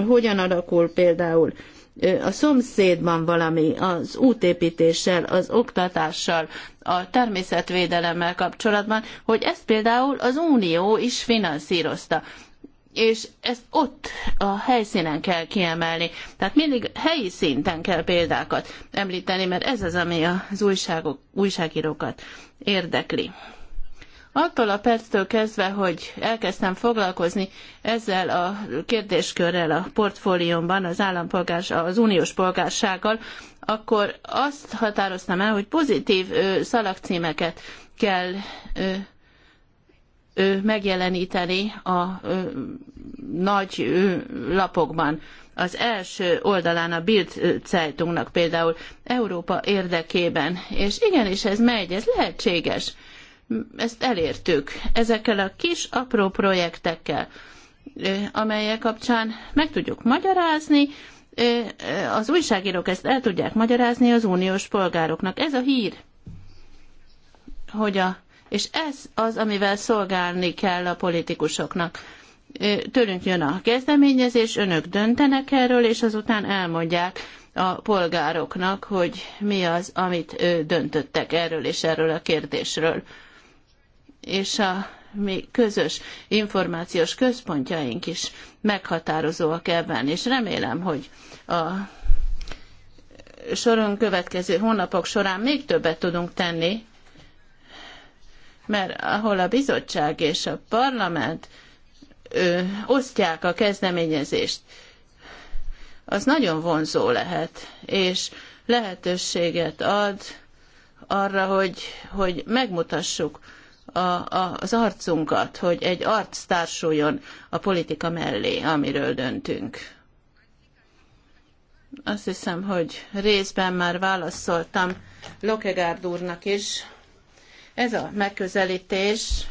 hogyan alakul például a szomszédban valami az útépítéssel, az oktatással, a természetvédelemmel kapcsolatban, hogy ezt például az Unió is finanszírozta és ezt ott a helyszínen kell kiemelni. Tehát mindig helyi szinten kell példákat említeni, mert ez az, ami az újságok, újságírókat érdekli. Attól a perctől kezdve, hogy elkezdtem foglalkozni ezzel a kérdéskörrel a portfóliómban, az állampolgárs, az uniós polgársággal, akkor azt határoztam el, hogy pozitív szalagcímeket kell megjeleníteni a nagy lapokban. Az első oldalán a Bild Zeitungnak például Európa érdekében. És igenis ez megy, ez lehetséges. Ezt elértük ezekkel a kis apró projektekkel, amelyek kapcsán meg tudjuk magyarázni, az újságírók ezt el tudják magyarázni az uniós polgároknak. Ez a hír, hogy a és ez az, amivel szolgálni kell a politikusoknak. Tőlünk jön a kezdeményezés, önök döntenek erről, és azután elmondják a polgároknak, hogy mi az, amit döntöttek erről és erről a kérdésről. És a mi közös információs központjaink is meghatározóak ebben, és remélem, hogy a soron következő hónapok során még többet tudunk tenni mert ahol a bizottság és a parlament ö, osztják a kezdeményezést, az nagyon vonzó lehet, és lehetőséget ad arra, hogy, hogy megmutassuk a, a, az arcunkat, hogy egy arc társuljon a politika mellé, amiről döntünk. Azt hiszem, hogy részben már válaszoltam Lokegárd úrnak is, ez a megközelítés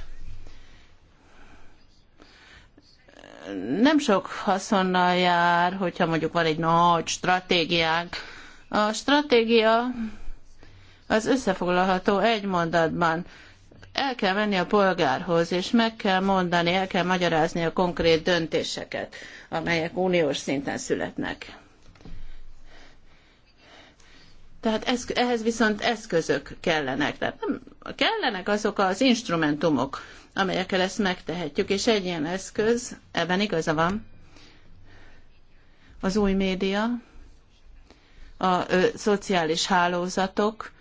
nem sok haszonnal jár, hogyha mondjuk van egy nagy stratégiánk. A stratégia az összefoglalható egy mondatban. El kell menni a polgárhoz, és meg kell mondani, el kell magyarázni a konkrét döntéseket, amelyek uniós szinten születnek. Tehát eszk, ehhez viszont eszközök kellenek. Tehát nem, kellenek azok az instrumentumok, amelyekkel ezt megtehetjük, és egy ilyen eszköz, ebben igaza van, az új média, a ö, szociális hálózatok,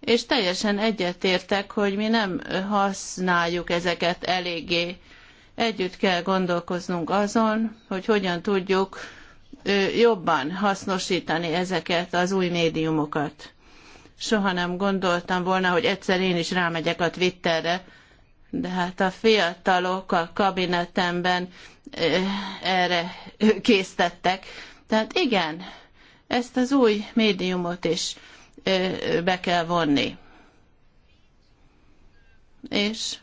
és teljesen egyetértek, hogy mi nem használjuk ezeket eléggé. Együtt kell gondolkoznunk azon, hogy hogyan tudjuk jobban hasznosítani ezeket az új médiumokat. Soha nem gondoltam volna, hogy egyszer én is rámegyek a Twitterre, de hát a fiatalok a kabinetemben erre késztettek. Tehát igen, ezt az új médiumot is be kell vonni. És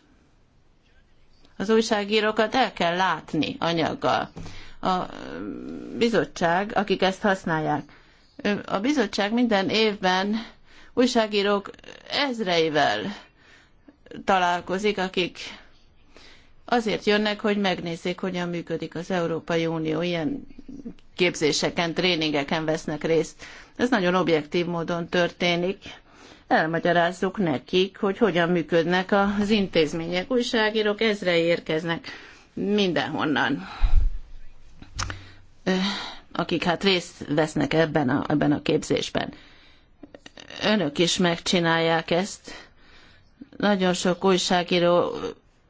az újságírókat el kell látni anyaggal a bizottság, akik ezt használják. A bizottság minden évben újságírók ezreivel találkozik, akik azért jönnek, hogy megnézzék, hogyan működik az Európai Unió, ilyen képzéseken, tréningeken vesznek részt. Ez nagyon objektív módon történik. Elmagyarázzuk nekik, hogy hogyan működnek az intézmények. Újságírók ezre érkeznek mindenhonnan. Eh, akik hát részt vesznek ebben a, ebben a képzésben. Önök is megcsinálják ezt. Nagyon sok újságíró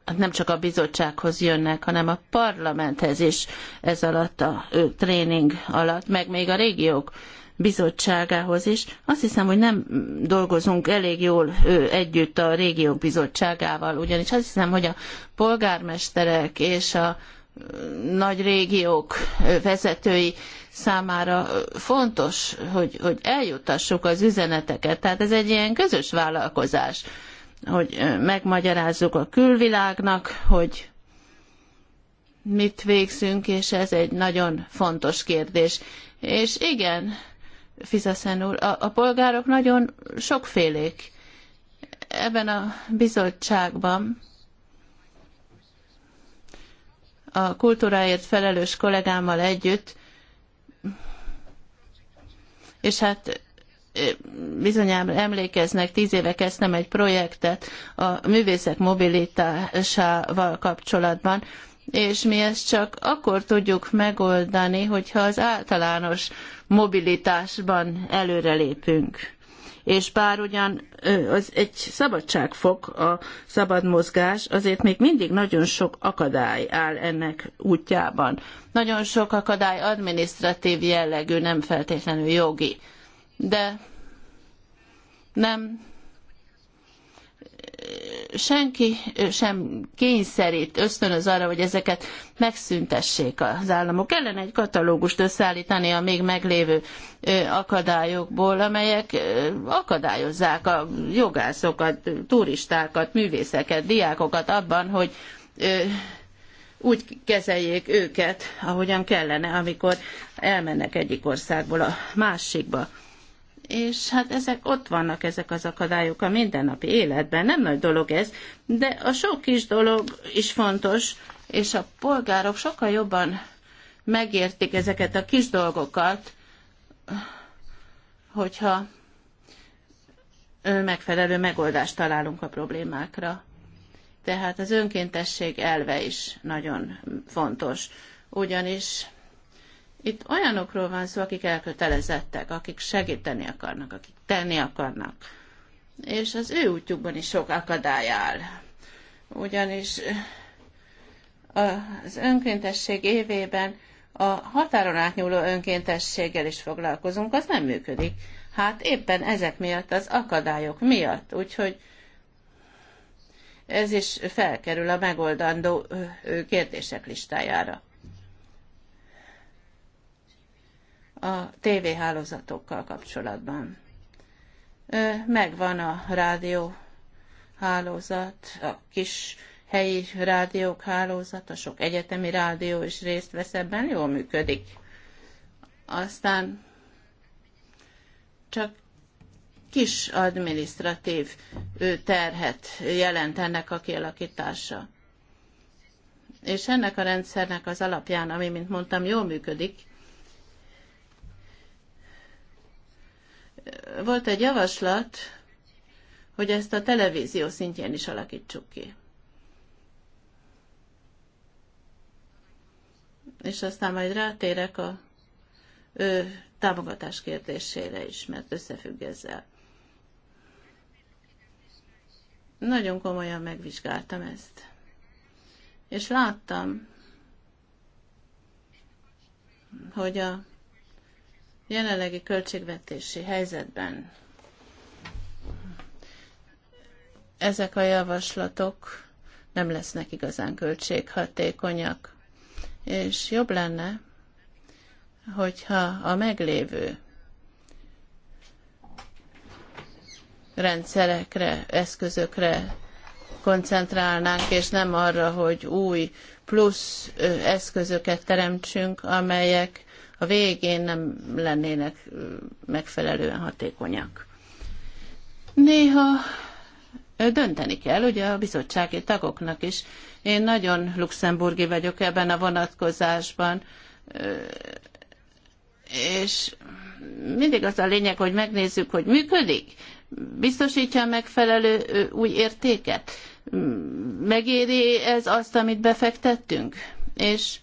hát nem csak a bizottsághoz jönnek, hanem a parlamenthez is ez alatt a ő, tréning alatt, meg még a régiók bizottságához is. Azt hiszem, hogy nem dolgozunk elég jól együtt a régiók bizottságával, ugyanis azt hiszem, hogy a polgármesterek és a nagy régiók vezetői számára fontos, hogy, hogy eljuttassuk az üzeneteket. Tehát ez egy ilyen közös vállalkozás, hogy megmagyarázzuk a külvilágnak, hogy mit végzünk, és ez egy nagyon fontos kérdés. És igen, Fizaszen úr, a, a polgárok nagyon sokfélék ebben a bizottságban a kultúráért felelős kollégámmal együtt, és hát bizonyára emlékeznek, tíz éve kezdtem egy projektet a művészek mobilitásával kapcsolatban, és mi ezt csak akkor tudjuk megoldani, hogyha az általános mobilitásban előrelépünk és bár ugyan az egy szabadságfok a szabad mozgás, azért még mindig nagyon sok akadály áll ennek útjában. Nagyon sok akadály administratív jellegű, nem feltétlenül jogi. De nem senki sem kényszerít, ösztönöz arra, hogy ezeket megszüntessék az államok. Kellene egy katalógust összeállítani a még meglévő akadályokból, amelyek akadályozzák a jogászokat, turistákat, művészeket, diákokat abban, hogy úgy kezeljék őket, ahogyan kellene, amikor elmennek egyik országból a másikba és hát ezek ott vannak ezek az akadályok a mindennapi életben. Nem nagy dolog ez, de a sok kis dolog is fontos, és a polgárok sokkal jobban megértik ezeket a kis dolgokat, hogyha megfelelő megoldást találunk a problémákra. Tehát az önkéntesség elve is nagyon fontos, ugyanis itt olyanokról van szó, akik elkötelezettek, akik segíteni akarnak, akik tenni akarnak. És az ő útjukban is sok akadály áll. Ugyanis az önkéntesség évében a határon átnyúló önkéntességgel is foglalkozunk, az nem működik. Hát éppen ezek miatt, az akadályok miatt, úgyhogy ez is felkerül a megoldandó kérdések listájára. a tévéhálózatokkal kapcsolatban. Megvan a rádió hálózat, a kis helyi rádiók a sok egyetemi rádió is részt vesz ebben, jól működik. Aztán csak kis adminisztratív terhet jelent ennek a kialakítása. És ennek a rendszernek az alapján, ami, mint mondtam, jól működik, volt egy javaslat, hogy ezt a televízió szintjén is alakítsuk ki. És aztán majd rátérek a ő támogatás kérdésére is, mert összefügg ezzel. Nagyon komolyan megvizsgáltam ezt. És láttam, hogy a jelenlegi költségvetési helyzetben ezek a javaslatok nem lesznek igazán költséghatékonyak, és jobb lenne, hogyha a meglévő rendszerekre, eszközökre koncentrálnánk, és nem arra, hogy új plusz eszközöket teremtsünk, amelyek a végén nem lennének megfelelően hatékonyak. Néha dönteni kell, ugye a bizottsági tagoknak is. Én nagyon luxemburgi vagyok ebben a vonatkozásban, és mindig az a lényeg, hogy megnézzük, hogy működik, biztosítja a megfelelő új értéket, megéri ez azt, amit befektettünk, és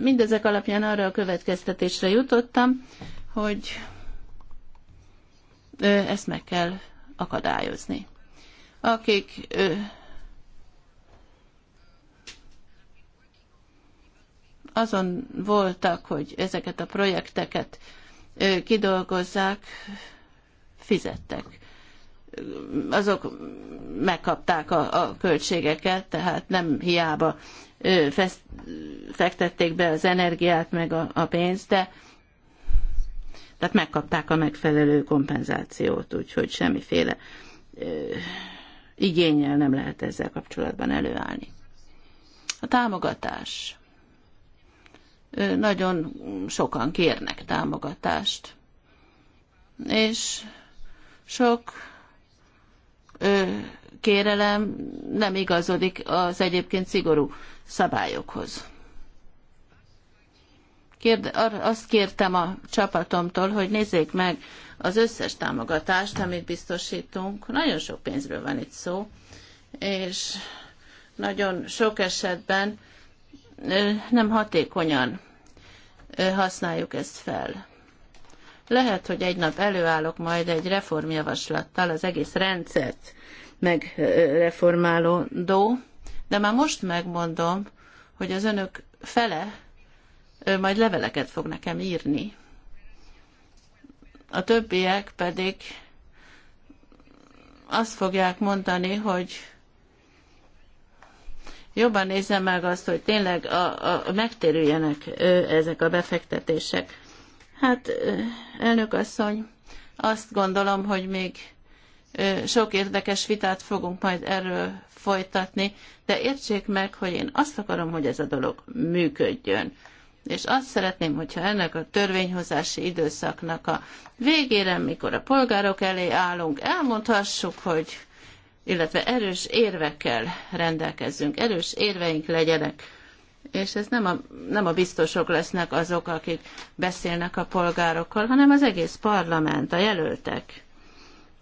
Mindezek alapján arra a következtetésre jutottam, hogy ezt meg kell akadályozni. Akik azon voltak, hogy ezeket a projekteket kidolgozzák, fizettek azok megkapták a, a költségeket, tehát nem hiába fektették be az energiát meg a, a pénzt, de tehát megkapták a megfelelő kompenzációt, úgyhogy semmiféle ö, igényel nem lehet ezzel kapcsolatban előállni. A támogatás. Ö, nagyon sokan kérnek támogatást, és sok kérelem nem igazodik az egyébként szigorú szabályokhoz. Kérde, azt kértem a csapatomtól, hogy nézzék meg az összes támogatást, amit biztosítunk. Nagyon sok pénzről van itt szó, és nagyon sok esetben nem hatékonyan használjuk ezt fel. Lehet, hogy egy nap előállok majd egy reformjavaslattal az egész rendszert megreformálódó, de már most megmondom, hogy az önök fele majd leveleket fog nekem írni. A többiek pedig azt fogják mondani, hogy jobban nézze meg azt, hogy tényleg a, a, megtérüljenek ezek a befektetések. Hát, elnök asszony, azt gondolom, hogy még sok érdekes vitát fogunk majd erről folytatni, de értsék meg, hogy én azt akarom, hogy ez a dolog működjön. És azt szeretném, hogyha ennek a törvényhozási időszaknak a végére, mikor a polgárok elé állunk, elmondhassuk, hogy illetve erős érvekkel rendelkezzünk, erős érveink legyenek és ez nem a, nem a biztosok lesznek azok, akik beszélnek a polgárokkal, hanem az egész parlament, a jelöltek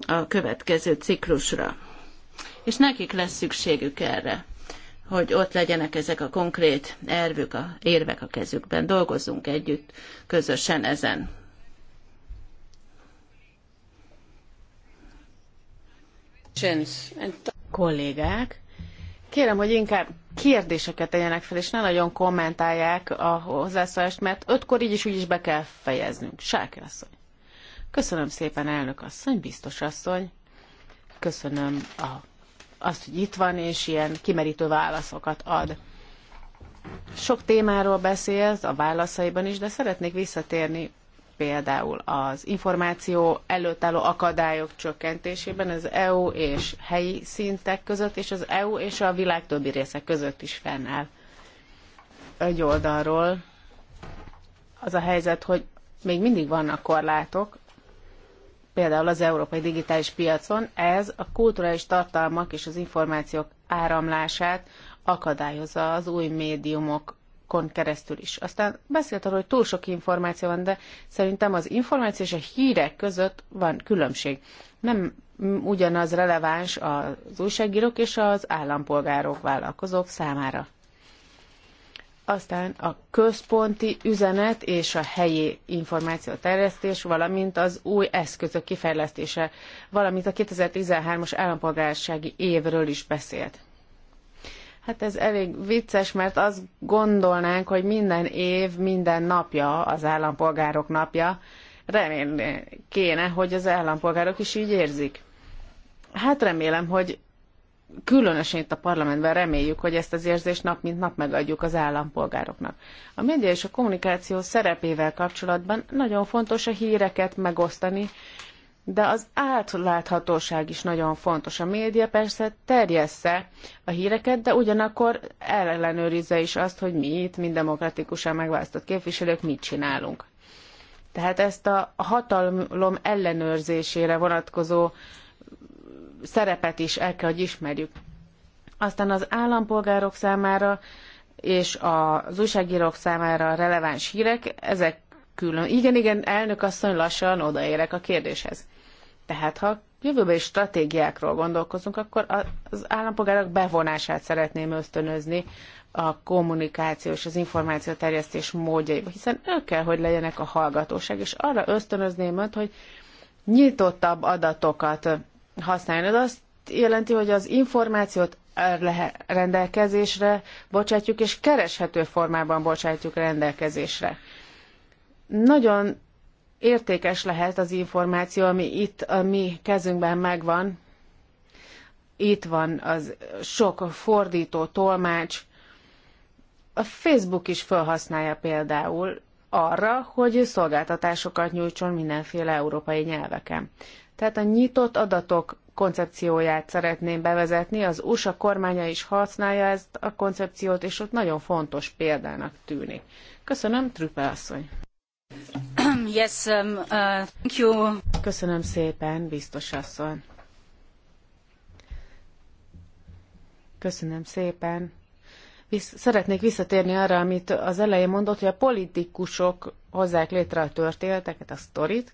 a következő ciklusra. És nekik lesz szükségük erre, hogy ott legyenek ezek a konkrét ervük, a érvek a kezükben. Dolgozzunk együtt közösen ezen. Kollégák, kérem, hogy inkább kérdéseket tegyenek fel, és ne nagyon kommentálják a hozzászólást, mert ötkor így is úgy is be kell fejeznünk. Sáki asszony. Köszönöm szépen, elnök asszony, biztos asszony. Köszönöm a, azt, hogy itt van, és ilyen kimerítő válaszokat ad. Sok témáról beszélsz a válaszaiban is, de szeretnék visszatérni például az információ előtt álló akadályok csökkentésében az EU és helyi szintek között, és az EU és a világ többi része között is fennáll. Egy oldalról az a helyzet, hogy még mindig vannak korlátok, például az európai digitális piacon, ez a kulturális tartalmak és az információk áramlását akadályozza az új médiumok blokkon keresztül is. Aztán beszélt arról, hogy túl sok információ van, de szerintem az információ és a hírek között van különbség. Nem ugyanaz releváns az újságírók és az állampolgárok, vállalkozók számára. Aztán a központi üzenet és a helyi terjesztés, valamint az új eszközök kifejlesztése, valamint a 2013-as állampolgársági évről is beszélt. Hát ez elég vicces, mert azt gondolnánk, hogy minden év, minden napja az állampolgárok napja. Remélni kéne, hogy az állampolgárok is így érzik. Hát remélem, hogy különösen itt a parlamentben reméljük, hogy ezt az érzést nap mint nap megadjuk az állampolgároknak. A média és a kommunikáció szerepével kapcsolatban nagyon fontos a híreket megosztani, de az átláthatóság is nagyon fontos. A média persze terjessze a híreket, de ugyanakkor ellenőrizze is azt, hogy mi itt, mind demokratikusan megválasztott képviselők mit csinálunk. Tehát ezt a hatalom ellenőrzésére vonatkozó szerepet is el kell, hogy ismerjük. Aztán az állampolgárok számára és az újságírók számára releváns hírek, ezek külön... Igen, igen, elnök asszony, lassan odaérek a kérdéshez. Tehát ha jövőbeli stratégiákról gondolkozunk, akkor az állampolgárok bevonását szeretném ösztönözni a kommunikáció és az információ terjesztés módjaiba, hiszen ők kell, hogy legyenek a hallgatóság, és arra ösztönözném önt, hogy nyitottabb adatokat használjon. Ez azt jelenti, hogy az információt rendelkezésre bocsátjuk, és kereshető formában bocsátjuk rendelkezésre. Nagyon értékes lehet az információ, ami itt a mi kezünkben megvan. Itt van az sok fordító, tolmács. A Facebook is felhasználja például arra, hogy szolgáltatásokat nyújtson mindenféle európai nyelveken. Tehát a nyitott adatok koncepcióját szeretném bevezetni, az USA kormánya is használja ezt a koncepciót, és ott nagyon fontos példának tűnik. Köszönöm, Trüpe asszony! Yes, um, uh, thank you. Köszönöm szépen, biztos asszony. Köszönöm szépen. Visz, szeretnék visszatérni arra, amit az elején mondott, hogy a politikusok hozzák létre a történeteket, a sztorit,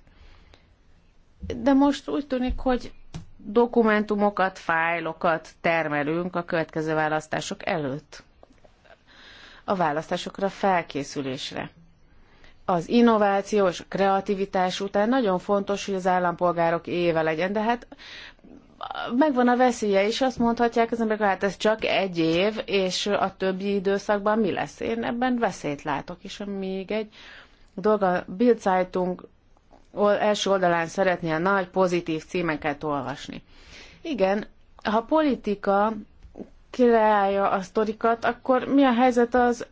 de most úgy tűnik, hogy dokumentumokat, fájlokat termelünk a következő választások előtt. A választásokra felkészülésre az innováció és a kreativitás után nagyon fontos, hogy az állampolgárok éve legyen, de hát megvan a veszélye is, azt mondhatják az emberek, hát ez csak egy év, és a többi időszakban mi lesz? Én ebben veszélyt látok, és még egy dolga, Bild Zeitung első oldalán szeretné a nagy pozitív címeket olvasni. Igen, ha politika kreálja a sztorikat, akkor mi a helyzet az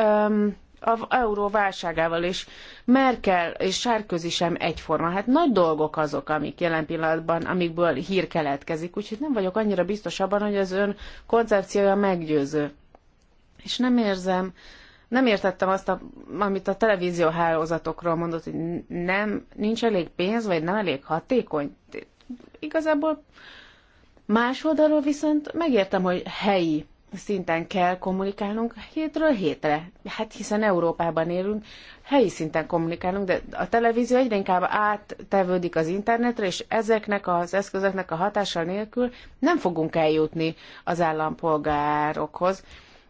um, a euró válságával, és Merkel és Sárközi sem egyforma. Hát nagy dolgok azok, amik jelen pillanatban, amikből hír keletkezik, úgyhogy nem vagyok annyira biztos abban, hogy az ön koncepciója meggyőző. És nem érzem, nem értettem azt, a, amit a televízióhálózatokról mondott, hogy nem, nincs elég pénz, vagy nem elég hatékony. Igazából más oldalról viszont megértem, hogy helyi szinten kell kommunikálnunk hétről hétre. Hát hiszen Európában élünk, helyi szinten kommunikálunk, de a televízió egyre inkább áttevődik az internetre, és ezeknek az eszközöknek a hatása nélkül nem fogunk eljutni az állampolgárokhoz,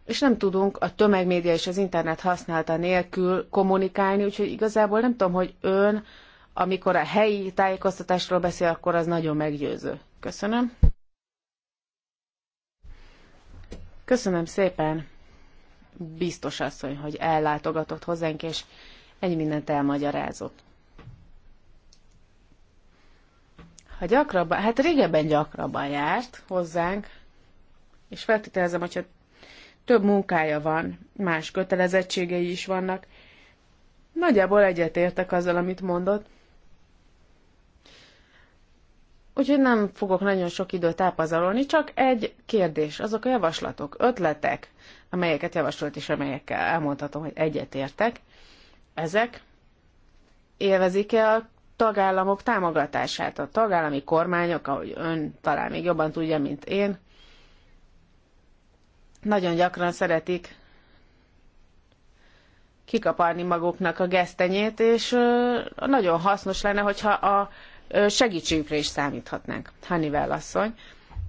és nem tudunk a tömegmédia és az internet használata nélkül kommunikálni, úgyhogy igazából nem tudom, hogy ön, amikor a helyi tájékoztatásról beszél, akkor az nagyon meggyőző. Köszönöm. Köszönöm szépen, biztos asszony, hogy ellátogatott hozzánk, és egy mindent elmagyarázott. Ha gyakrabban, hát régebben gyakrabban járt hozzánk, és feltételezem, hogyha több munkája van, más kötelezettségei is vannak, nagyjából egyetértek azzal, amit mondott, Úgyhogy nem fogok nagyon sok időt elpazarolni, csak egy kérdés, azok a javaslatok, ötletek, amelyeket javasolt és amelyekkel elmondhatom, hogy egyetértek, ezek élvezik-e a tagállamok támogatását, a tagállami kormányok, ahogy ön talán még jobban tudja, mint én, nagyon gyakran szeretik kikaparni maguknak a gesztenyét, és nagyon hasznos lenne, hogyha a segítségükre is számíthatnánk. Hanivel asszony,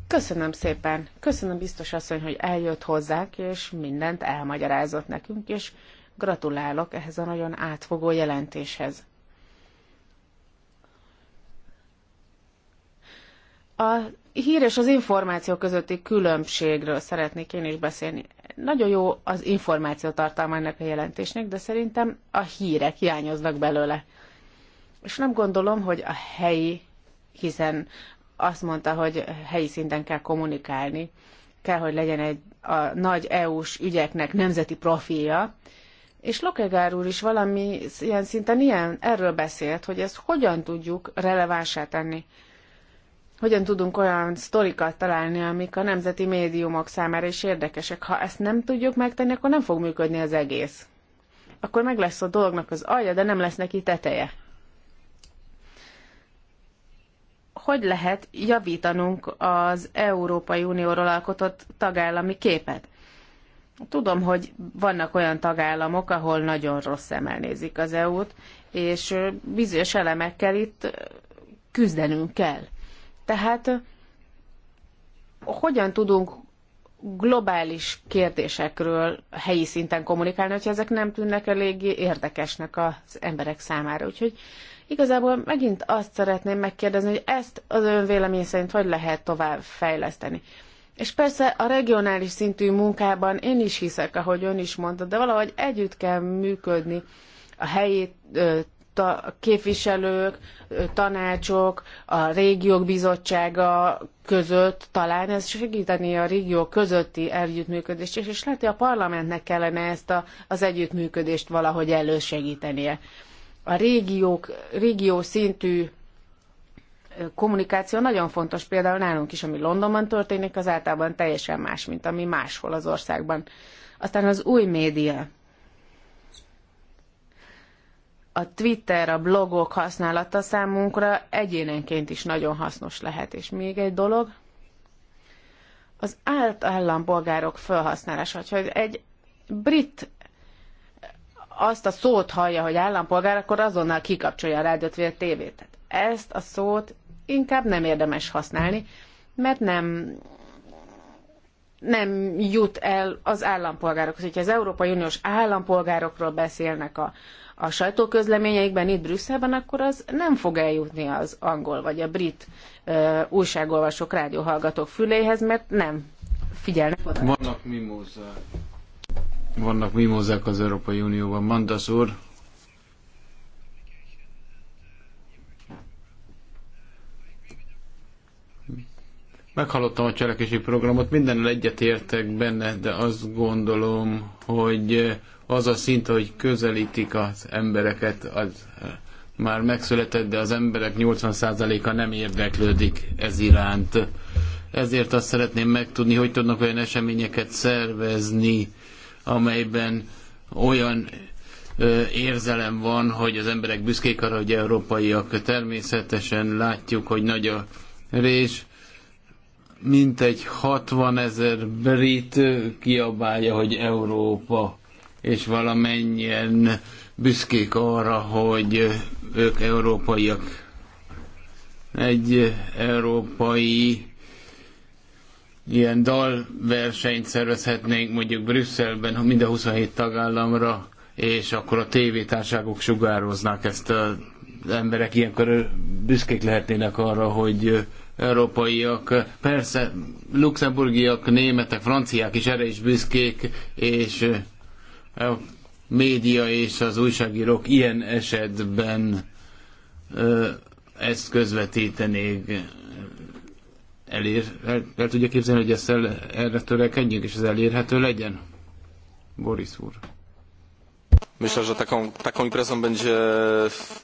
köszönöm szépen, köszönöm biztos asszony, hogy eljött hozzánk, és mindent elmagyarázott nekünk, és gratulálok ehhez a nagyon átfogó jelentéshez. A hír és az információ közötti különbségről szeretnék én is beszélni. Nagyon jó az információ tartalma ennek a jelentésnek, de szerintem a hírek hiányoznak belőle. És nem gondolom, hogy a helyi, hiszen azt mondta, hogy helyi szinten kell kommunikálni, kell, hogy legyen egy a nagy EU-s ügyeknek nemzeti profilja, és Lokegár úr is valami ilyen szinten ilyen, erről beszélt, hogy ezt hogyan tudjuk relevánsá tenni. Hogyan tudunk olyan sztorikat találni, amik a nemzeti médiumok számára is érdekesek. Ha ezt nem tudjuk megtenni, akkor nem fog működni az egész. Akkor meg lesz a dolognak az alja, de nem lesz neki teteje. hogy lehet javítanunk az Európai Unióról alkotott tagállami képet. Tudom, hogy vannak olyan tagállamok, ahol nagyon rossz szemmel nézik az EU-t, és bizonyos elemekkel itt küzdenünk kell. Tehát hogyan tudunk globális kérdésekről helyi szinten kommunikálni, hogyha ezek nem tűnnek eléggé érdekesnek az emberek számára. Úgyhogy Igazából megint azt szeretném megkérdezni, hogy ezt az ön vélemény szerint hogy lehet tovább fejleszteni. És persze a regionális szintű munkában én is hiszek, ahogy ön is mondta, de valahogy együtt kell működni a helyi a képviselők, tanácsok, a régiók bizottsága között talán ez segíteni a régió közötti együttműködést, és, és lehet, hogy a parlamentnek kellene ezt a, az együttműködést valahogy elősegítenie a régiók, régió szintű kommunikáció nagyon fontos, például nálunk is, ami Londonban történik, az általában teljesen más, mint ami máshol az országban. Aztán az új média, a Twitter, a blogok használata számunkra egyénenként is nagyon hasznos lehet. És még egy dolog, az állampolgárok felhasználása. hogy egy brit azt a szót hallja, hogy állampolgár, akkor azonnal kikapcsolja a rádiót vagy a tévét. Tehát ezt a szót inkább nem érdemes használni, mert nem nem jut el az állampolgárokhoz. Hogyha az Európai Uniós állampolgárokról beszélnek a, a sajtóközleményeikben itt Brüsszelben, akkor az nem fog eljutni az angol vagy a brit ö, újságolvasók, rádióhallgatók füléhez, mert nem figyelnek oda. Vannak mimózák vannak mimozák az Európai Unióban. Mandasz úr, Meghallottam a cselekvési programot, egyet értek benne, de azt gondolom, hogy az a szint, hogy közelítik az embereket, az eh, már megszületett, de az emberek 80%-a nem érdeklődik ez iránt. Ezért azt szeretném megtudni, hogy tudnak olyan eseményeket szervezni, amelyben olyan érzelem van, hogy az emberek büszkék arra, hogy európaiak. Természetesen látjuk, hogy nagy a rés. Mintegy 60 ezer brit kiabálja, hogy Európa, és valamennyien büszkék arra, hogy ők európaiak. Egy európai ilyen dalversenyt szervezhetnénk mondjuk Brüsszelben mind a 27 tagállamra, és akkor a tévétárságok sugároznák ezt a emberek ilyenkor büszkék lehetnének arra, hogy európaiak, persze luxemburgiak, németek, franciák is erre is büszkék, és a média és az újságírók ilyen esetben ezt közvetítenék elér, el, el tudja képzelni, hogy ezt el, erre törekedjünk, és ez elérhető legyen? Boris úr. Myślę, że taką, taką imprezą będzie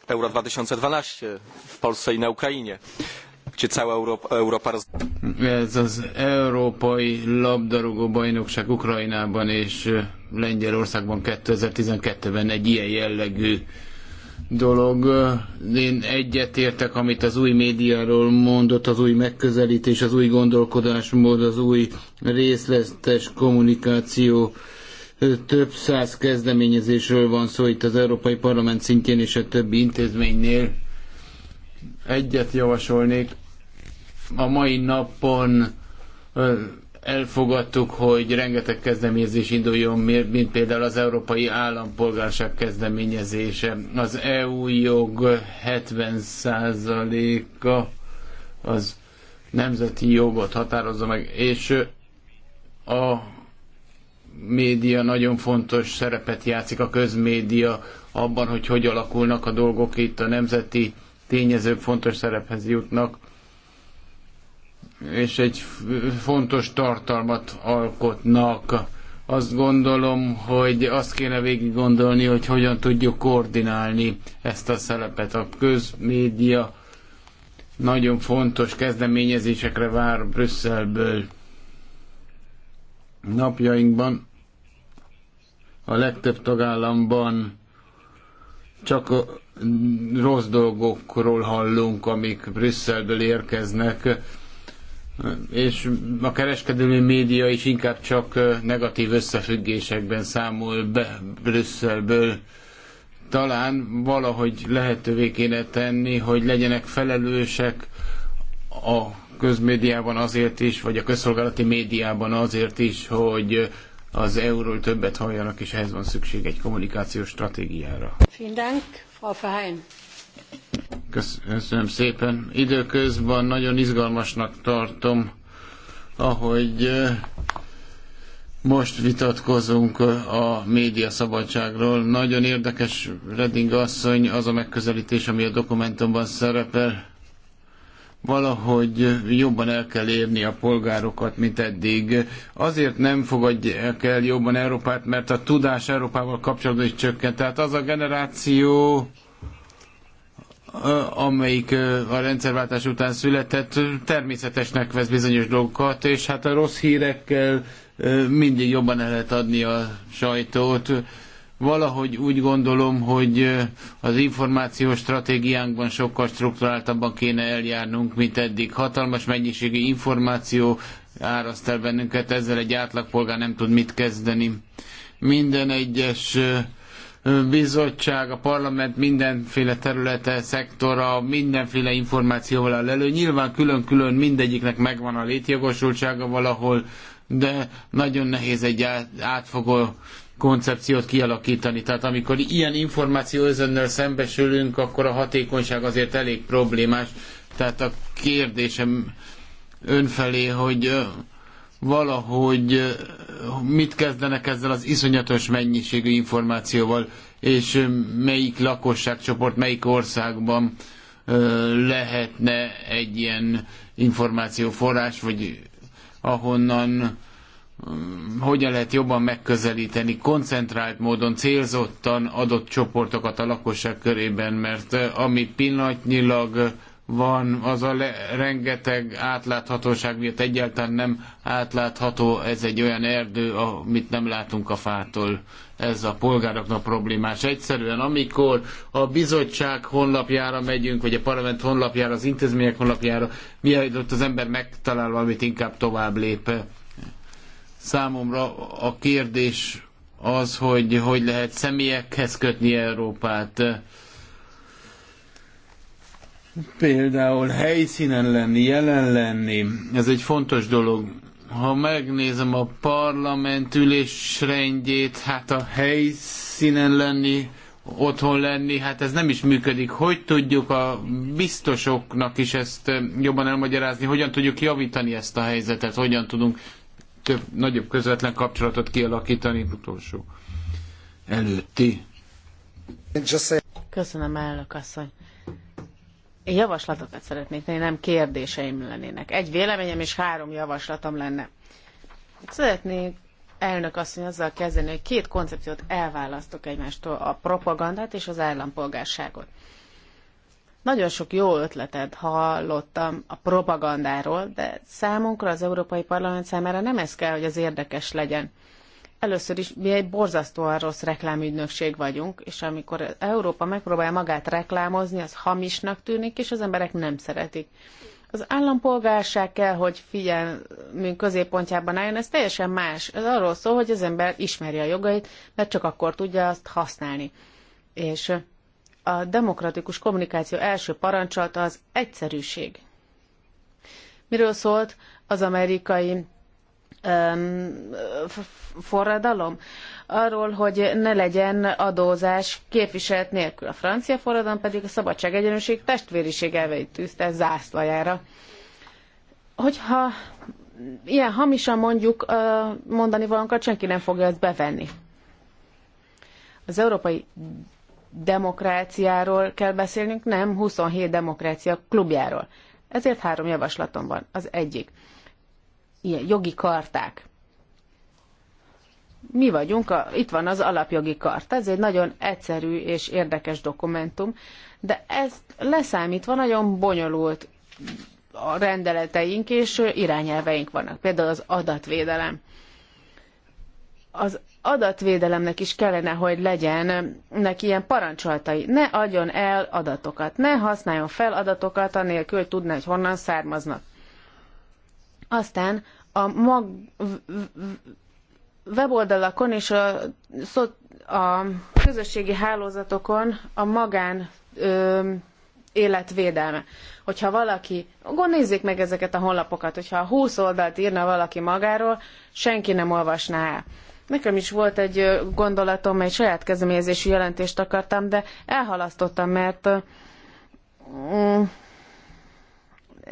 Euro 2012 w Polsce i na Ukrainie, gdzie cała Europa... Europa... Ez az Európai Labdarúgó Bajnokság Ukrajnában és Lengyelországban 2012-ben egy ilyen jellegű dolog. Én egyetértek, amit az új médiáról mondott, az új megközelítés, az új gondolkodásmód, az új részletes kommunikáció. Több száz kezdeményezésről van szó itt az Európai Parlament szintjén és a többi intézménynél. Egyet javasolnék. A mai napon elfogadtuk, hogy rengeteg kezdeményezés induljon, mint például az Európai Állampolgárság kezdeményezése. Az EU jog 70%-a az nemzeti jogot határozza meg, és a média nagyon fontos szerepet játszik, a közmédia abban, hogy hogy alakulnak a dolgok itt, a nemzeti tényezők fontos szerephez jutnak és egy fontos tartalmat alkotnak. Azt gondolom, hogy azt kéne végig gondolni, hogy hogyan tudjuk koordinálni ezt a szerepet. A közmédia nagyon fontos kezdeményezésekre vár Brüsszelből napjainkban. A legtöbb tagállamban csak a rossz dolgokról hallunk, amik Brüsszelből érkeznek és a kereskedelmi média is inkább csak negatív összefüggésekben számol be Brüsszelből. Talán valahogy lehetővé kéne tenni, hogy legyenek felelősek a közmédiában azért is, vagy a közszolgálati médiában azért is, hogy az euról többet halljanak, és ehhez van szükség egy kommunikációs stratégiára. Vielen Dank, Frau Verheyen. Köszönöm szépen. Időközben nagyon izgalmasnak tartom, ahogy most vitatkozunk a média szabadságról. Nagyon érdekes Redding asszony az a megközelítés, ami a dokumentumban szerepel. Valahogy jobban el kell érni a polgárokat, mint eddig. Azért nem fogadják el jobban Európát, mert a tudás Európával kapcsolatban is csökkent. Tehát az a generáció, amelyik a rendszerváltás után született, természetesnek vesz bizonyos dolgokat, és hát a rossz hírekkel mindig jobban el lehet adni a sajtót. Valahogy úgy gondolom, hogy az információs stratégiánkban sokkal strukturáltabban kéne eljárnunk, mint eddig. Hatalmas mennyiségű információ áraszt el bennünket, ezzel egy átlagpolgár nem tud mit kezdeni. Minden egyes bizottság, a parlament mindenféle területe, szektora, mindenféle információval áll elő. Nyilván külön-külön mindegyiknek megvan a létjogosultsága valahol, de nagyon nehéz egy átfogó koncepciót kialakítani. Tehát amikor ilyen információ özönnel szembesülünk, akkor a hatékonyság azért elég problémás. Tehát a kérdésem önfelé, hogy valahogy mit kezdenek ezzel az iszonyatos mennyiségű információval, és melyik lakosságcsoport, melyik országban lehetne egy ilyen információforrás, vagy ahonnan hogyan lehet jobban megközelíteni koncentrált módon, célzottan adott csoportokat a lakosság körében, mert amit pillanatnyilag van, az a le, rengeteg átláthatóság miatt egyáltalán nem átlátható, ez egy olyan erdő, amit nem látunk a fától. Ez a polgároknak problémás. Egyszerűen, amikor a bizottság honlapjára megyünk, vagy a parlament honlapjára, az intézmények honlapjára, ott az ember megtalál valamit, inkább tovább lép. Számomra a kérdés az, hogy hogy lehet személyekhez kötni Európát például helyszínen lenni, jelen lenni, ez egy fontos dolog. Ha megnézem a parlament ülésrendjét, hát a helyszínen lenni, otthon lenni, hát ez nem is működik. Hogy tudjuk a biztosoknak is ezt eh, jobban elmagyarázni, hogyan tudjuk javítani ezt a helyzetet, hogyan tudunk több, nagyobb közvetlen kapcsolatot kialakítani utolsó előtti. Köszönöm, elnök asszony. Én javaslatokat szeretnék tenni, nem kérdéseim lennének. Egy véleményem és három javaslatom lenne. Szeretnék elnök asszony azzal kezdeni, hogy két koncepciót elválasztok egymástól, a propagandát és az állampolgárságot. Nagyon sok jó ötletet hallottam a propagandáról, de számunkra, az Európai Parlament számára nem ez kell, hogy az érdekes legyen. Először is mi egy borzasztóan rossz reklámügynökség vagyunk, és amikor Európa megpróbálja magát reklámozni, az hamisnak tűnik, és az emberek nem szeretik. Az állampolgárság kell, hogy figyelmünk középpontjában álljon, ez teljesen más. Ez arról szól, hogy az ember ismeri a jogait, mert csak akkor tudja azt használni. És a demokratikus kommunikáció első parancsolata az egyszerűség. Miről szólt az amerikai forradalom? Arról, hogy ne legyen adózás képviselet nélkül. A francia forradalom pedig a szabadság egyenlőség testvériség elveit tűzte zászlajára. Hogyha ilyen hamisan mondjuk mondani valamit, senki nem fogja ezt bevenni. Az európai demokráciáról kell beszélnünk, nem 27 demokrácia klubjáról. Ezért három javaslatom van. Az egyik ilyen jogi karták. Mi vagyunk, a, itt van az alapjogi karta, ez egy nagyon egyszerű és érdekes dokumentum, de ezt leszámítva nagyon bonyolult a rendeleteink és irányelveink vannak, például az adatvédelem. Az adatvédelemnek is kellene, hogy legyen neki ilyen parancsoltai. Ne adjon el adatokat, ne használjon fel adatokat, anélkül, hogy tudná, hogy honnan származnak. Aztán a mag weboldalakon és a, a közösségi hálózatokon a magán ö, életvédelme. Hogyha valaki, gond nézzék meg ezeket a honlapokat, hogyha a húsz oldalt írna valaki magáról, senki nem olvasná el. Nekem is volt egy gondolatom, egy saját kezdeményezésű jelentést akartam, de elhalasztottam, mert mm,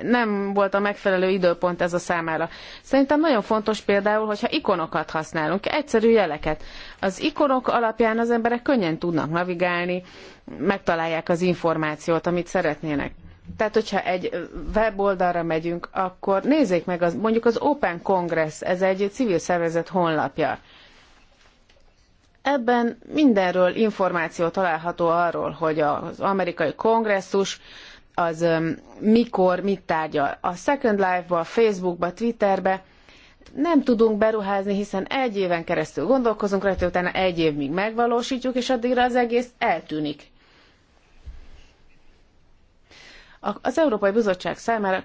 nem volt a megfelelő időpont ez a számára. Szerintem nagyon fontos például, hogyha ikonokat használunk, egyszerű jeleket. Az ikonok alapján az emberek könnyen tudnak navigálni, megtalálják az információt, amit szeretnének. Tehát, hogyha egy weboldalra megyünk, akkor nézzék meg, az, mondjuk az Open Congress, ez egy civil szervezet honlapja. Ebben mindenről információ található arról, hogy az amerikai kongresszus az mikor, mit tárgyal. A Second Life-ba, Facebook-ba, Twitter-be, nem tudunk beruházni, hiszen egy éven keresztül gondolkozunk rajta, utána egy év még megvalósítjuk, és addigra az egész eltűnik. Az Európai Bizottság számára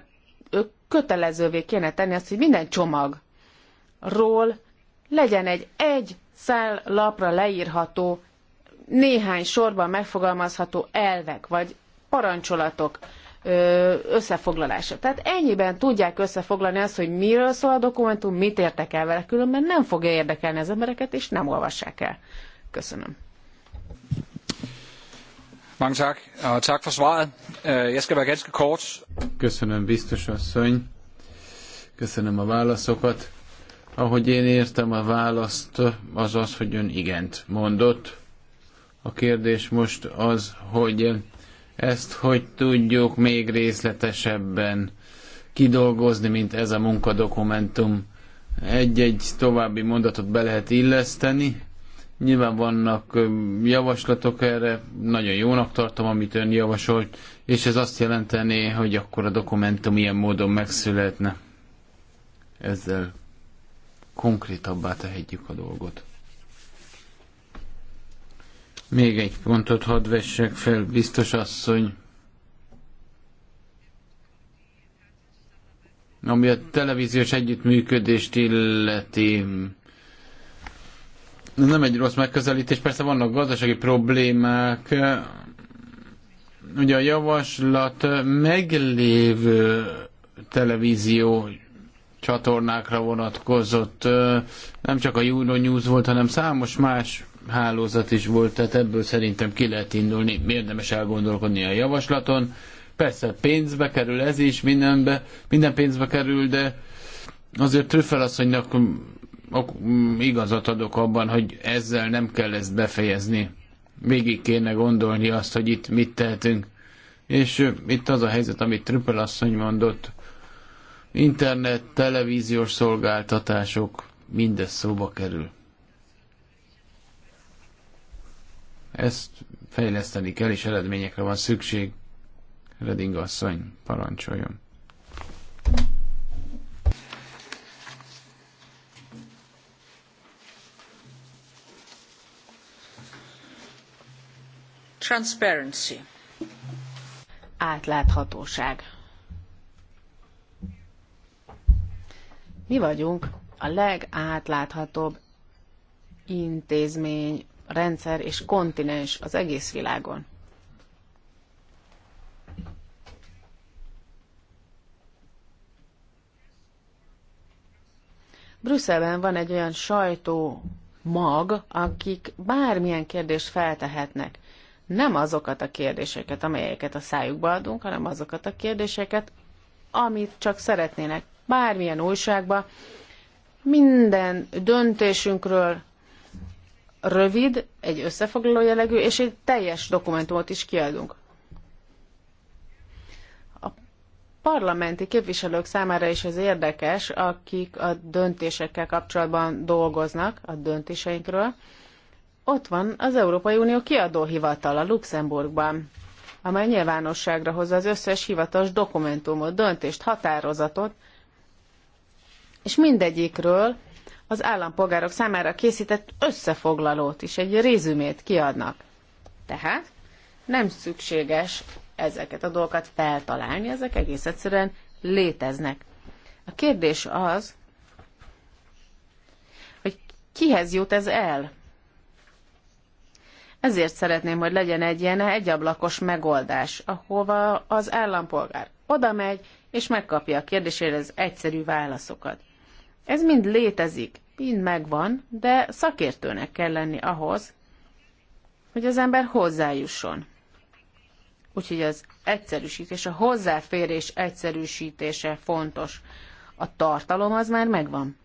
ők kötelezővé kéne tenni azt, hogy minden csomagról legyen egy egy szál lapra leírható, néhány sorban megfogalmazható elvek, vagy parancsolatok összefoglalása. Tehát ennyiben tudják összefoglalni azt, hogy miről szól a dokumentum, mit értek el vele, különben nem fogja érdekelni az embereket, és nem olvassák el. Köszönöm. Mange tak, og tak for svaret. Øh, jeg skal være ganske kort. Köszönöm, biztos asszony. Köszönöm a válaszokat. Ahogy én értem a választ, az az, hogy ön igent mondott. A kérdés most az, hogy ezt hogy tudjuk még részletesebben kidolgozni, mint ez a munkadokumentum. Egy-egy további mondatot be lehet illeszteni. Nyilván vannak javaslatok erre, nagyon jónak tartom, amit ön javasolt, és ez azt jelenteni, hogy akkor a dokumentum ilyen módon megszületne. Ezzel konkrétabbá tehetjük a dolgot. Még egy pontot hadd vessek fel, biztos asszony. Ami a televíziós együttműködést illeti, nem egy rossz megközelítés, persze vannak gazdasági problémák, ugye a javaslat meglévő televízió csatornákra vonatkozott, nem csak a News volt, hanem számos más hálózat is volt, tehát ebből szerintem ki lehet indulni, érdemes elgondolkodni a javaslaton. Persze pénzbe kerül ez is, mindenbe, minden pénzbe kerül, de azért Trüffelasszonynak igazat adok abban, hogy ezzel nem kell ezt befejezni. Végig kéne gondolni azt, hogy itt mit tehetünk. És itt az a helyzet, amit Trüppel asszony mondott, internet, televíziós szolgáltatások, mindez szóba kerül. Ezt fejleszteni kell, és eredményekre van szükség. Reding asszony, parancsoljon. Transparency. Átláthatóság. Mi vagyunk a legátláthatóbb intézmény rendszer és kontinens az egész világon. Brüsszelben van egy olyan sajtó mag, akik bármilyen kérdést feltehetnek. Nem azokat a kérdéseket, amelyeket a szájukba adunk, hanem azokat a kérdéseket, amit csak szeretnének. Bármilyen újságba, minden döntésünkről rövid, egy összefoglaló jellegű, és egy teljes dokumentumot is kiadunk. A parlamenti képviselők számára is ez érdekes, akik a döntésekkel kapcsolatban dolgoznak, a döntéseinkről. Ott van az Európai Unió a Luxemburgban, amely nyilvánosságra hozza az összes hivatalos dokumentumot, döntést, határozatot, és mindegyikről az állampolgárok számára készített összefoglalót is, egy rézümét kiadnak. Tehát nem szükséges ezeket a dolgokat feltalálni, ezek egész egyszerűen léteznek. A kérdés az, hogy kihez jut ez el? Ezért szeretném, hogy legyen egy ilyen egyablakos megoldás, ahova az állampolgár oda megy, és megkapja a kérdésére az egyszerű válaszokat. Ez mind létezik, mind megvan, de szakértőnek kell lenni ahhoz, hogy az ember hozzájusson. Úgyhogy az egyszerűsítés, a hozzáférés egyszerűsítése fontos. A tartalom az már megvan.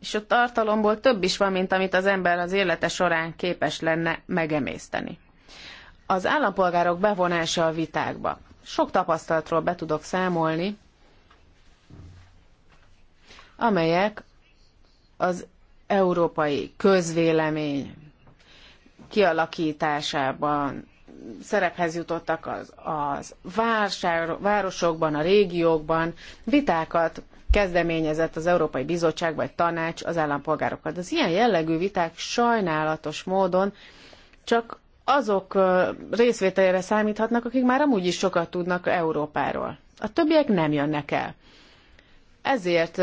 És a tartalomból több is van, mint amit az ember az élete során képes lenne megemészteni. Az állampolgárok bevonása a vitákba sok tapasztalatról be tudok számolni, amelyek az európai közvélemény kialakításában szerephez jutottak az, az vársár, városokban, a régiókban, vitákat kezdeményezett az Európai Bizottság vagy Tanács az állampolgárokat. Az ilyen jellegű viták sajnálatos módon csak azok részvételére számíthatnak, akik már amúgy is sokat tudnak Európáról. A többiek nem jönnek el. Ezért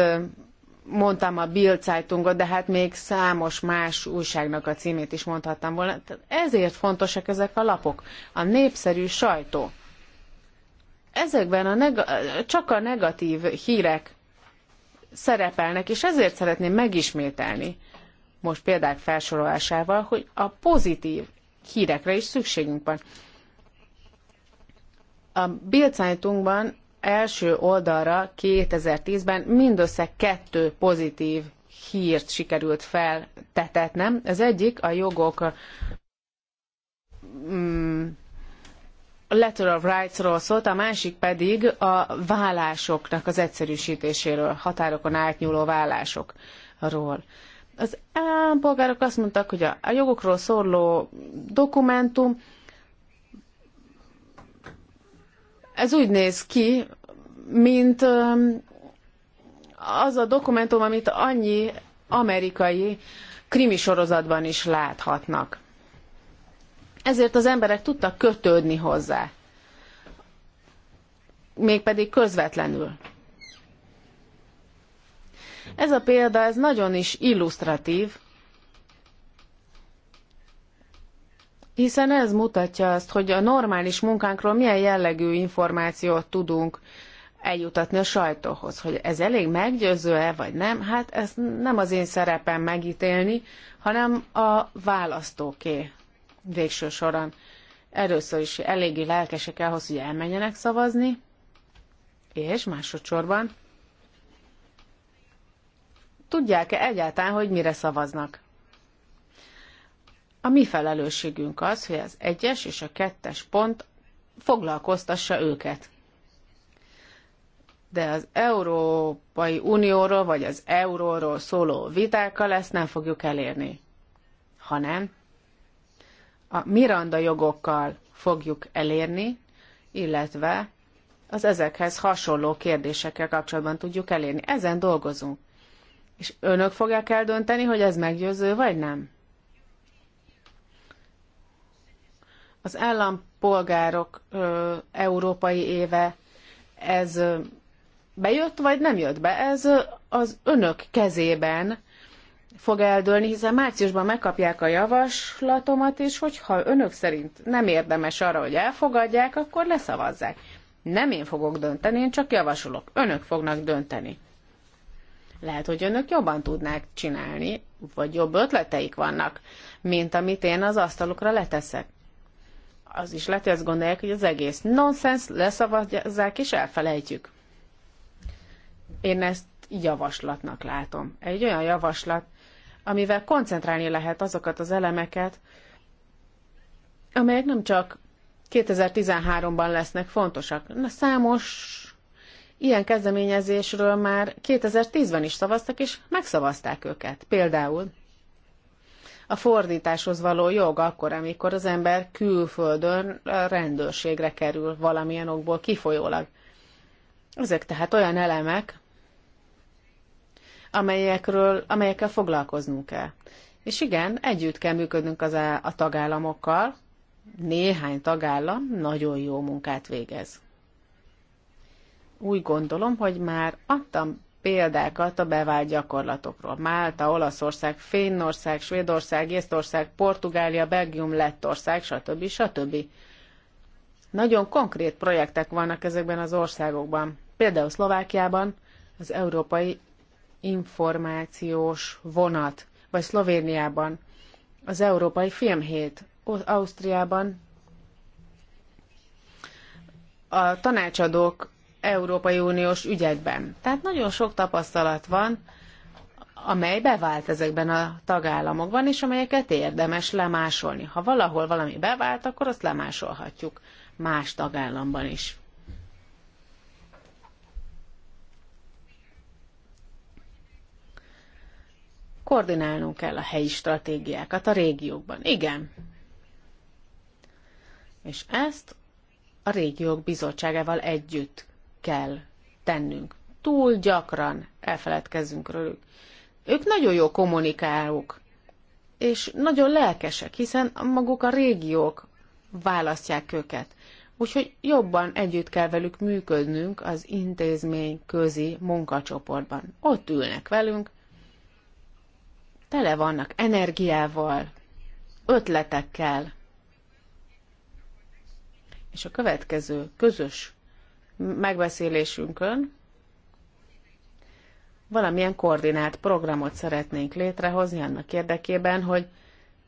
mondtam a Bill Zeitungot, de hát még számos más újságnak a címét is mondhattam volna. Ezért fontosak ezek a lapok. A népszerű sajtó. Ezekben a neg- csak a negatív hírek szerepelnek, és ezért szeretném megismételni, most példák felsorolásával, hogy a pozitív hírekre is szükségünk van. A Bild Zeitungban első oldalra 2010-ben mindössze kettő pozitív hírt sikerült feltetetnem. Az egyik a jogok mm, Letter of Rights-ról szólt, a másik pedig a vállásoknak az egyszerűsítéséről, határokon átnyúló vállásokról. Az állampolgárok azt mondták, hogy a jogokról szóló dokumentum, ez úgy néz ki, mint az a dokumentum, amit annyi amerikai krimi sorozatban is láthatnak. Ezért az emberek tudtak kötődni hozzá, mégpedig közvetlenül. Ez a példa, ez nagyon is illusztratív, hiszen ez mutatja azt, hogy a normális munkánkról milyen jellegű információt tudunk eljutatni a sajtóhoz. Hogy ez elég meggyőző-e, vagy nem, hát ez nem az én szerepem megítélni, hanem a választóké végső soron. Erőször is eléggé lelkesek ahhoz, hogy elmenjenek szavazni, és másodszorban tudják-e egyáltalán, hogy mire szavaznak. A mi felelősségünk az, hogy az egyes és a kettes pont foglalkoztassa őket. De az Európai Unióról vagy az euróról szóló vitákkal ezt nem fogjuk elérni, hanem a Miranda jogokkal fogjuk elérni, illetve az ezekhez hasonló kérdésekkel kapcsolatban tudjuk elérni. Ezen dolgozunk. És önök fogják eldönteni, hogy ez meggyőző, vagy nem? Az állampolgárok ö, európai éve, ez ö, bejött, vagy nem jött be? Ez ö, az önök kezében fog eldőlni, hiszen márciusban megkapják a javaslatomat, és hogyha önök szerint nem érdemes arra, hogy elfogadják, akkor leszavazzák. Nem én fogok dönteni, én csak javasolok. Önök fognak dönteni. Lehet, hogy önök jobban tudnák csinálni, vagy jobb ötleteik vannak, mint amit én az asztalukra leteszek. Az is lehet, hogy azt gondolják, hogy az egész nonsens, leszavazzák és elfelejtjük. Én ezt javaslatnak látom. Egy olyan javaslat, amivel koncentrálni lehet azokat az elemeket, amelyek nem csak 2013-ban lesznek fontosak. Na, számos Ilyen kezdeményezésről már 2010-ben is szavaztak, és megszavazták őket. Például a fordításhoz való jog akkor, amikor az ember külföldön rendőrségre kerül valamilyen okból kifolyólag. Ezek tehát olyan elemek, amelyekről, amelyekkel foglalkoznunk kell. És igen, együtt kell működnünk az a, a tagállamokkal. Néhány tagállam nagyon jó munkát végez úgy gondolom, hogy már adtam példákat a bevált gyakorlatokról. Málta, Olaszország, Fénország, Svédország, Észtország, Portugália, Belgium, Lettország, stb. stb. Nagyon konkrét projektek vannak ezekben az országokban. Például Szlovákiában az Európai Információs Vonat, vagy Szlovéniában az Európai Filmhét, Ausztriában a tanácsadók Európai Uniós ügyekben. Tehát nagyon sok tapasztalat van, amely bevált ezekben a tagállamokban, és amelyeket érdemes lemásolni. Ha valahol valami bevált, akkor azt lemásolhatjuk más tagállamban is. Koordinálnunk kell a helyi stratégiákat a régiókban. Igen. És ezt a régiók bizottságával együtt kell tennünk. Túl gyakran elfeledkezzünk róluk. Ők nagyon jó kommunikálók, és nagyon lelkesek, hiszen maguk a régiók választják őket. Úgyhogy jobban együtt kell velük működnünk az intézmény közi munkacsoportban. Ott ülnek velünk, tele vannak energiával, ötletekkel. És a következő közös megbeszélésünkön valamilyen koordinált programot szeretnénk létrehozni annak érdekében, hogy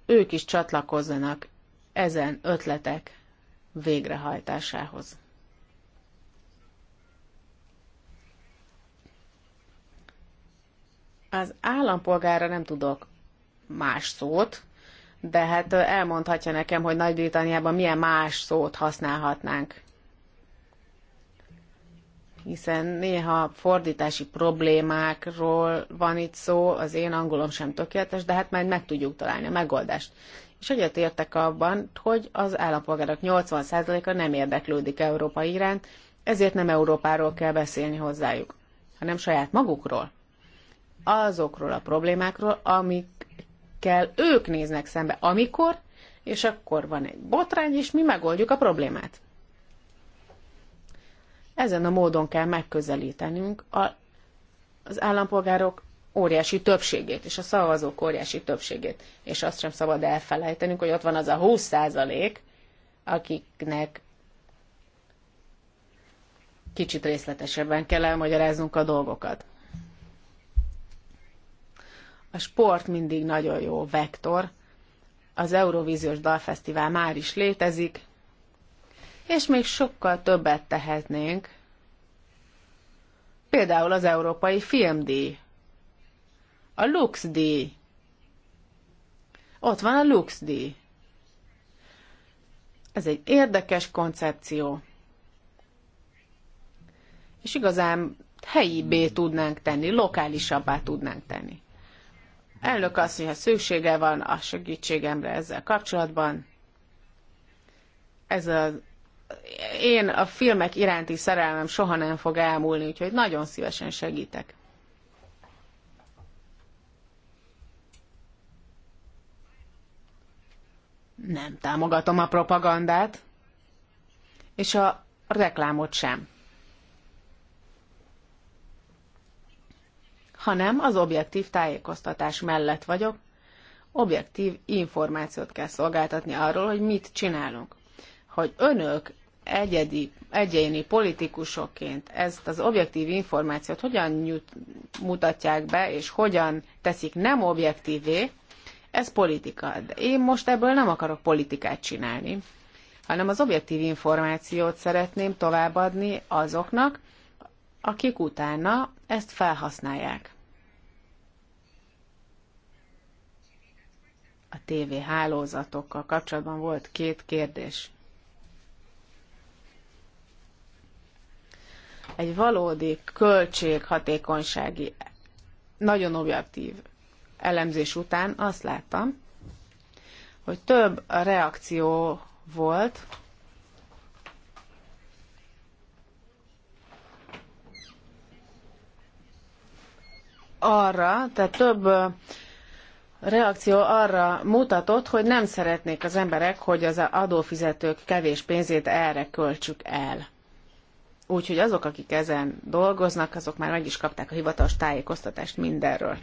ők is csatlakozzanak ezen ötletek végrehajtásához. Az állampolgára nem tudok más szót, de hát elmondhatja nekem, hogy Nagy-Britanniában milyen más szót használhatnánk hiszen néha fordítási problémákról van itt szó, az én angolom sem tökéletes, de hát majd meg tudjuk találni a megoldást. És egyet értek abban, hogy az állampolgárok 80%-a nem érdeklődik Európa iránt, ezért nem Európáról kell beszélni hozzájuk, hanem saját magukról. Azokról a problémákról, amikkel ők néznek szembe, amikor, és akkor van egy botrány, és mi megoldjuk a problémát. Ezen a módon kell megközelítenünk a, az állampolgárok óriási többségét, és a szavazók óriási többségét. És azt sem szabad elfelejtenünk, hogy ott van az a 20 százalék, akiknek kicsit részletesebben kell elmagyaráznunk a dolgokat. A sport mindig nagyon jó vektor. Az Eurovíziós Dalfesztivál már is létezik, és még sokkal többet tehetnénk. Például az Európai Filmdíj, a Lux díj. Ott van a Lux díj. Ez egy érdekes koncepció. És igazán helyibbé tudnánk tenni, lokálisabbá tudnánk tenni. Elnök azt mondja, ha szüksége van a segítségemre ezzel kapcsolatban, ez az én a filmek iránti szerelmem soha nem fog elmúlni, úgyhogy nagyon szívesen segítek. Nem támogatom a propagandát, és a reklámot sem. Hanem az objektív tájékoztatás mellett vagyok, objektív információt kell szolgáltatni arról, hogy mit csinálunk. Hogy önök egyedi, egyéni politikusokként ezt az objektív információt hogyan nyújt, mutatják be, és hogyan teszik nem objektívé, ez politika. De én most ebből nem akarok politikát csinálni, hanem az objektív információt szeretném továbbadni azoknak, akik utána ezt felhasználják. A TV hálózatokkal kapcsolatban volt két kérdés. egy valódi költséghatékonysági, nagyon objektív elemzés után azt láttam, hogy több a reakció volt, arra, tehát több reakció arra mutatott, hogy nem szeretnék az emberek, hogy az adófizetők kevés pénzét erre költsük el. Úgyhogy azok, akik ezen dolgoznak, azok már meg is kapták a hivatalos tájékoztatást mindenről.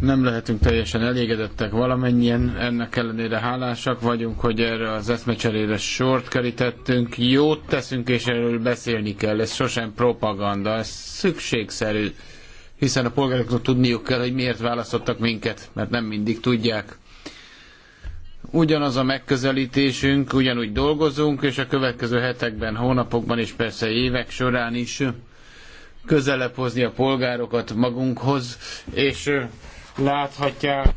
Nem lehetünk teljesen elégedettek valamennyien, ennek ellenére hálásak vagyunk, hogy erre az eszmecserére sort kerítettünk, jót teszünk, és erről beszélni kell. Ez sosem propaganda, ez szükségszerű, hiszen a polgároknak tudniuk kell, hogy miért választottak minket, mert nem mindig tudják ugyanaz a megközelítésünk, ugyanúgy dolgozunk, és a következő hetekben, hónapokban és persze évek során is közelebb hozni a polgárokat magunkhoz, és láthatják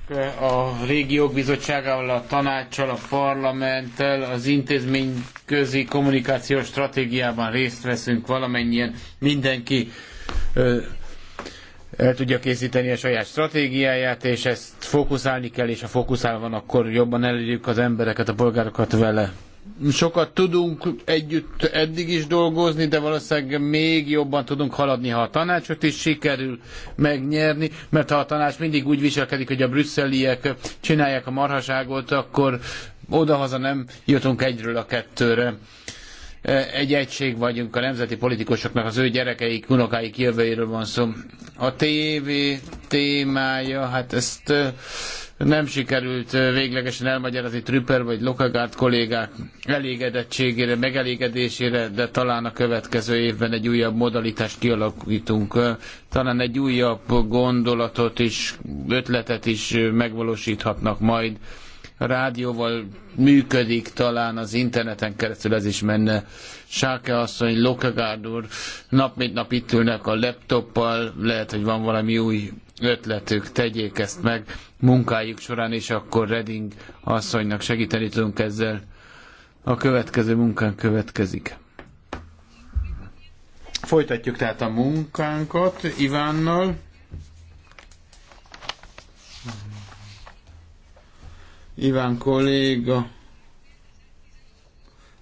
a régiók bizottságával, a tanácssal, a parlamenttel, az intézmény közi kommunikációs stratégiában részt veszünk valamennyien, mindenki el tudja készíteni a saját stratégiáját, és ezt fókuszálni kell, és ha fókuszál van, akkor jobban elérjük az embereket, a polgárokat vele. Sokat tudunk együtt eddig is dolgozni, de valószínűleg még jobban tudunk haladni, ha a tanácsot is sikerül megnyerni, mert ha a tanács mindig úgy viselkedik, hogy a brüsszeliek csinálják a marhaságot, akkor odahaza nem jutunk egyről a kettőre egy egység vagyunk a nemzeti politikusoknak, az ő gyerekeik, unokáik jövőjéről van szó. A tévé témája, hát ezt nem sikerült véglegesen elmagyarázni Trüpper vagy Lokagárd kollégák elégedettségére, megelégedésére, de talán a következő évben egy újabb modalitást kialakítunk. Talán egy újabb gondolatot is, ötletet is megvalósíthatnak majd a rádióval működik, talán az interneten keresztül ez is menne. Sáke asszony, Lokegárd úr, nap mint nap itt ülnek a laptoppal, lehet, hogy van valami új ötletük, tegyék ezt meg munkájuk során, és akkor Reding asszonynak segíteni tudunk ezzel. A következő munkán következik. Folytatjuk tehát a munkánkat Ivánnal. Iván kolléga,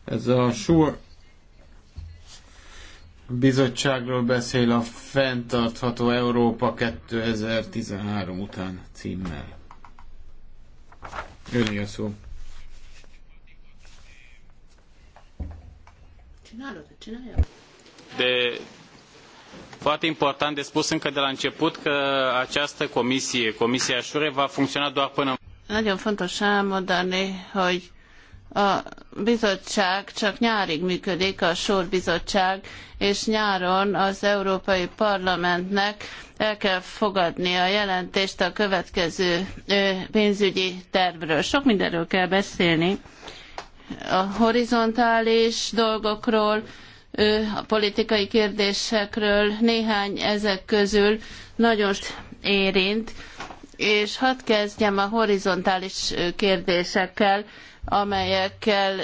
ez a SUR bizottságról beszél a Fentartható Európa 2013 után címmel. Jönni a szó. Csinálod, csinálja? De foarte important de spus încă de la început că această comisie, Comisia Șure, va funcționa doar până nagyon fontos elmondani, hogy a bizottság csak nyárig működik, a sorbizottság, és nyáron az Európai Parlamentnek el kell fogadni a jelentést a következő pénzügyi tervről. Sok mindenről kell beszélni. A horizontális dolgokról, a politikai kérdésekről néhány ezek közül nagyon érint és hadd kezdjem a horizontális kérdésekkel, amelyekkel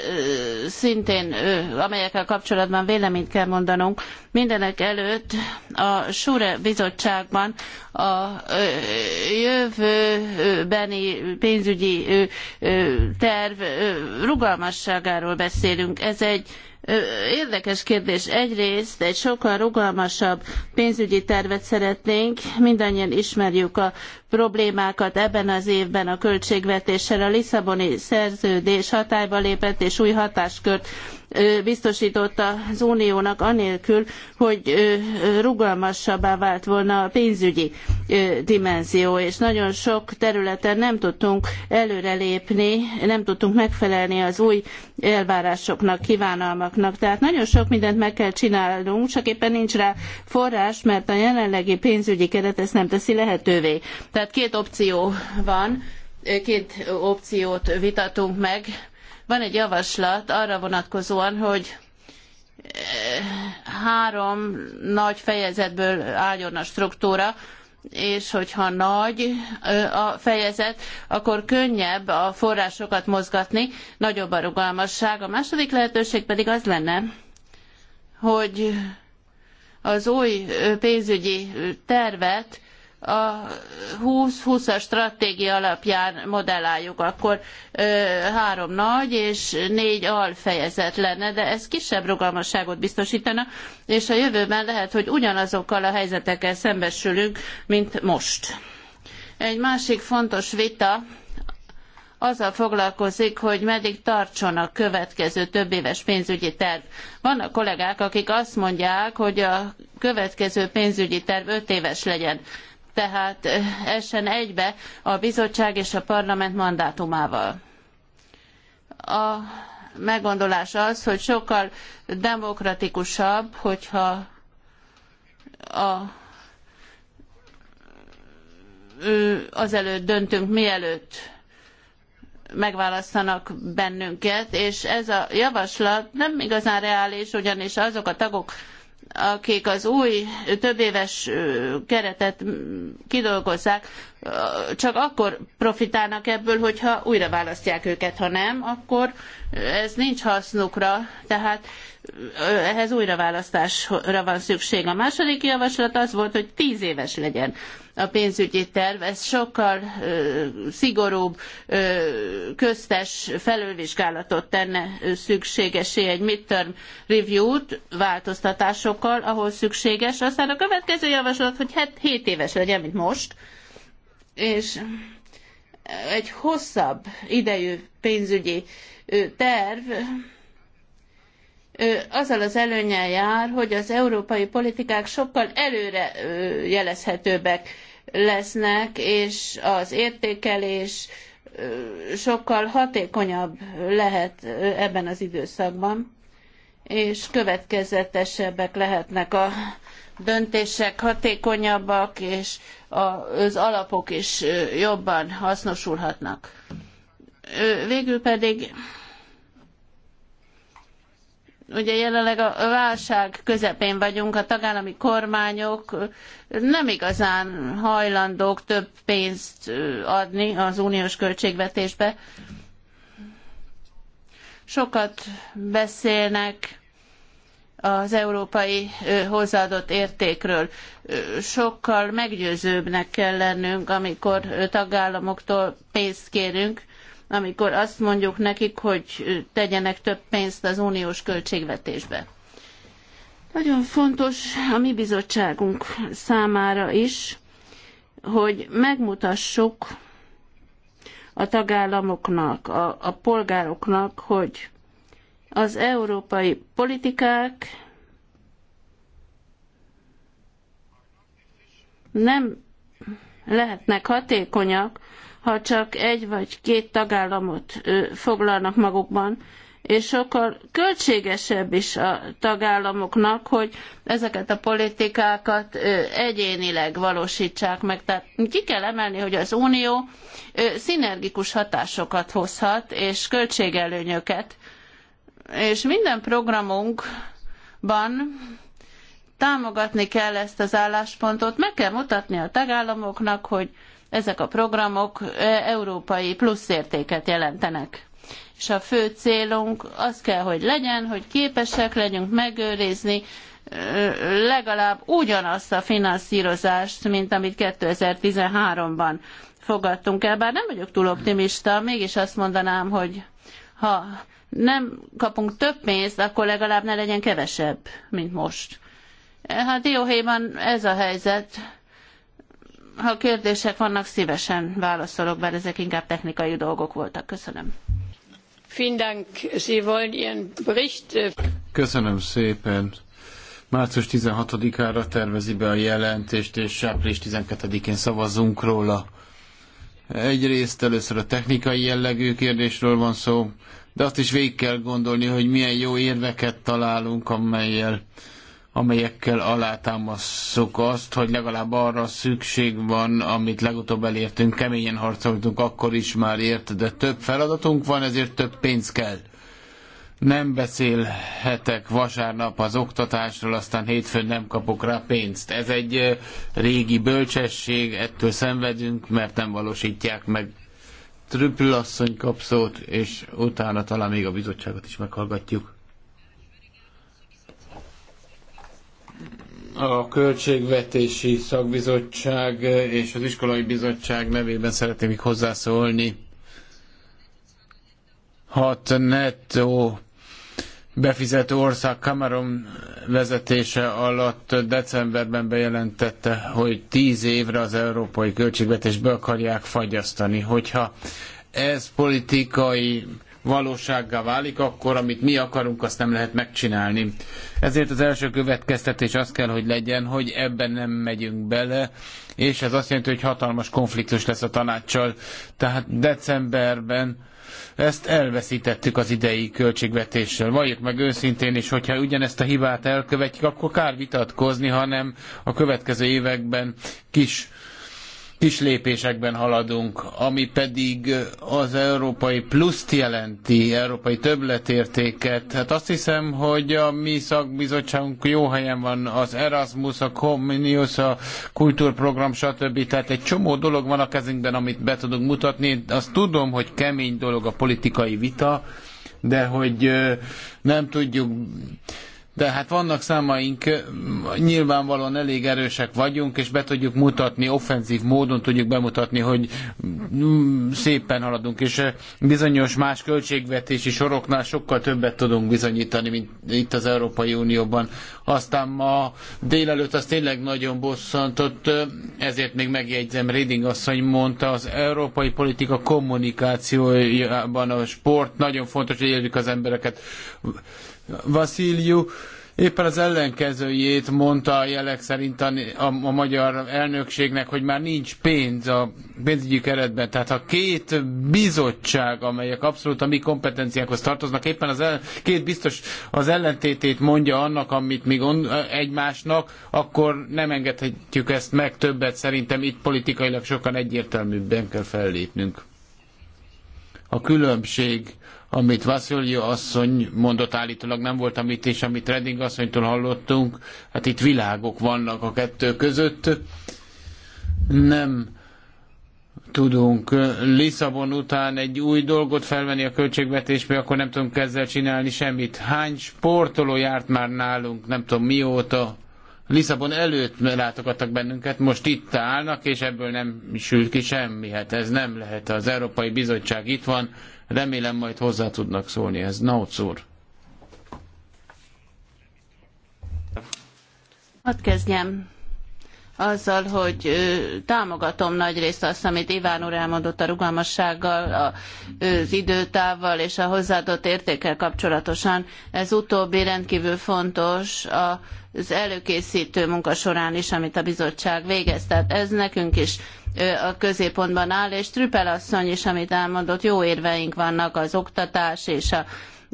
szintén, amelyekkel kapcsolatban véleményt kell mondanunk. Mindenek előtt a Sure bizottságban a jövőbeni pénzügyi terv rugalmasságáról beszélünk. Ez egy Érdekes kérdés. Egyrészt egy sokkal rugalmasabb pénzügyi tervet szeretnénk. Mindannyian ismerjük a problémákat ebben az évben a költségvetéssel. A Lisszaboni szerződés hatályba lépett és új hatáskört Biztosította az uniónak anélkül, hogy rugalmasabbá vált volna a pénzügyi dimenzió, és nagyon sok területen nem tudtunk előrelépni, nem tudtunk megfelelni az új elvárásoknak, kívánalmaknak. Tehát nagyon sok mindent meg kell csinálnunk, csak éppen nincs rá forrás, mert a jelenlegi pénzügyi keret ezt nem teszi lehetővé. Tehát két opció van, két opciót vitatunk meg van egy javaslat arra vonatkozóan, hogy eh, három nagy fejezetből álljon a struktúra, és hogyha nagy eh, a fejezet, akkor könnyebb a forrásokat mozgatni, nagyobb a rugalmasság. A második lehetőség pedig az lenne, hogy az új eh, pénzügyi tervet a 20-20-as stratégia alapján modelláljuk, akkor ö, három nagy és négy alfejezet lenne, de ez kisebb rugalmasságot biztosítana, és a jövőben lehet, hogy ugyanazokkal a helyzetekkel szembesülünk, mint most. Egy másik fontos vita azzal foglalkozik, hogy meddig tartson a következő többéves pénzügyi terv. Vannak kollégák, akik azt mondják, hogy a következő pénzügyi terv öt éves legyen tehát essen egybe a bizottság és a parlament mandátumával. A meggondolás az, hogy sokkal demokratikusabb, hogyha a azelőtt döntünk, mielőtt megválasztanak bennünket, és ez a javaslat nem igazán reális, ugyanis azok a tagok, akik az új többéves keretet kidolgozzák, csak akkor profitálnak ebből, hogyha újra választják őket, ha nem, akkor ez nincs hasznukra, tehát ehhez újraválasztásra van szükség. A második javaslat az volt, hogy tíz éves legyen a pénzügyi terv, ez sokkal ö, szigorúbb ö, köztes felülvizsgálatot tenne szükségesé egy midterm review-t változtatásokkal, ahol szükséges. Aztán a következő javaslat, hogy 7 hát éves legyen, mint most, és egy hosszabb idejű pénzügyi terv azzal az előnyel jár, hogy az európai politikák sokkal előre jelezhetőbbek lesznek, és az értékelés sokkal hatékonyabb lehet ebben az időszakban, és következetesebbek lehetnek a döntések, hatékonyabbak, és az alapok is jobban hasznosulhatnak. Végül pedig ugye jelenleg a válság közepén vagyunk, a tagállami kormányok nem igazán hajlandók több pénzt adni az uniós költségvetésbe. Sokat beszélnek az európai hozzáadott értékről. Sokkal meggyőzőbbnek kell lennünk, amikor tagállamoktól pénzt kérünk, amikor azt mondjuk nekik, hogy tegyenek több pénzt az uniós költségvetésbe. Nagyon fontos a mi bizottságunk számára is, hogy megmutassuk a tagállamoknak, a, a polgároknak, hogy az európai politikák nem lehetnek hatékonyak, ha csak egy vagy két tagállamot foglalnak magukban, és sokkal költségesebb is a tagállamoknak, hogy ezeket a politikákat egyénileg valósítsák meg. Tehát ki kell emelni, hogy az Unió szinergikus hatásokat hozhat, és költségelőnyöket, és minden programunkban támogatni kell ezt az álláspontot, meg kell mutatni a tagállamoknak, hogy ezek a programok európai pluszértéket jelentenek. És a fő célunk az kell, hogy legyen, hogy képesek legyünk megőrizni legalább ugyanazt a finanszírozást, mint amit 2013-ban fogadtunk el. Bár nem vagyok túl optimista, mégis azt mondanám, hogy ha nem kapunk több pénzt, akkor legalább ne legyen kevesebb, mint most. Hát dióhéjban ez a helyzet ha kérdések vannak, szívesen válaszolok, bár ezek inkább technikai dolgok voltak. Köszönöm. Äh, Köszönöm szépen. Március 16-ára tervezi be a jelentést, és április 12-én szavazunk róla. Egyrészt először a technikai jellegű kérdésről van szó, de azt is végig kell gondolni, hogy milyen jó érveket találunk, amelyel amelyekkel alátámasztjuk azt, hogy legalább arra szükség van, amit legutóbb elértünk, keményen harcoltunk, akkor is már érte, de több feladatunk van, ezért több pénz kell. Nem beszélhetek vasárnap az oktatásról, aztán hétfőn nem kapok rá pénzt. Ez egy régi bölcsesség, ettől szenvedünk, mert nem valósítják meg. Trüppel asszony kap szót, és utána talán még a bizottságot is meghallgatjuk. a Költségvetési Szakbizottság és az Iskolai Bizottság nevében szeretném még hozzászólni. Hat nettó befizető ország Cameron vezetése alatt decemberben bejelentette, hogy tíz évre az európai költségvetésbe akarják fagyasztani. Hogyha ez politikai valósággá válik, akkor amit mi akarunk, azt nem lehet megcsinálni. Ezért az első következtetés az kell, hogy legyen, hogy ebben nem megyünk bele, és ez azt jelenti, hogy hatalmas konfliktus lesz a tanácssal. Tehát decemberben ezt elveszítettük az idei költségvetéssel. Valljuk meg őszintén is, hogyha ugyanezt a hibát elkövetjük, akkor kár vitatkozni, hanem a következő években kis kis lépésekben haladunk, ami pedig az európai pluszt jelenti, európai többletértéket. Hát azt hiszem, hogy a mi szakbizottságunk jó helyen van, az Erasmus, a Comenius, a kultúrprogram, stb. Tehát egy csomó dolog van a kezünkben, amit be tudunk mutatni. Azt tudom, hogy kemény dolog a politikai vita, de hogy nem tudjuk de hát vannak számaink, nyilvánvalóan elég erősek vagyunk, és be tudjuk mutatni, offenzív módon tudjuk bemutatni, hogy szépen haladunk, és bizonyos más költségvetési soroknál sokkal többet tudunk bizonyítani, mint itt az Európai Unióban. Aztán ma délelőtt az tényleg nagyon bosszantott, ezért még megjegyzem, Reding asszony mondta, az európai politika kommunikációjában a sport nagyon fontos, hogy érjük az embereket Vasziliu éppen az ellenkezőjét mondta a jelek szerint a, a, a magyar elnökségnek, hogy már nincs pénz a pénzügyi keretben. Tehát a két bizottság, amelyek abszolút a mi kompetenciánkhoz tartoznak, éppen az el, két biztos az ellentétét mondja annak, amit mi gond, egymásnak, akkor nem engedhetjük ezt meg többet. Szerintem itt politikailag sokan egyértelműbben kell fellépnünk. A különbség amit Vasszolja asszony mondott állítólag nem volt, amit és amit Redding asszonytól hallottunk, hát itt világok vannak a kettő között. Nem tudunk Lisszabon után egy új dolgot felvenni a költségvetésbe, akkor nem tudunk ezzel csinálni semmit. Hány sportoló járt már nálunk, nem tudom mióta, Lisszabon előtt látogattak bennünket, most itt állnak, és ebből nem sül ki semmi. Hát ez nem lehet. Az Európai Bizottság itt van, remélem majd hozzá tudnak szólni. Ez Nauc úr. Hadd kezdjem azzal, hogy támogatom nagyrészt azt, amit Iván úr elmondott a rugalmassággal, az időtávval és a hozzáadott értékkel kapcsolatosan. Ez utóbbi rendkívül fontos az előkészítő munka során is, amit a bizottság végez. Tehát ez nekünk is a középpontban áll, és trüpel asszony is, amit elmondott, jó érveink vannak az oktatás és a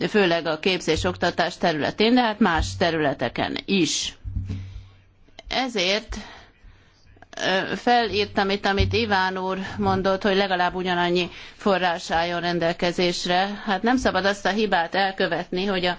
főleg a képzés-oktatás területén, de hát más területeken is. Ezért felírtam itt, amit Iván úr mondott, hogy legalább ugyanannyi forrás álljon rendelkezésre. Hát nem szabad azt a hibát elkövetni, hogy a,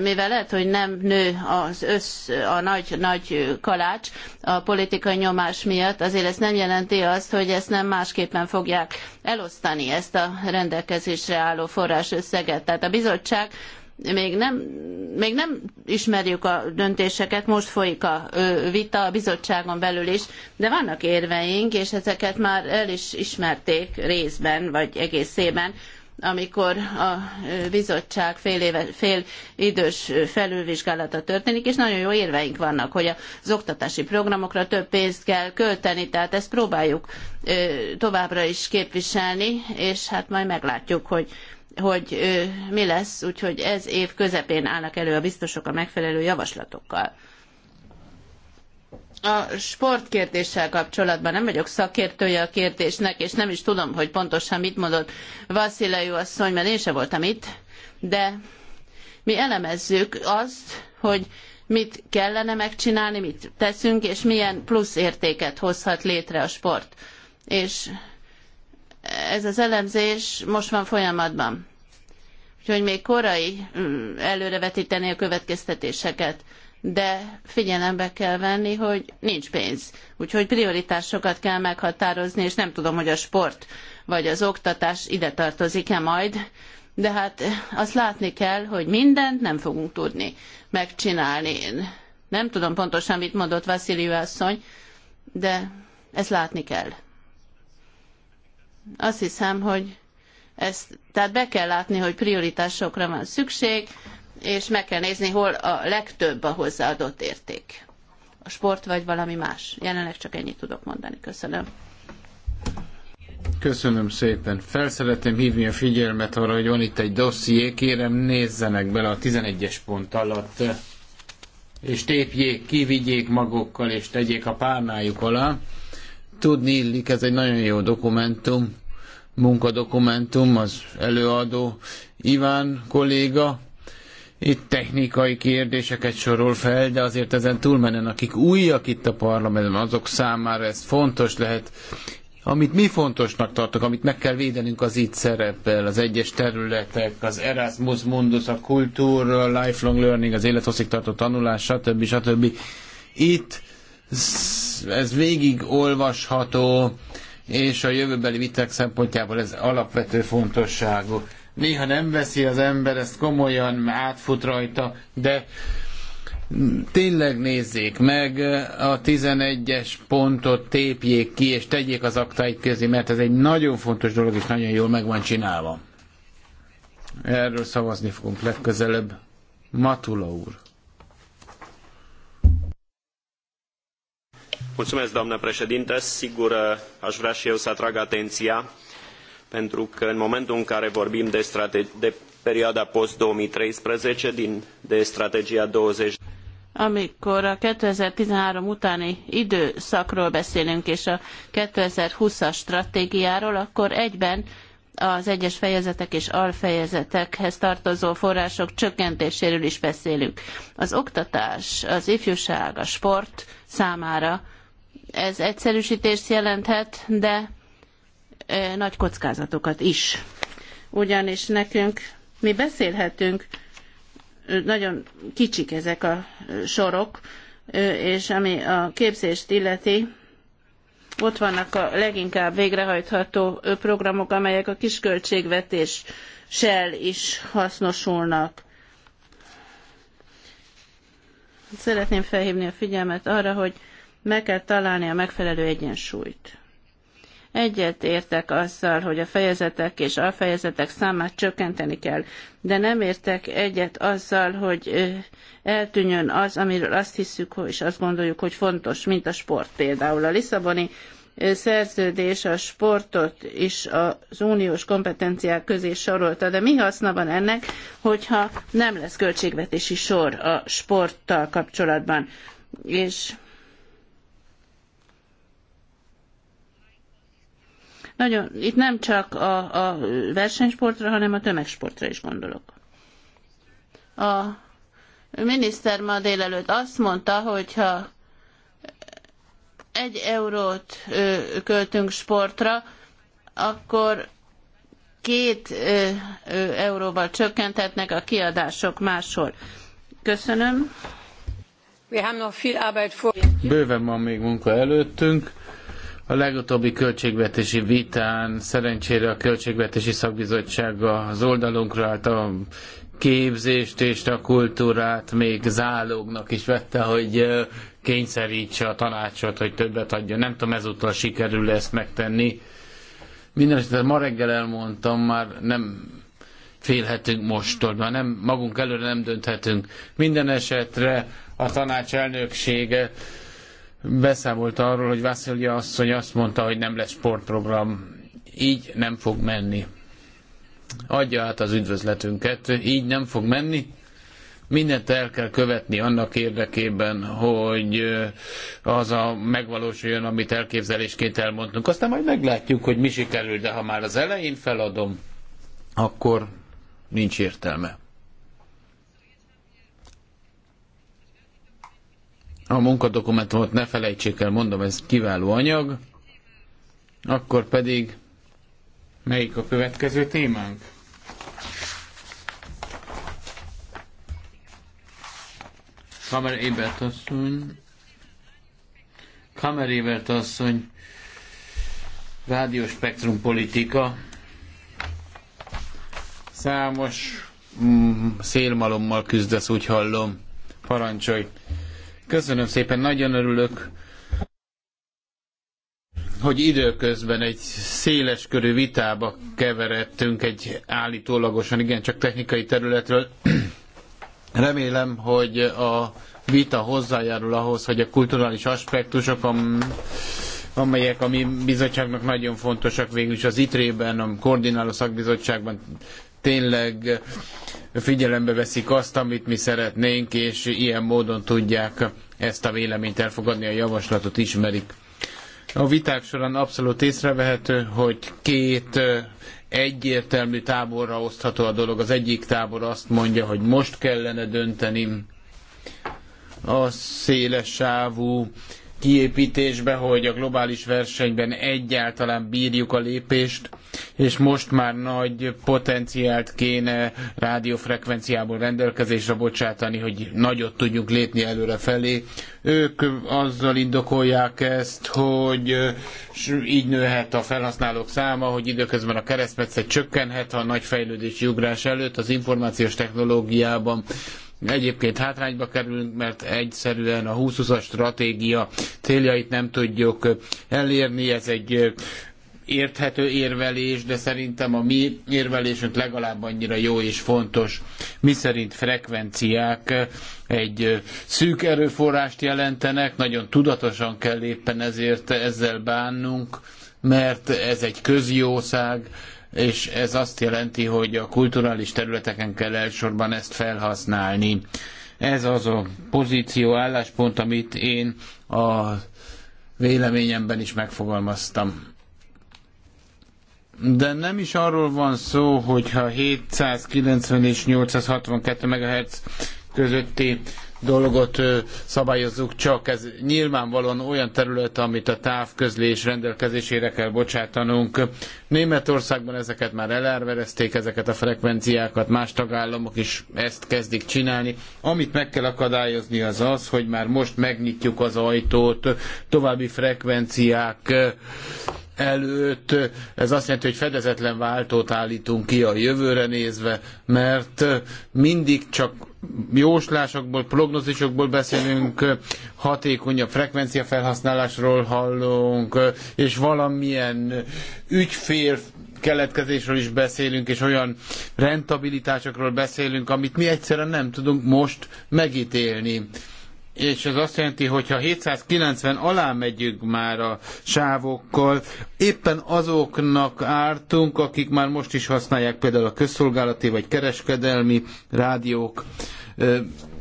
mivel lehet, hogy nem nő az össz, a nagy, nagy kalács a politikai nyomás miatt, azért ez nem jelenti azt, hogy ezt nem másképpen fogják elosztani ezt a rendelkezésre álló forrás összeget. Tehát a bizottság még nem, még nem ismerjük a döntéseket, most folyik a vita a bizottságon belül is, de vannak érveink, és ezeket már el is ismerték részben, vagy egészében, amikor a bizottság fél, éve, fél idős felülvizsgálata történik, és nagyon jó érveink vannak, hogy az oktatási programokra több pénzt kell költeni, tehát ezt próbáljuk továbbra is képviselni, és hát majd meglátjuk, hogy hogy mi lesz, úgyhogy ez év közepén állnak elő a biztosok a megfelelő javaslatokkal. A sportkérdéssel kapcsolatban nem vagyok szakértője a kérdésnek, és nem is tudom, hogy pontosan mit mondott Vasszilejó asszony, mert én sem voltam itt, de mi elemezzük azt, hogy mit kellene megcsinálni, mit teszünk, és milyen plusz értéket hozhat létre a sport. És ez az elemzés most van folyamatban. Úgyhogy még korai mm, előrevetíteni a következtetéseket, de figyelembe kell venni, hogy nincs pénz. Úgyhogy prioritásokat kell meghatározni, és nem tudom, hogy a sport vagy az oktatás ide tartozik-e majd, de hát azt látni kell, hogy mindent nem fogunk tudni megcsinálni. Nem tudom pontosan, mit mondott Vasziliu asszony, de ezt látni kell. Azt hiszem, hogy ezt, tehát be kell látni, hogy prioritásokra van szükség, és meg kell nézni, hol a legtöbb a hozzáadott érték. A sport vagy valami más. Jelenleg csak ennyit tudok mondani. Köszönöm. Köszönöm szépen. Felszeretném hívni a figyelmet arra, hogy van itt egy dosszié, kérem nézzenek bele a 11-es pont alatt, és tépjék, kivigyék magukkal, és tegyék a párnájuk alá. Tudni illik, ez egy nagyon jó dokumentum, munkadokumentum, az előadó Iván kolléga. Itt technikai kérdéseket sorol fel, de azért ezen túlmenen, akik újak itt a parlamentben, azok számára ez fontos lehet. Amit mi fontosnak tartok, amit meg kell védenünk, az itt szerepel, az egyes területek, az Erasmus Mundus, a kultúra, a lifelong learning, az élethosszígtartó tanulás, stb. stb. Itt ez végig olvasható, és a jövőbeli viták szempontjából ez alapvető fontosságú. Néha nem veszi az ember, ezt komolyan átfut rajta, de tényleg nézzék meg, a 11-es pontot tépjék ki, és tegyék az aktáit közé, mert ez egy nagyon fontos dolog, és nagyon jól meg van csinálva. Erről szavazni fogunk legközelebb. Matula úr. sigur eh, a vrea i eu să atrag atenia pentru că în momentul în care vorbim de, de perioada post două mii treisprezece de strategia douăzeci amikor a 2013 utáni időszakról beszélünk, és a 2020-as stratégiáról, akkor egyben az egyes fejezetek és alfejezetekhez tartozó források csökkentéséről is beszélünk. Az oktatás, az ifjúság, a sport számára ez egyszerűsítést jelenthet, de nagy kockázatokat is. Ugyanis nekünk, mi beszélhetünk, nagyon kicsik ezek a sorok, és ami a képzést illeti, ott vannak a leginkább végrehajtható programok, amelyek a kisköltségvetéssel is hasznosulnak. Szeretném felhívni a figyelmet arra, hogy meg kell találni a megfelelő egyensúlyt. Egyet értek azzal, hogy a fejezetek és alfejezetek számát csökkenteni kell, de nem értek egyet azzal, hogy eltűnjön az, amiről azt hiszük és azt gondoljuk, hogy fontos, mint a sport például. A Lisszaboni szerződés a sportot is az uniós kompetenciák közé sorolta, de mi haszna van ennek, hogyha nem lesz költségvetési sor a sporttal kapcsolatban? És Nagyon, itt nem csak a, a versenysportra, hanem a tömegsportra is gondolok. A miniszter ma délelőtt azt mondta, hogy ha egy eurót költünk sportra, akkor két euróval csökkentetnek a kiadások máshol. Köszönöm. Bőven van még munka előttünk. A legutóbbi költségvetési vitán szerencsére a költségvetési szakbizottság az oldalunkra állt a képzést és a kultúrát még zálognak is vette, hogy kényszerítse a tanácsot, hogy többet adjon. Nem tudom, ezúttal sikerül ezt megtenni. Mindenesetre ma reggel elmondtam, már nem félhetünk most, már nem, magunk előre nem dönthetünk. Minden esetre a tanács elnöksége beszámolt arról, hogy Vasszilja asszony azt mondta, hogy nem lesz sportprogram. Így nem fog menni. Adja át az üdvözletünket, így nem fog menni. Mindent el kell követni annak érdekében, hogy az a megvalósuljon, amit elképzelésként elmondtunk. Aztán majd meglátjuk, hogy mi sikerül, de ha már az elején feladom, akkor nincs értelme. a munkadokumentumot ne felejtsék el, mondom, ez kiváló anyag. Akkor pedig melyik a következő témánk? Kamer Ébert asszony. Kamer Ébert asszony. Spektrum politika. Számos mm, szélmalommal küzdesz, úgy hallom. Parancsolj! Köszönöm szépen, nagyon örülök, hogy időközben egy széleskörű vitába keveredtünk egy állítólagosan igencsak technikai területről. Remélem, hogy a vita hozzájárul ahhoz, hogy a kulturális aspektusok, amelyek a mi bizottságnak nagyon fontosak végül is az ITRE-ben, a koordináló szakbizottságban tényleg figyelembe veszik azt, amit mi szeretnénk, és ilyen módon tudják ezt a véleményt elfogadni, a javaslatot ismerik. A viták során abszolút észrevehető, hogy két egyértelmű táborra osztható a dolog. Az egyik tábor azt mondja, hogy most kellene dönteni a széles sávú kiépítésbe, hogy a globális versenyben egyáltalán bírjuk a lépést, és most már nagy potenciált kéne rádiófrekvenciából rendelkezésre bocsátani, hogy nagyot tudjunk lépni előre felé. Ők azzal indokolják ezt, hogy így nőhet a felhasználók száma, hogy időközben a keresztmetszet csökkenhet, ha a nagy fejlődési ugrás előtt az információs technológiában Egyébként hátrányba kerülünk, mert egyszerűen a 20 as stratégia céljait nem tudjuk elérni. Ez egy érthető érvelés, de szerintem a mi érvelésünk legalább annyira jó és fontos. Mi szerint frekvenciák egy szűk erőforrást jelentenek, nagyon tudatosan kell éppen ezért ezzel bánnunk, mert ez egy közjószág, és ez azt jelenti, hogy a kulturális területeken kell elsősorban ezt felhasználni. Ez az a pozíció, álláspont, amit én a véleményemben is megfogalmaztam. De nem is arról van szó, hogyha 790 és 862 MHz közötti dolgot szabályozzuk, csak ez nyilvánvalóan olyan terület, amit a távközlés rendelkezésére kell bocsátanunk. Németországban ezeket már elárverezték, ezeket a frekvenciákat, más tagállamok is ezt kezdik csinálni. Amit meg kell akadályozni az az, hogy már most megnyitjuk az ajtót további frekvenciák előtt. Ez azt jelenti, hogy fedezetlen váltót állítunk ki a jövőre nézve, mert mindig csak jóslásokból, prognózisokból beszélünk, hatékonyabb frekvenciafelhasználásról hallunk, és valamilyen ügyfél keletkezésről is beszélünk, és olyan rentabilitásokról beszélünk, amit mi egyszerűen nem tudunk most megítélni és ez azt jelenti, hogy ha 790 alá megyünk már a sávokkal, éppen azoknak ártunk, akik már most is használják például a közszolgálati vagy kereskedelmi rádiók,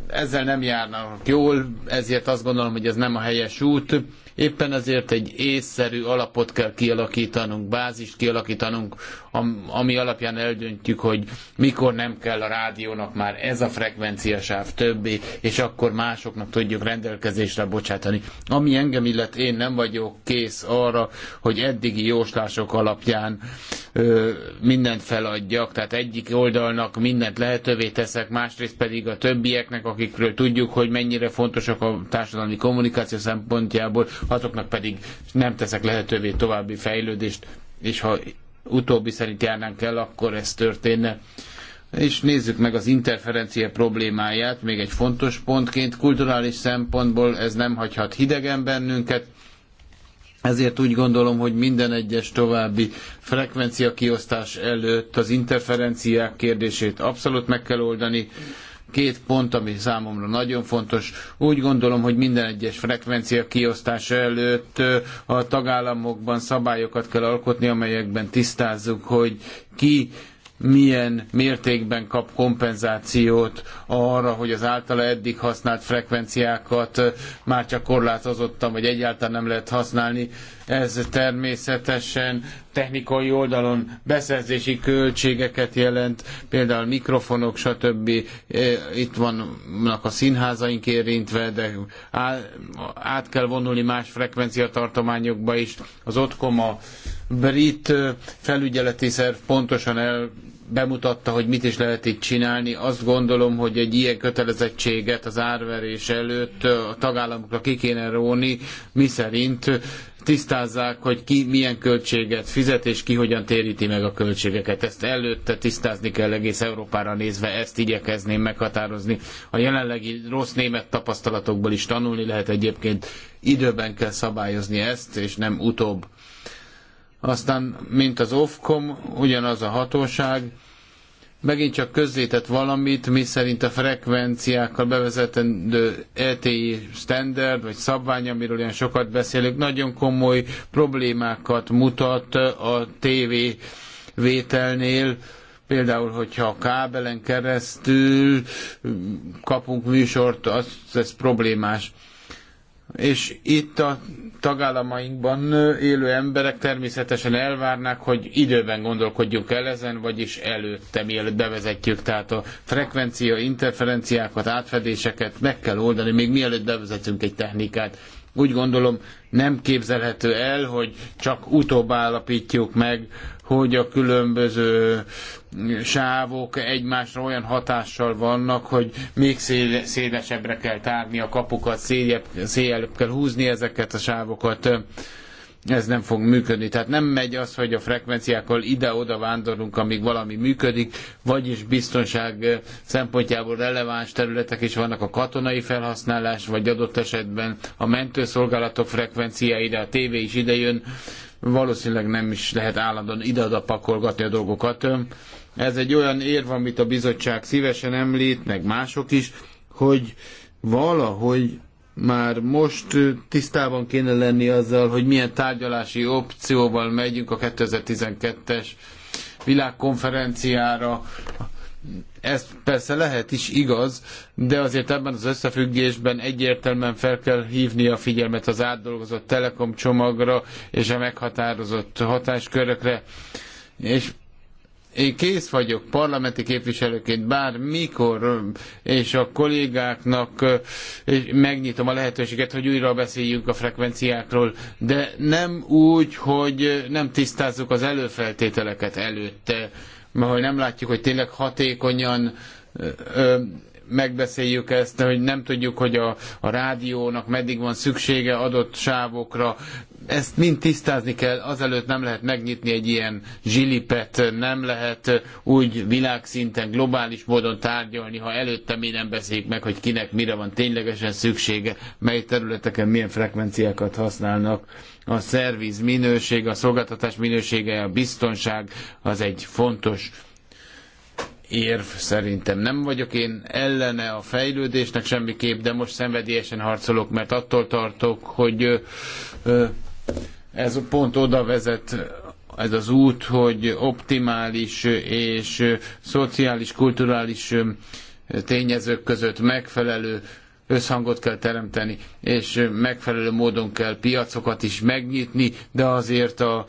ezzel nem járnak jól, ezért azt gondolom, hogy ez nem a helyes út. Éppen ezért egy észszerű alapot kell kialakítanunk, bázist kialakítanunk, ami alapján eldöntjük, hogy mikor nem kell a rádiónak már ez a frekvenciasáv többé, és akkor másoknak tudjuk rendelkezésre bocsátani. Ami engem illet, én nem vagyok kész arra, hogy eddigi jóslások alapján ö, mindent feladjak, tehát egyik oldalnak mindent lehetővé teszek, másrészt pedig a többieknek, akikről tudjuk, hogy mennyire fontosak a társadalmi kommunikáció szempontjából, azoknak pedig nem teszek lehetővé további fejlődést, és ha utóbbi szerint járnánk el, akkor ez történne. És nézzük meg az interferencia problémáját, még egy fontos pontként, kulturális szempontból ez nem hagyhat hidegen bennünket, ezért úgy gondolom, hogy minden egyes további frekvencia kiosztás előtt az interferenciák kérdését abszolút meg kell oldani két pont, ami számomra nagyon fontos. Úgy gondolom, hogy minden egyes frekvencia kiosztása előtt a tagállamokban szabályokat kell alkotni, amelyekben tisztázzuk, hogy ki milyen mértékben kap kompenzációt arra, hogy az általa eddig használt frekvenciákat már csak korlátozottan, vagy egyáltalán nem lehet használni. Ez természetesen technikai oldalon beszerzési költségeket jelent, például mikrofonok, stb. Itt vannak a színházaink érintve, de át kell vonulni más frekvenciatartományokba is. Az ottkoma brit felügyeleti szerv pontosan el bemutatta, hogy mit is lehet itt csinálni. Azt gondolom, hogy egy ilyen kötelezettséget az árverés előtt a tagállamokra ki kéne róni, mi szerint tisztázzák, hogy ki milyen költséget fizet, és ki hogyan téríti meg a költségeket. Ezt előtte tisztázni kell egész Európára nézve, ezt igyekezném meghatározni. A jelenlegi rossz német tapasztalatokból is tanulni lehet egyébként. Időben kell szabályozni ezt, és nem utóbb. Aztán, mint az Ofcom, ugyanaz a hatóság, megint csak közzétett valamit, mi szerint a frekvenciákkal bevezetendő ETI standard, vagy szabvány, amiről ilyen sokat beszélünk, nagyon komoly problémákat mutat a TV vételnél, Például, hogyha a kábelen keresztül kapunk műsort, az, ez problémás és itt a tagállamainkban élő emberek természetesen elvárnák, hogy időben gondolkodjunk el ezen, vagyis előtte, mielőtt bevezetjük. Tehát a frekvencia, interferenciákat, átfedéseket meg kell oldani, még mielőtt bevezetünk egy technikát. Úgy gondolom nem képzelhető el, hogy csak utóbb állapítjuk meg, hogy a különböző sávok egymásra olyan hatással vannak, hogy még szélesebbre kell tárni a kapukat, széljebb, széljebb kell húzni ezeket a sávokat ez nem fog működni. Tehát nem megy az, hogy a frekvenciákkal ide-oda vándorunk, amíg valami működik, vagyis biztonság szempontjából releváns területek is vannak a katonai felhasználás, vagy adott esetben a mentőszolgálatok frekvenciáira, a tévé is jön, valószínűleg nem is lehet állandóan ide-oda pakolgatni a dolgokat. Ez egy olyan érv, amit a bizottság szívesen említ, meg mások is, hogy valahogy már most tisztában kéne lenni azzal, hogy milyen tárgyalási opcióval megyünk a 2012-es világkonferenciára. Ez persze lehet is igaz, de azért ebben az összefüggésben egyértelműen fel kell hívni a figyelmet az átdolgozott telekom csomagra és a meghatározott hatáskörökre. És én kész vagyok parlamenti képviselőként bármikor, és a kollégáknak megnyitom a lehetőséget, hogy újra beszéljünk a frekvenciákról, de nem úgy, hogy nem tisztázzuk az előfeltételeket előtte, mert hogy nem látjuk, hogy tényleg hatékonyan megbeszéljük ezt, hogy nem tudjuk, hogy a, a rádiónak meddig van szüksége adott sávokra. Ezt mind tisztázni kell, azelőtt nem lehet megnyitni egy ilyen zsilipet, nem lehet úgy világszinten, globális módon tárgyalni, ha előtte mi nem beszéljük meg, hogy kinek mire van ténylegesen szüksége, mely területeken milyen frekvenciákat használnak. A szerviz minősége, a szolgáltatás minősége, a biztonság az egy fontos érv szerintem. Nem vagyok én ellene a fejlődésnek semmiképp, de most szenvedélyesen harcolok, mert attól tartok, hogy ez pont oda vezet ez az út, hogy optimális és szociális, kulturális tényezők között megfelelő összhangot kell teremteni, és megfelelő módon kell piacokat is megnyitni, de azért a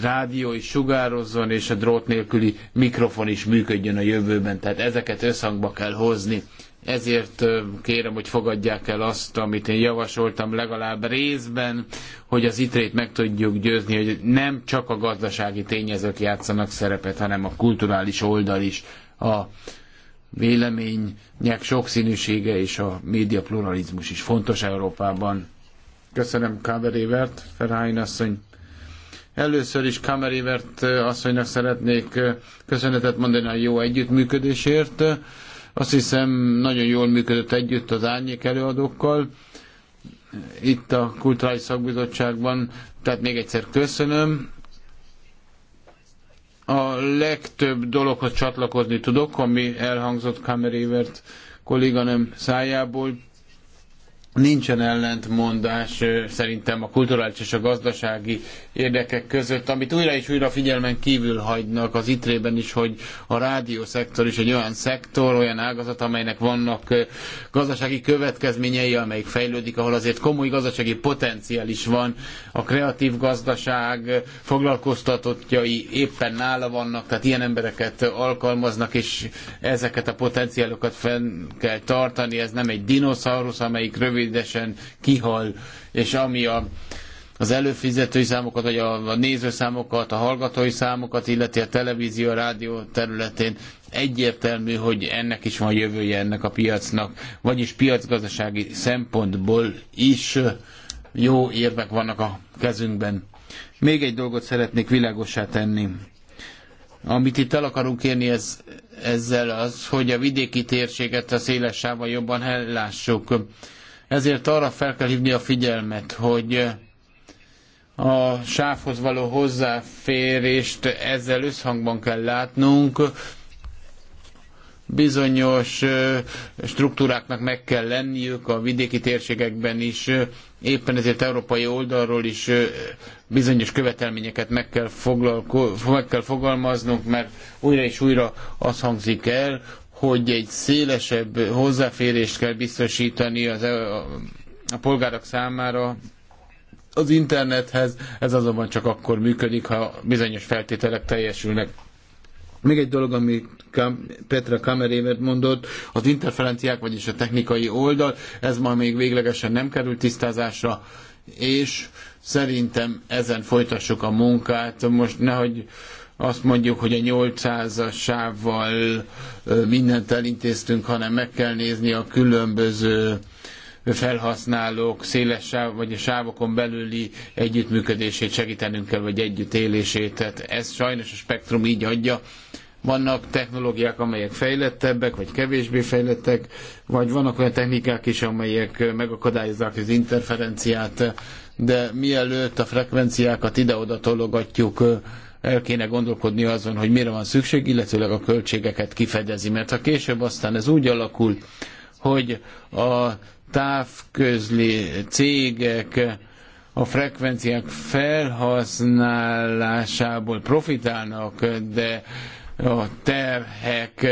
rádió is sugározzon, és a drót nélküli mikrofon is működjön a jövőben. Tehát ezeket összhangba kell hozni. Ezért kérem, hogy fogadják el azt, amit én javasoltam legalább részben, hogy az itrét meg tudjuk győzni, hogy nem csak a gazdasági tényezők játszanak szerepet, hanem a kulturális oldal is, a vélemények sokszínűsége és a média pluralizmus is fontos Európában. Köszönöm Káber Évert, Ferhájn asszony. Először is Kamerivert asszonynak szeretnék köszönetet mondani a jó együttműködésért. Azt hiszem, nagyon jól működött együtt az árnyék előadókkal itt a Kulturális Szakbizottságban. Tehát még egyszer köszönöm. A legtöbb dologhoz csatlakozni tudok, ami elhangzott Kamerivert kolléganem szájából nincsen ellentmondás szerintem a kulturális és a gazdasági érdekek között, amit újra és újra figyelmen kívül hagynak az itrében is, hogy a rádiószektor is egy olyan szektor, olyan ágazat, amelynek vannak gazdasági következményei, amelyik fejlődik, ahol azért komoly gazdasági potenciál is van. A kreatív gazdaság foglalkoztatottjai éppen nála vannak, tehát ilyen embereket alkalmaznak, és ezeket a potenciálokat fenn kell tartani. Ez nem egy dinoszaurusz, amelyik rövid rövidesen kihal, és ami a az előfizetői számokat, vagy a, a nézőszámokat, a hallgatói számokat, illeti a televízió, a rádió területén egyértelmű, hogy ennek is van jövője ennek a piacnak, vagyis piacgazdasági szempontból is jó érvek vannak a kezünkben. Még egy dolgot szeretnék világosá tenni. Amit itt el akarunk kérni ez, ezzel az, hogy a vidéki térséget a széles sávban jobban ellássuk ezért arra fel kell hívni a figyelmet, hogy a sávhoz való hozzáférést ezzel összhangban kell látnunk, bizonyos struktúráknak meg kell lenniük a vidéki térségekben is, éppen ezért európai oldalról is bizonyos követelményeket meg kell, foglalko- meg kell fogalmaznunk, mert újra és újra az hangzik el, hogy egy szélesebb hozzáférést kell biztosítani az, e- a, a polgárok számára az internethez, ez azonban csak akkor működik, ha bizonyos feltételek teljesülnek. Még egy dolog, amit Petra Kamerévet mondott, az interferenciák, vagyis a technikai oldal, ez ma még véglegesen nem került tisztázásra, és szerintem ezen folytassuk a munkát. Most nehogy azt mondjuk, hogy a 800-as sávval mindent elintéztünk, hanem meg kell nézni a különböző felhasználók széles sáv, vagy a sávokon belüli együttműködését segítenünk kell, vagy együttélését. Tehát ez sajnos a spektrum így adja. Vannak technológiák, amelyek fejlettebbek, vagy kevésbé fejlettek, vagy vannak olyan technikák is, amelyek megakadályozzák az interferenciát, de mielőtt a frekvenciákat ide-oda tologatjuk, el kéne gondolkodni azon, hogy mire van szükség, illetőleg a költségeket kifedezi. Mert ha később aztán ez úgy alakul, hogy a távközli cégek a frekvenciák felhasználásából profitálnak, de a terhek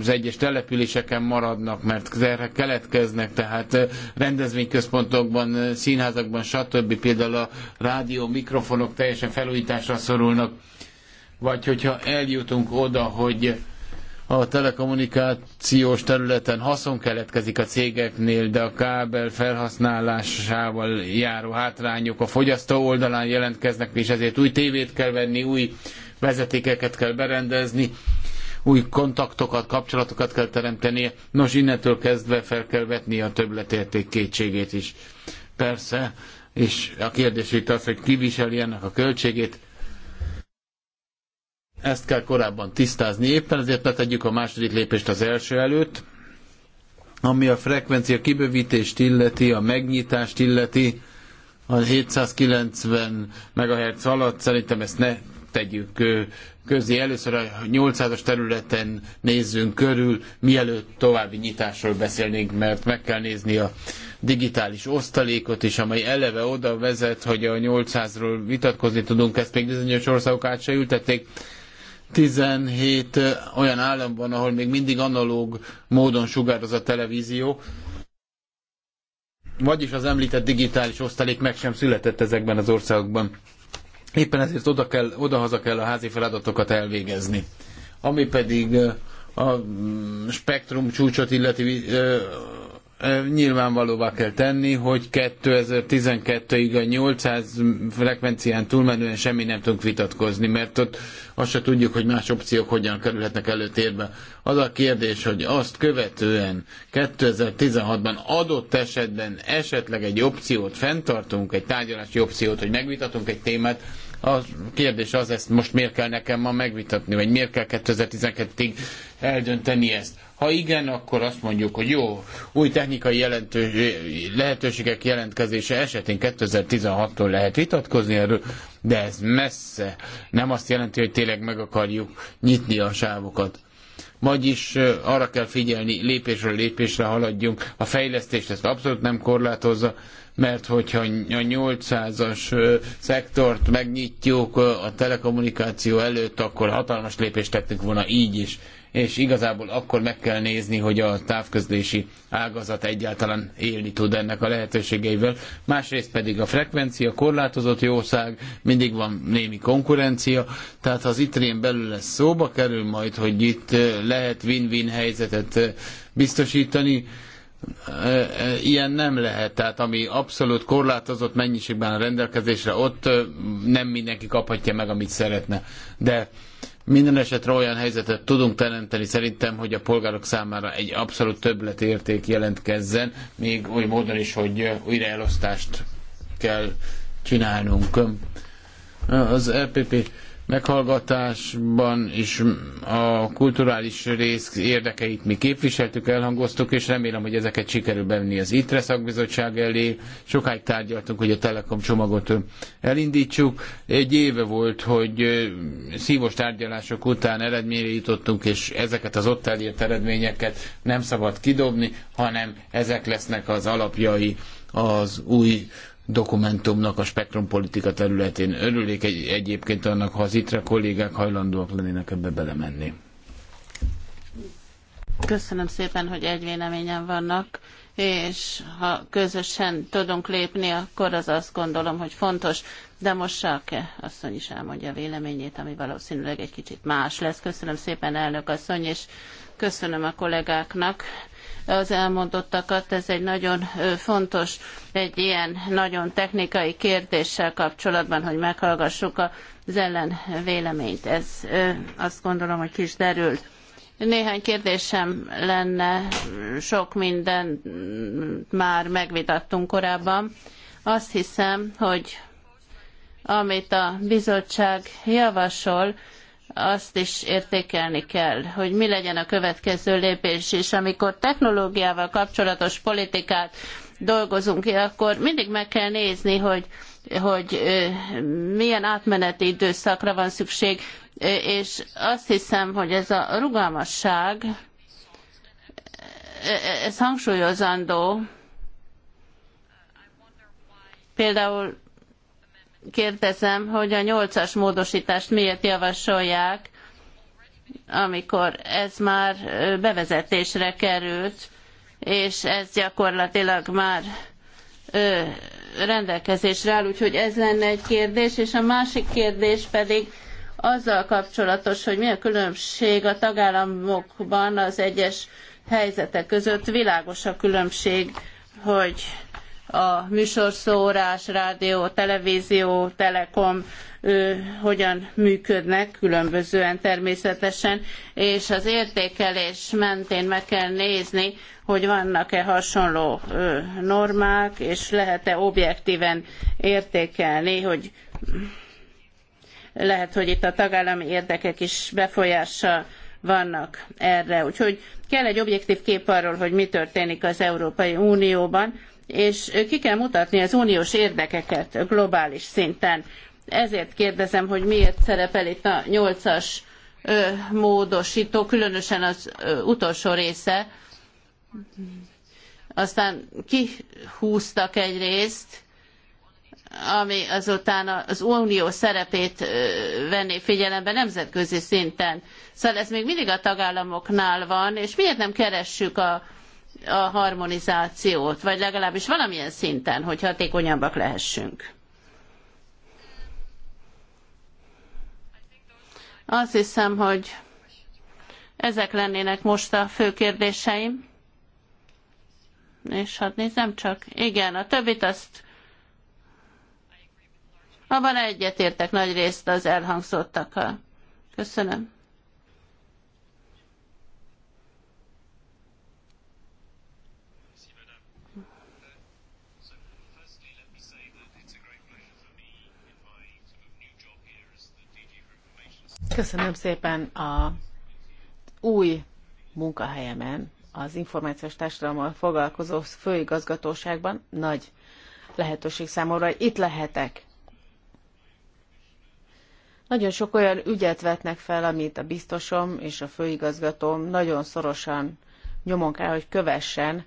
az egyes településeken maradnak, mert terhek keletkeznek, tehát rendezvényközpontokban, színházakban, stb. például a rádió mikrofonok teljesen felújításra szorulnak, vagy hogyha eljutunk oda, hogy a telekommunikációs területen haszon keletkezik a cégeknél, de a kábel felhasználásával járó hátrányok a fogyasztó oldalán jelentkeznek, és ezért új tévét kell venni, új vezetékeket kell berendezni, új kontaktokat, kapcsolatokat kell teremtenie. Nos, innentől kezdve fel kell vetni a többletérték kétségét is. Persze, és a kérdés itt az, hogy kiviseli ennek a költségét, ezt kell korábban tisztázni. Éppen ezért letegyük a második lépést az első előtt, ami a frekvencia kibővítést illeti, a megnyitást illeti, a 790 MHz alatt szerintem ezt ne tegyük közé. Először a 800-as területen nézzünk körül, mielőtt további nyitásról beszélnénk, mert meg kell nézni a digitális osztalékot is, amely eleve oda vezet, hogy a 800-ról vitatkozni tudunk, ezt még bizonyos országok át se ültették. 17 olyan állam van, ahol még mindig analóg módon sugároz a televízió, vagyis az említett digitális osztalék meg sem született ezekben az országokban. Éppen ezért oda kell, odahaza kell a házi feladatokat elvégezni. Ami pedig a mm, spektrum csúcsot illeti nyilvánvalóvá kell tenni, hogy 2012-ig a 800 frekvencián túlmenően semmi nem tudunk vitatkozni, mert ott azt se tudjuk, hogy más opciók hogyan kerülhetnek előtérbe. Az a kérdés, hogy azt követően 2016-ban adott esetben esetleg egy opciót fenntartunk, egy tárgyalási opciót, hogy megvitatunk egy témát, a kérdés az, ezt most miért kell nekem ma megvitatni, vagy miért kell 2012-ig eldönteni ezt. Ha igen, akkor azt mondjuk, hogy jó, új technikai jelentő, lehetőségek jelentkezése esetén 2016-tól lehet vitatkozni erről, de ez messze nem azt jelenti, hogy tényleg meg akarjuk nyitni a sávokat. Vagyis arra kell figyelni, lépésről lépésre haladjunk. A fejlesztést ezt abszolút nem korlátozza, mert hogyha a 800-as szektort megnyitjuk a telekommunikáció előtt, akkor hatalmas lépést tettünk volna így is és igazából akkor meg kell nézni, hogy a távközlési ágazat egyáltalán élni tud ennek a lehetőségeivel. Másrészt pedig a frekvencia korlátozott jószág, mindig van némi konkurencia, tehát ha az itrén belül lesz szóba kerül majd, hogy itt lehet win-win helyzetet biztosítani, ilyen nem lehet. Tehát ami abszolút korlátozott mennyiségben a rendelkezésre, ott nem mindenki kaphatja meg, amit szeretne. De minden esetre olyan helyzetet tudunk teremteni szerintem, hogy a polgárok számára egy abszolút többletérték jelentkezzen, még oly módon is, hogy újraelosztást kell csinálnunk. Az LPP e meghallgatásban is a kulturális rész érdekeit mi képviseltük, elhangoztuk, és remélem, hogy ezeket sikerül bevenni az ITRE szakbizottság elé. Sokáig tárgyaltunk, hogy a Telekom csomagot elindítsuk. Egy éve volt, hogy szívos tárgyalások után eredményre jutottunk, és ezeket az ott elért eredményeket nem szabad kidobni, hanem ezek lesznek az alapjai az új dokumentumnak a spektrumpolitika területén. Örülnék egy, egyébként annak, ha az ITRA kollégák hajlandóak lennének ebbe belemenni. Köszönöm szépen, hogy egy véleményen vannak, és ha közösen tudunk lépni, akkor az azt gondolom, hogy fontos. De most Sáke asszony is elmondja a véleményét, ami valószínűleg egy kicsit más lesz. Köszönöm szépen, elnök asszony, és köszönöm a kollégáknak az elmondottakat. Ez egy nagyon fontos, egy ilyen nagyon technikai kérdéssel kapcsolatban, hogy meghallgassuk az ellen véleményt. Ez azt gondolom, hogy kis derült. Néhány kérdésem lenne, sok mindent már megvitattunk korábban. Azt hiszem, hogy amit a bizottság javasol, azt is értékelni kell, hogy mi legyen a következő lépés, és amikor technológiával kapcsolatos politikát dolgozunk ki, akkor mindig meg kell nézni, hogy hogy milyen átmeneti időszakra van szükség, és azt hiszem, hogy ez a rugalmasság, ez hangsúlyozandó. Például kérdezem, hogy a nyolcas módosítást miért javasolják, amikor ez már bevezetésre került, és ez gyakorlatilag már rendelkezésre áll, úgyhogy ez lenne egy kérdés, és a másik kérdés pedig azzal kapcsolatos, hogy mi a különbség a tagállamokban az egyes helyzetek között. Világos a különbség, hogy a műsorszórás, rádió, televízió, telekom ő, hogyan működnek, különbözően természetesen, és az értékelés mentén meg kell nézni, hogy vannak-e hasonló normák, és lehet-e objektíven értékelni, hogy lehet, hogy itt a tagállami érdekek is befolyással vannak erre. Úgyhogy kell egy objektív kép arról, hogy mi történik az Európai Unióban, és ki kell mutatni az uniós érdekeket globális szinten. Ezért kérdezem, hogy miért szerepel itt a nyolcas módosító, különösen az utolsó része. Aztán kihúztak egy részt, ami azután az unió szerepét venné figyelembe nemzetközi szinten. Szóval ez még mindig a tagállamoknál van, és miért nem keressük a a harmonizációt, vagy legalábbis valamilyen szinten, hogy hatékonyabbak lehessünk. Azt hiszem, hogy ezek lennének most a fő kérdéseim. És hát nézem csak. Igen, a többit azt abban egyetértek nagy részt az elhangzottakkal. Köszönöm. Köszönöm szépen a új munkahelyemen, az információs társadalommal foglalkozó főigazgatóságban nagy lehetőség számomra, hogy itt lehetek. Nagyon sok olyan ügyet vetnek fel, amit a biztosom és a főigazgatóm nagyon szorosan nyomon kell, hogy kövessen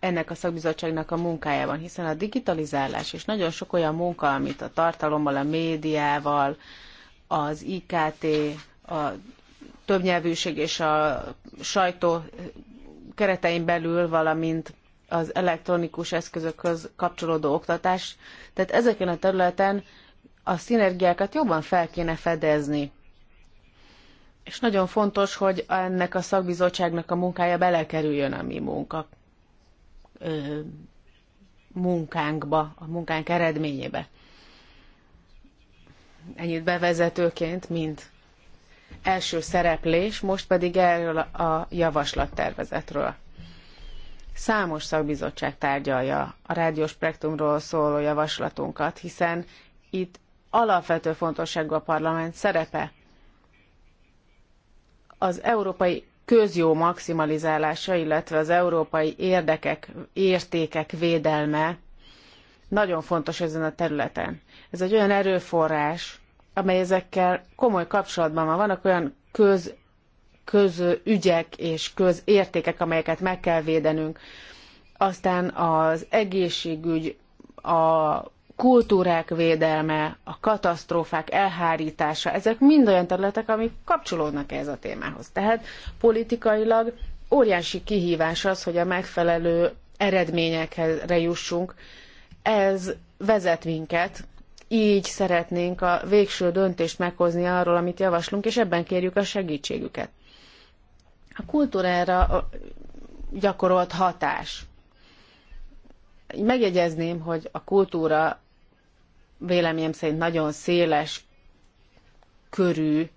ennek a szakbizottságnak a munkájában, hiszen a digitalizálás és nagyon sok olyan munka, amit a tartalommal, a médiával, az IKT, a többnyelvűség és a sajtó keretein belül, valamint az elektronikus eszközökhöz kapcsolódó oktatás. Tehát ezeken a területen a szinergiákat jobban fel kéne fedezni. És nagyon fontos, hogy ennek a szakbizottságnak a munkája belekerüljön a mi munka, munkánkba, a munkánk eredményébe. Ennyit bevezetőként mint első szereplés, most pedig erről a javaslattervezetről. Számos szakbizottság tárgyalja a rádióspektrumról szóló javaslatunkat, hiszen itt alapvető fontosságú a parlament szerepe. Az európai közjó maximalizálása, illetve az európai érdekek, értékek védelme nagyon fontos ezen a területen. Ez egy olyan erőforrás, amely ezekkel komoly kapcsolatban van. Vannak olyan köz, közügyek és közértékek, amelyeket meg kell védenünk. Aztán az egészségügy, a kultúrák védelme, a katasztrófák elhárítása, ezek mind olyan területek, amik kapcsolódnak ehhez a témához. Tehát politikailag óriási kihívás az, hogy a megfelelő eredményekre jussunk, ez vezet minket, így szeretnénk a végső döntést meghozni arról, amit javaslunk, és ebben kérjük a segítségüket. A kultúrára gyakorolt hatás. Megjegyezném, hogy a kultúra véleményem szerint nagyon széles körű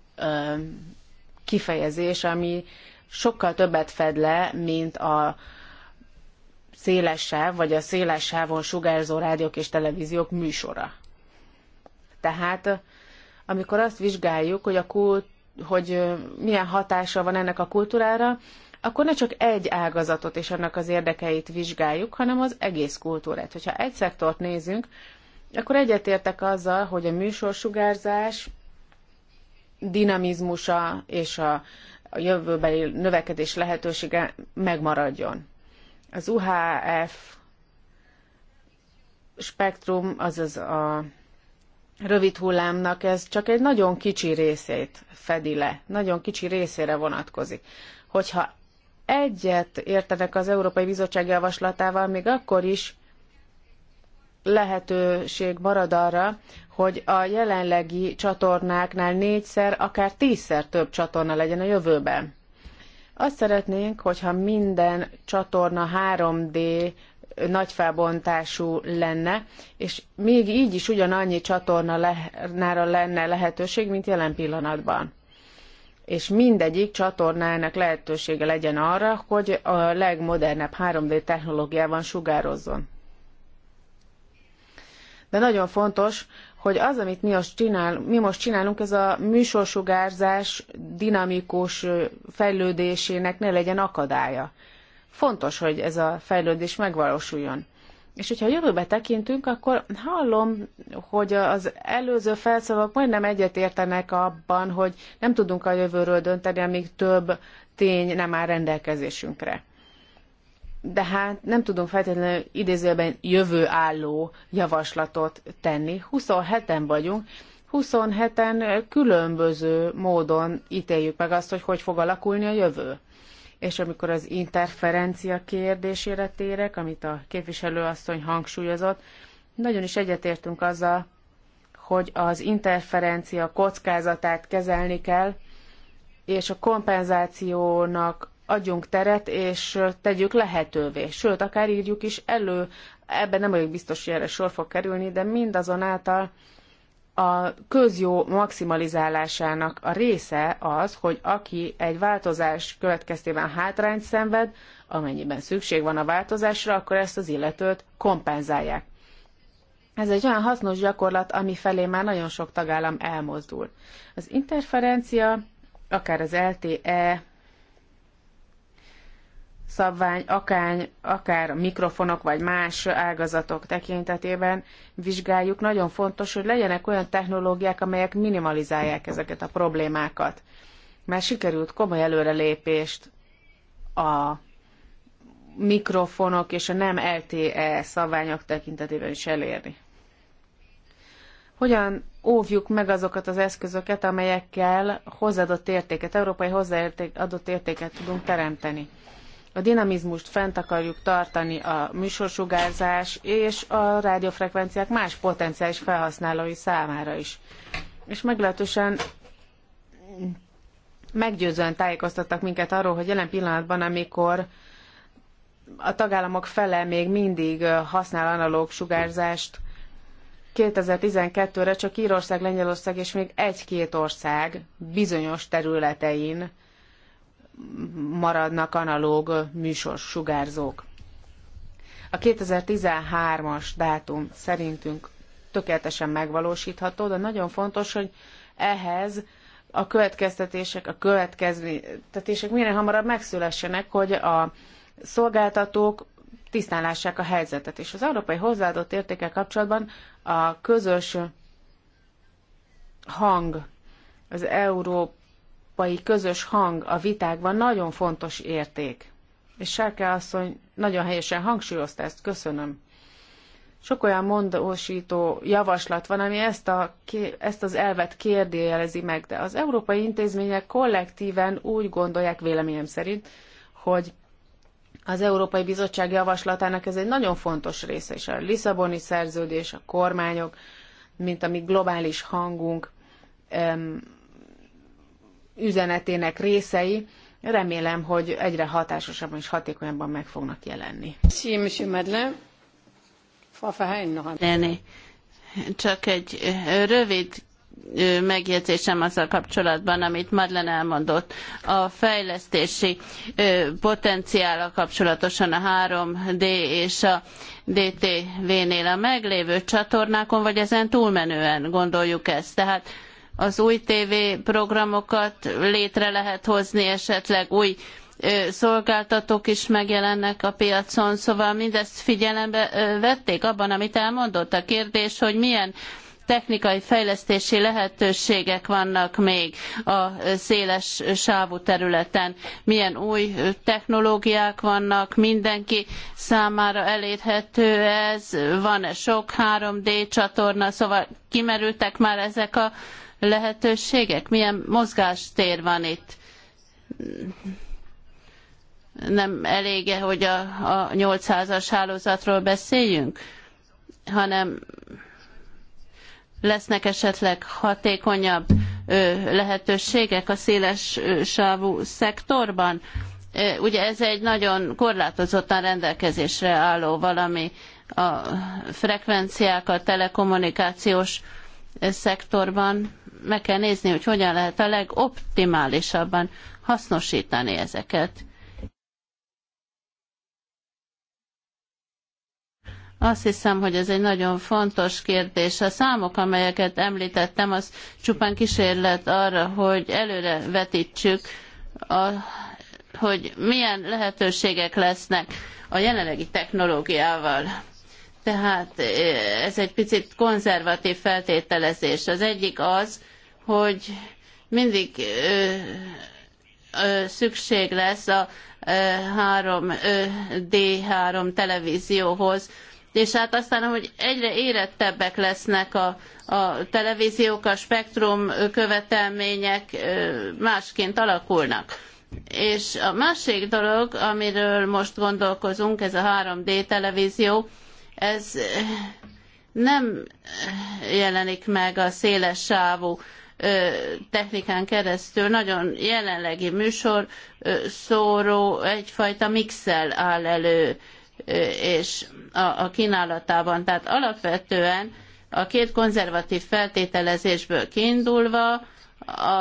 kifejezés, ami sokkal többet fed le, mint a széles sáv, vagy a széles sávon sugárzó rádiók és televíziók műsora. Tehát amikor azt vizsgáljuk, hogy, a kult, hogy milyen hatása van ennek a kultúrára, akkor ne csak egy ágazatot és annak az érdekeit vizsgáljuk, hanem az egész kultúrát. Hogyha egy szektort nézünk, akkor egyetértek azzal, hogy a műsorsugárzás dinamizmusa és a jövőbeli növekedés lehetősége megmaradjon. Az UHF spektrum, azaz a rövid hullámnak ez csak egy nagyon kicsi részét fedi le, nagyon kicsi részére vonatkozik. Hogyha egyet értenek az Európai Bizottság javaslatával, még akkor is lehetőség marad arra, hogy a jelenlegi csatornáknál négyszer, akár tízszer több csatorna legyen a jövőben. Azt szeretnénk, hogyha minden csatorna 3D nagyfelbontású lenne, és még így is ugyanannyi nára lenne lehetőség, mint jelen pillanatban. És mindegyik csatornának lehetősége legyen arra, hogy a legmodernebb 3D technológiában sugározzon. De nagyon fontos, hogy az, amit mi most, csinál, mi most csinálunk, ez a műsorsugárzás dinamikus fejlődésének ne legyen akadálya. Fontos, hogy ez a fejlődés megvalósuljon. És hogyha a jövőbe tekintünk, akkor hallom, hogy az előző felszavak majdnem egyetértenek abban, hogy nem tudunk a jövőről dönteni, amíg több tény nem áll rendelkezésünkre de hát nem tudunk feltétlenül idézőben jövő álló javaslatot tenni. 27-en vagyunk, 27-en különböző módon ítéljük meg azt, hogy hogy fog alakulni a jövő. És amikor az interferencia kérdésére térek, amit a képviselőasszony hangsúlyozott, nagyon is egyetértünk azzal, hogy az interferencia kockázatát kezelni kell, és a kompenzációnak adjunk teret, és tegyük lehetővé. Sőt, akár írjuk is elő, ebben nem vagyok biztos, hogy erre sor fog kerülni, de mindazonáltal a közjó maximalizálásának a része az, hogy aki egy változás következtében hátrányt szenved, amennyiben szükség van a változásra, akkor ezt az illetőt kompenzálják. Ez egy olyan hasznos gyakorlat, ami felé már nagyon sok tagállam elmozdul. Az interferencia, akár az LTE szabvány, akány, akár mikrofonok vagy más ágazatok tekintetében vizsgáljuk, nagyon fontos, hogy legyenek olyan technológiák, amelyek minimalizálják ezeket a problémákat. Már sikerült komoly előrelépést a mikrofonok és a nem LTE szabványok tekintetében is elérni. Hogyan óvjuk meg azokat az eszközöket, amelyekkel hozzáadott értéket, európai hozzáadott értéket tudunk teremteni? a dinamizmust fent akarjuk tartani a műsorsugárzás és a rádiófrekvenciák más potenciális felhasználói számára is. És meglehetősen meggyőzően tájékoztattak minket arról, hogy jelen pillanatban, amikor a tagállamok fele még mindig használ analóg sugárzást, 2012-re csak Írország, Lengyelország és még egy-két ország bizonyos területein maradnak analóg műsor sugárzók. A 2013-as dátum szerintünk tökéletesen megvalósítható, de nagyon fontos, hogy ehhez a következtetések, a következtetések minél hamarabb megszülessenek, hogy a szolgáltatók tisztán lássák a helyzetet. És az európai hozzáadott értékek kapcsolatban a közös hang, az Európa európai közös hang a vitákban nagyon fontos érték. És Sárke asszony nagyon helyesen hangsúlyozta ezt, köszönöm. Sok olyan mondósító javaslat van, ami ezt, a, ezt az elvet kérdőjelezi meg, de az európai intézmények kollektíven úgy gondolják, véleményem szerint, hogy az Európai Bizottság javaslatának ez egy nagyon fontos része, és a Lisszaboni szerződés, a kormányok, mint a mi globális hangunk, üzenetének részei, remélem, hogy egyre hatásosabban és hatékonyabban meg fognak jelenni. Csak egy rövid megjegyzésem azzal kapcsolatban, amit Madlen elmondott. A fejlesztési a kapcsolatosan a 3D és a DTV-nél a meglévő csatornákon, vagy ezen túlmenően gondoljuk ezt. Tehát az új TV programokat létre lehet hozni, esetleg új szolgáltatók is megjelennek a piacon, szóval mindezt figyelembe vették abban, amit elmondott. A kérdés, hogy milyen technikai fejlesztési lehetőségek vannak még a széles sávú területen, milyen új technológiák vannak, mindenki számára elérhető ez, van-e sok 3D csatorna, szóval kimerültek már ezek a lehetőségek? Milyen mozgástér van itt? Nem elége, hogy a, a 800-as hálózatról beszéljünk, hanem lesznek esetleg hatékonyabb lehetőségek a széles sávú szektorban. Ugye ez egy nagyon korlátozottan rendelkezésre álló valami a frekvenciák a telekommunikációs szektorban, meg kell nézni, hogy hogyan lehet a legoptimálisabban hasznosítani ezeket. Azt hiszem, hogy ez egy nagyon fontos kérdés. A számok, amelyeket említettem, az csupán kísérlet arra, hogy előre vetítsük, a, hogy milyen lehetőségek lesznek a jelenlegi technológiával tehát ez egy picit konzervatív feltételezés. Az egyik az, hogy mindig ö, ö, szükség lesz a ö, 3D3 televízióhoz, és hát aztán, hogy egyre érettebbek lesznek a, a televíziók, a spektrum követelmények másként alakulnak. És a másik dolog, amiről most gondolkozunk, ez a 3D televízió, ez eh, nem eh, jelenik meg a széles sávú eh, technikán keresztül nagyon jelenlegi műsor szóró egyfajta mixel áll elő és a, a kínálatában. Tehát alapvetően a két konzervatív feltételezésből kiindulva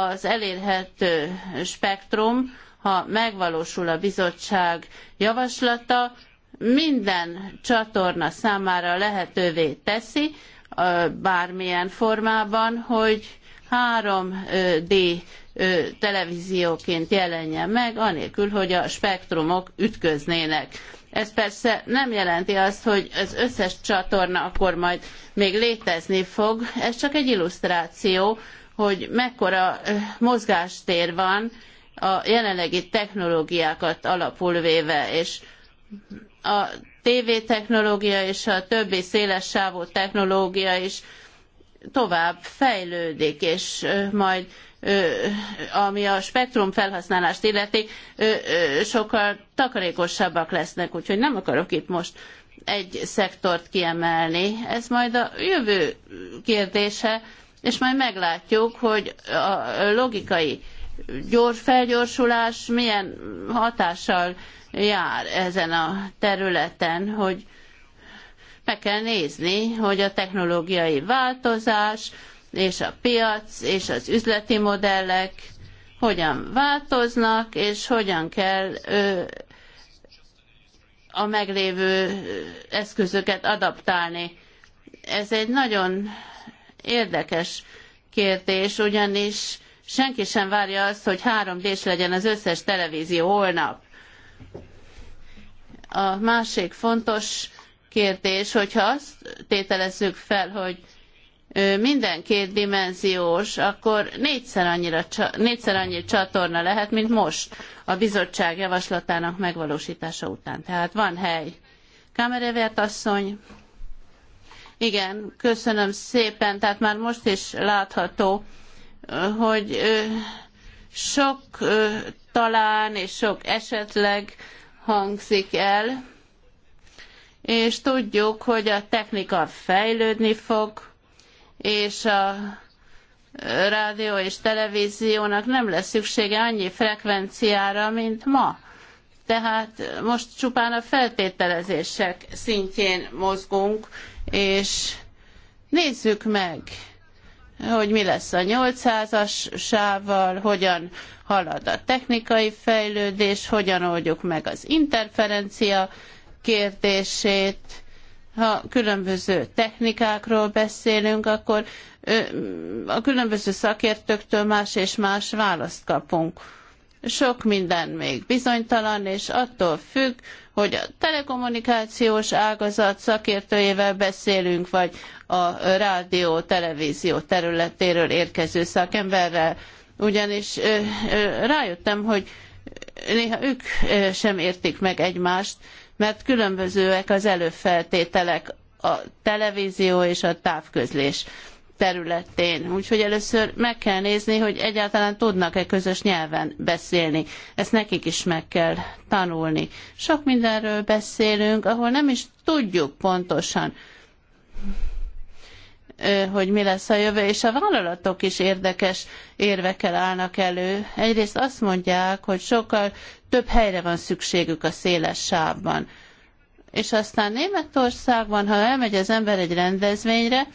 az elérhető spektrum, ha megvalósul a bizottság javaslata, minden csatorna számára lehetővé teszi, bármilyen formában, hogy 3D televízióként jelenjen meg, anélkül, hogy a spektrumok ütköznének. Ez persze nem jelenti azt, hogy az összes csatorna akkor majd még létezni fog, ez csak egy illusztráció, hogy mekkora mozgástér van a jelenlegi technológiákat alapul véve, és a TV technológia és a többi széles sávú technológia is tovább fejlődik, és majd ami a spektrum felhasználást illeti, sokkal takarékosabbak lesznek, úgyhogy nem akarok itt most egy szektort kiemelni. Ez majd a jövő kérdése, és majd meglátjuk, hogy a logikai gyors felgyorsulás milyen hatással jár ezen a területen, hogy meg kell nézni, hogy a technológiai változás és a piac és az üzleti modellek hogyan változnak, és hogyan kell ö, a meglévő eszközöket adaptálni. Ez egy nagyon érdekes kérdés, ugyanis senki sem várja azt, hogy 3D-s legyen az összes televízió holnap. A másik fontos kérdés, hogyha azt tételezzük fel, hogy minden két dimenziós, akkor négyszer, annyira, négyszer annyi csatorna lehet, mint most a bizottság javaslatának megvalósítása után. Tehát van hely. Kamerevert asszony. Igen, köszönöm szépen. Tehát már most is látható, hogy sok talán és sok esetleg hangzik el, és tudjuk, hogy a technika fejlődni fog, és a rádió és televíziónak nem lesz szüksége annyi frekvenciára, mint ma. Tehát most csupán a feltételezések szintjén mozgunk, és nézzük meg, hogy mi lesz a 800-as sávval, hogyan halad a technikai fejlődés, hogyan oldjuk meg az interferencia kérdését. Ha különböző technikákról beszélünk, akkor a különböző szakértőktől más és más választ kapunk sok minden még bizonytalan, és attól függ, hogy a telekommunikációs ágazat szakértőjével beszélünk, vagy a rádió, televízió területéről érkező szakemberrel. Ugyanis rájöttem, hogy néha ők sem értik meg egymást, mert különbözőek az előfeltételek a televízió és a távközlés területén. Úgyhogy először meg kell nézni, hogy egyáltalán tudnak-e közös nyelven beszélni. Ezt nekik is meg kell tanulni. Sok mindenről beszélünk, ahol nem is tudjuk pontosan, hogy mi lesz a jövő, és a vállalatok is érdekes érvekkel állnak elő. Egyrészt azt mondják, hogy sokkal több helyre van szükségük a széles sávban. És aztán Németországban, ha elmegy az ember egy rendezvényre,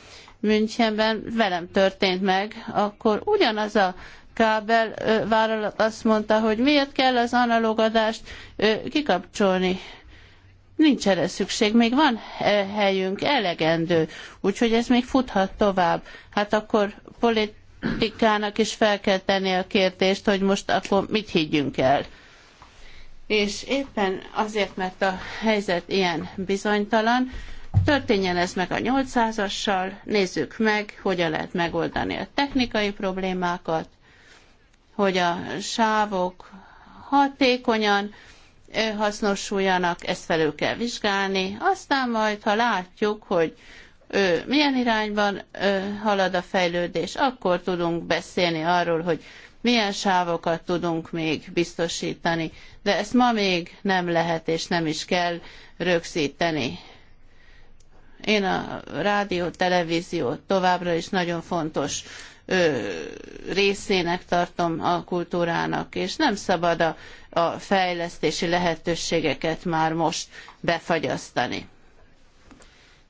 Münchenben velem történt meg, akkor ugyanaz a kábel vállalat azt mondta, hogy miért kell az analóg adást kikapcsolni. Nincs erre szükség, még van helyünk, elegendő, úgyhogy ez még futhat tovább. Hát akkor politikának is fel kell tenni a kérdést, hogy most akkor mit higgyünk el. És éppen azért, mert a helyzet ilyen bizonytalan, Történjen ez meg a 800-assal, nézzük meg, hogyan lehet megoldani a technikai problémákat, hogy a sávok hatékonyan hasznosuljanak, ezt felül kell vizsgálni, aztán majd, ha látjuk, hogy milyen irányban halad a fejlődés, akkor tudunk beszélni arról, hogy milyen sávokat tudunk még biztosítani, de ezt ma még nem lehet és nem is kell rögzíteni én a rádió, televízió továbbra is nagyon fontos ö, részének tartom a kultúrának, és nem szabad a, a fejlesztési lehetőségeket már most befagyasztani.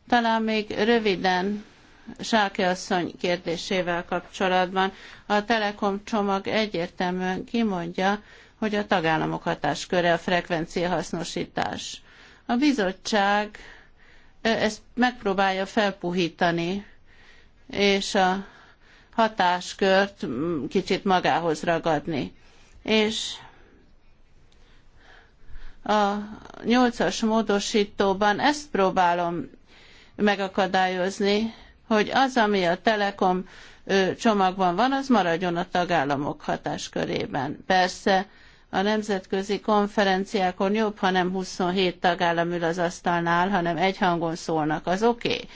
Talán még röviden Sáke asszony kérdésével kapcsolatban a Telekom csomag egyértelműen kimondja, hogy a tagállamok hatásköre a hasznosítás. A bizottság ezt megpróbálja felpuhítani, és a hatáskört kicsit magához ragadni. És a nyolcas módosítóban ezt próbálom megakadályozni, hogy az, ami a Telekom csomagban van, az maradjon a tagállamok hatáskörében. Persze a nemzetközi konferenciákon jobb, ha nem 27 tagállam ül az asztalnál, hanem egyhangon szólnak, az oké. Okay.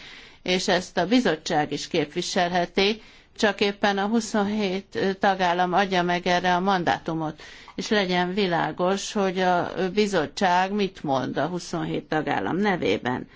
És ezt a bizottság is képviselheti, csak éppen a 27 tagállam adja meg erre a mandátumot, és legyen világos, hogy a bizottság mit mond a 27 tagállam nevében.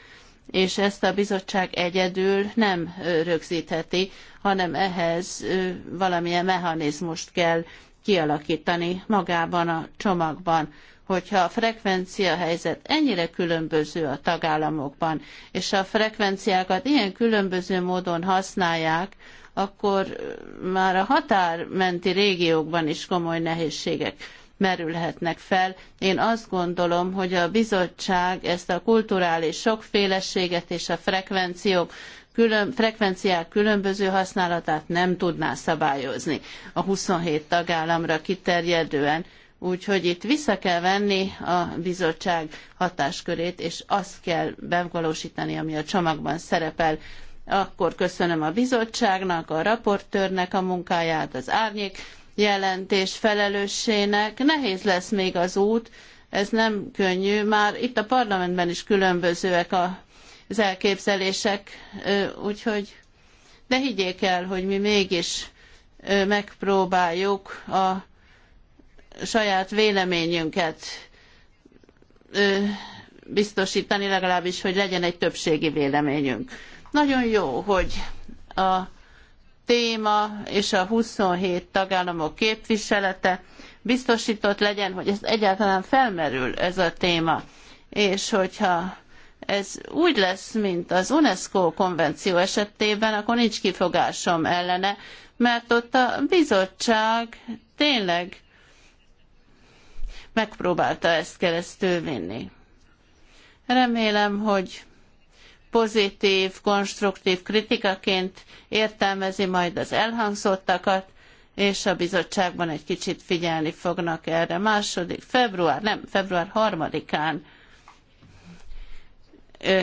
És ezt a bizottság egyedül nem rögzítheti, hanem ehhez valamilyen mechanizmust kell kialakítani magában a csomagban hogyha a frekvencia helyzet ennyire különböző a tagállamokban, és a frekvenciákat ilyen különböző módon használják, akkor már a határmenti régiókban is komoly nehézségek merülhetnek fel. Én azt gondolom, hogy a bizottság ezt a kulturális sokféleséget és a frekvenciók külön, frekvenciák különböző használatát nem tudná szabályozni a 27 tagállamra kiterjedően. Úgyhogy itt vissza kell venni a bizottság hatáskörét, és azt kell megvalósítani, ami a csomagban szerepel. Akkor köszönöm a bizottságnak, a raportőrnek a munkáját, az árnyék jelentés felelőssének. Nehéz lesz még az út, ez nem könnyű. Már itt a parlamentben is különbözőek a az elképzelések, úgyhogy ne higgyék el, hogy mi mégis megpróbáljuk a saját véleményünket biztosítani, legalábbis, hogy legyen egy többségi véleményünk. Nagyon jó, hogy a téma és a 27 tagállamok képviselete biztosított legyen, hogy ez egyáltalán felmerül ez a téma, és hogyha ez úgy lesz, mint az UNESCO konvenció esetében, akkor nincs kifogásom ellene, mert ott a bizottság tényleg megpróbálta ezt keresztül vinni. Remélem, hogy pozitív, konstruktív kritikaként értelmezi majd az elhangzottakat, és a bizottságban egy kicsit figyelni fognak erre. Második, február, nem, február harmadikán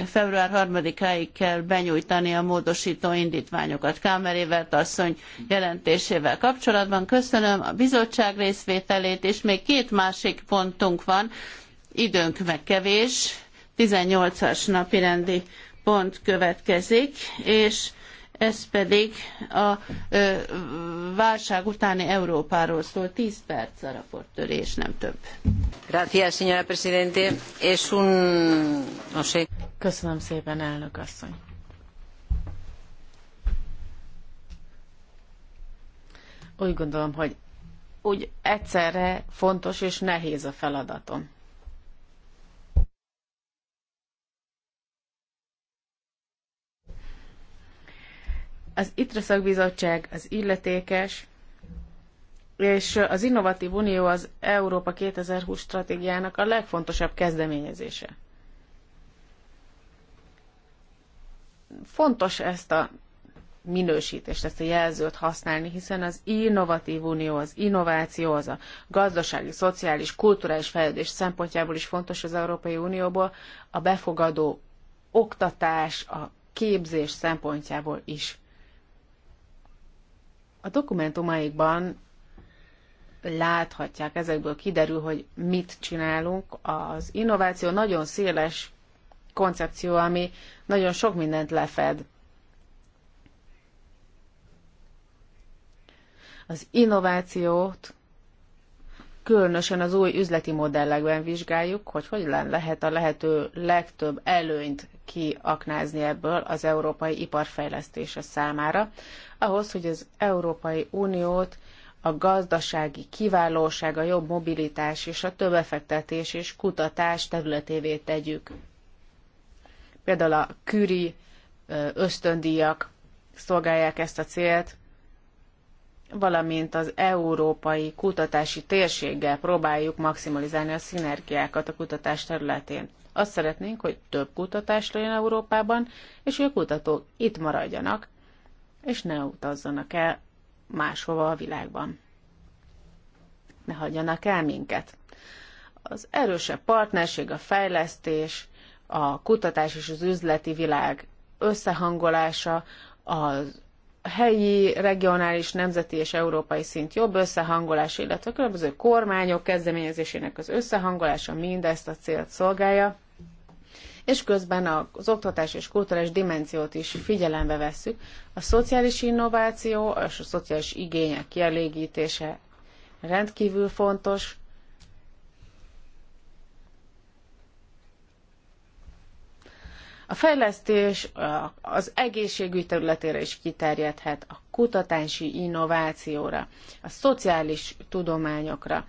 február 3-áig kell benyújtani a módosító indítványokat. Kámerévert asszony jelentésével kapcsolatban köszönöm a bizottság részvételét, és még két másik pontunk van, időnk meg kevés, 18-as napirendi pont következik, és ez pedig a ö, válság utáni Európáról szól. 10 perc a raportőr, nem több. Gracias, señora presidente. Es un... No sé. Köszönöm szépen, elnök asszony. Úgy gondolom, hogy úgy egyszerre fontos és nehéz a feladatom. Az ITRA szakbizottság az illetékes, és az Innovatív Unió az Európa 2020 stratégiának a legfontosabb kezdeményezése. Fontos ezt a minősítést, ezt a jelzőt használni, hiszen az innovatív unió, az innováció, az a gazdasági, szociális, kulturális fejlődés szempontjából is fontos az Európai Unióból, a befogadó oktatás, a képzés szempontjából is. A dokumentumaikban láthatják, ezekből kiderül, hogy mit csinálunk. Az innováció nagyon széles koncepció, ami nagyon sok mindent lefed. Az innovációt különösen az új üzleti modellekben vizsgáljuk, hogy hogyan lehet a lehető legtöbb előnyt kiaknázni ebből az európai iparfejlesztése számára, ahhoz, hogy az Európai Uniót a gazdasági kiválóság, a jobb mobilitás és a több befektetés és kutatás területévé tegyük. Például a küri ösztöndíjak szolgálják ezt a célt, valamint az európai kutatási térséggel próbáljuk maximalizálni a szinergiákat a kutatás területén. Azt szeretnénk, hogy több kutatás legyen Európában, és hogy a kutatók itt maradjanak, és ne utazzanak el máshova a világban. Ne hagyjanak el minket. Az erősebb partnerség, a fejlesztés, a kutatás és az üzleti világ összehangolása, az helyi, regionális, nemzeti és európai szint jobb összehangolása, illetve a különböző kormányok kezdeményezésének az összehangolása mindezt a célt szolgálja, és közben az oktatás és kulturális dimenziót is figyelembe vesszük. A szociális innováció és a szociális igények kielégítése rendkívül fontos, A fejlesztés az egészségügy területére is kiterjedhet, a kutatási innovációra, a szociális tudományokra,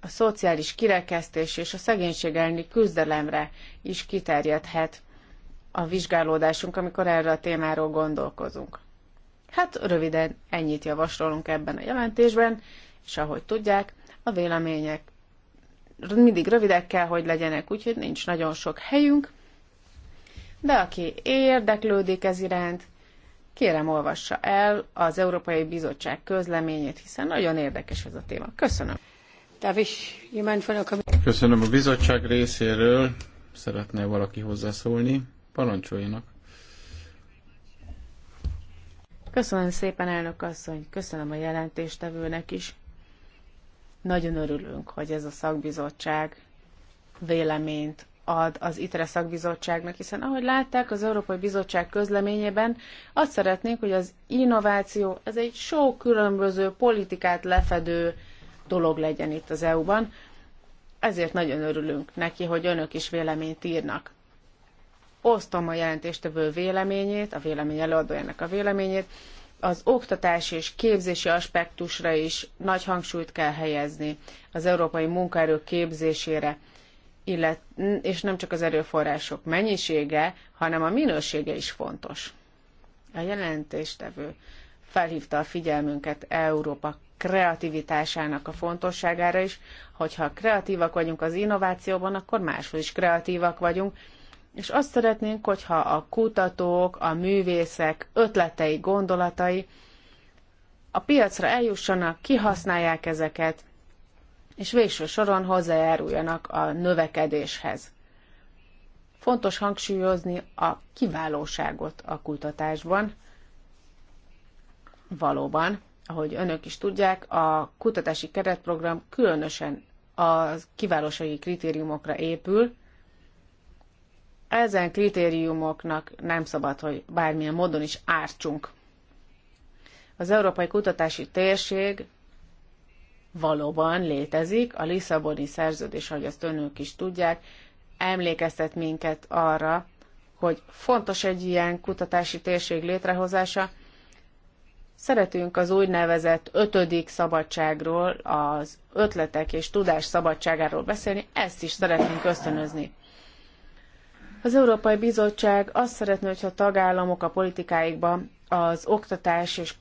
a szociális kirekesztés és a szegénység elleni küzdelemre is kiterjedhet a vizsgálódásunk, amikor erről a témáról gondolkozunk. Hát röviden ennyit javasolunk ebben a jelentésben, és ahogy tudják, a vélemények mindig rövidek kell, hogy legyenek, úgyhogy nincs nagyon sok helyünk, de aki érdeklődik ez iránt, kérem olvassa el az Európai Bizottság közleményét, hiszen nagyon érdekes ez a téma. Köszönöm. Köszönöm a bizottság részéről. Szeretne valaki hozzászólni? Parancsoljanak. Köszönöm szépen, elnök asszony, köszönöm a jelentéstevőnek is. Nagyon örülünk, hogy ez a szakbizottság véleményt ad az ITRE szakbizottságnak, hiszen ahogy látták, az Európai Bizottság közleményében azt szeretnénk, hogy az innováció, ez egy sok különböző politikát lefedő dolog legyen itt az EU-ban, ezért nagyon örülünk neki, hogy önök is véleményt írnak. Osztom a jelentéstevő véleményét, a vélemény előadójának a véleményét, az oktatás és képzési aspektusra is nagy hangsúlyt kell helyezni az európai munkaerő képzésére illet, és nem csak az erőforrások mennyisége, hanem a minősége is fontos. A jelentéstevő felhívta a figyelmünket Európa kreativitásának a fontosságára is, hogyha kreatívak vagyunk az innovációban, akkor máshol is kreatívak vagyunk, és azt szeretnénk, hogyha a kutatók, a művészek ötletei, gondolatai a piacra eljussanak, kihasználják ezeket, és végső soron hozzájáruljanak a növekedéshez. Fontos hangsúlyozni a kiválóságot a kutatásban. Valóban, ahogy önök is tudják, a kutatási keretprogram különösen a kiválósági kritériumokra épül. Ezen kritériumoknak nem szabad, hogy bármilyen módon is ártsunk. Az Európai Kutatási Térség valóban létezik. A Lisszaboni szerződés, ahogy azt önök is tudják, emlékeztet minket arra, hogy fontos egy ilyen kutatási térség létrehozása. Szeretünk az úgynevezett ötödik szabadságról, az ötletek és tudás szabadságáról beszélni, ezt is szeretnénk ösztönözni. Az Európai Bizottság azt szeretné, hogyha a tagállamok a politikáikba az oktatás és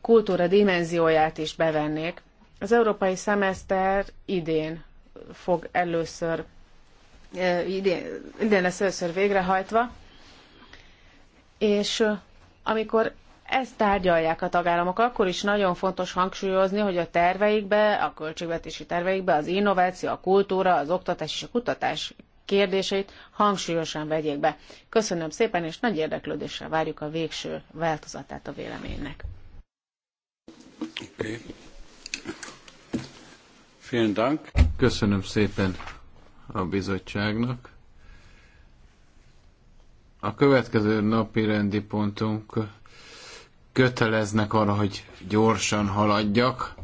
kultúra dimenzióját is bevennék, az európai szemeszter idén fog először, idén, idén lesz először végrehajtva, és amikor ezt tárgyalják a tagállamok, akkor is nagyon fontos hangsúlyozni, hogy a terveikbe, a költségvetési terveikbe az innováció, a kultúra, az oktatás és a kutatás kérdéseit hangsúlyosan vegyék be. Köszönöm szépen, és nagy érdeklődéssel várjuk a végső változatát a véleménynek. Okay. Vielen Dank. Köszönöm szépen a bizottságnak. A következő napi rendi pontunk köteleznek arra, hogy gyorsan haladjak.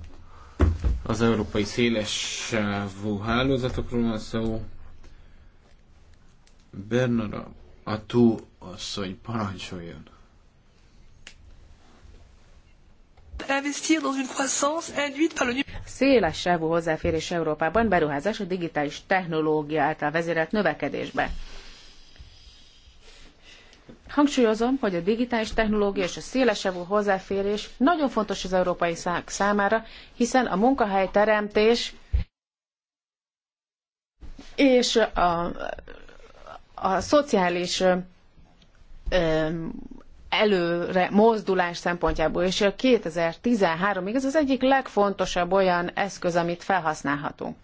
Az európai széles sávú hálózatokról van szó. Bernard, a túl asszony parancsoljon. investir Széles sávú hozzáférés Európában beruházás a digitális technológia által vezérelt növekedésbe. Hangsúlyozom, hogy a digitális technológia és a szélesebb hozzáférés nagyon fontos az európai szák számára, hiszen a munkahely teremtés és a, a szociális ö, előre mozdulás szempontjából, és a 2013-ig ez az egyik legfontosabb olyan eszköz, amit felhasználhatunk.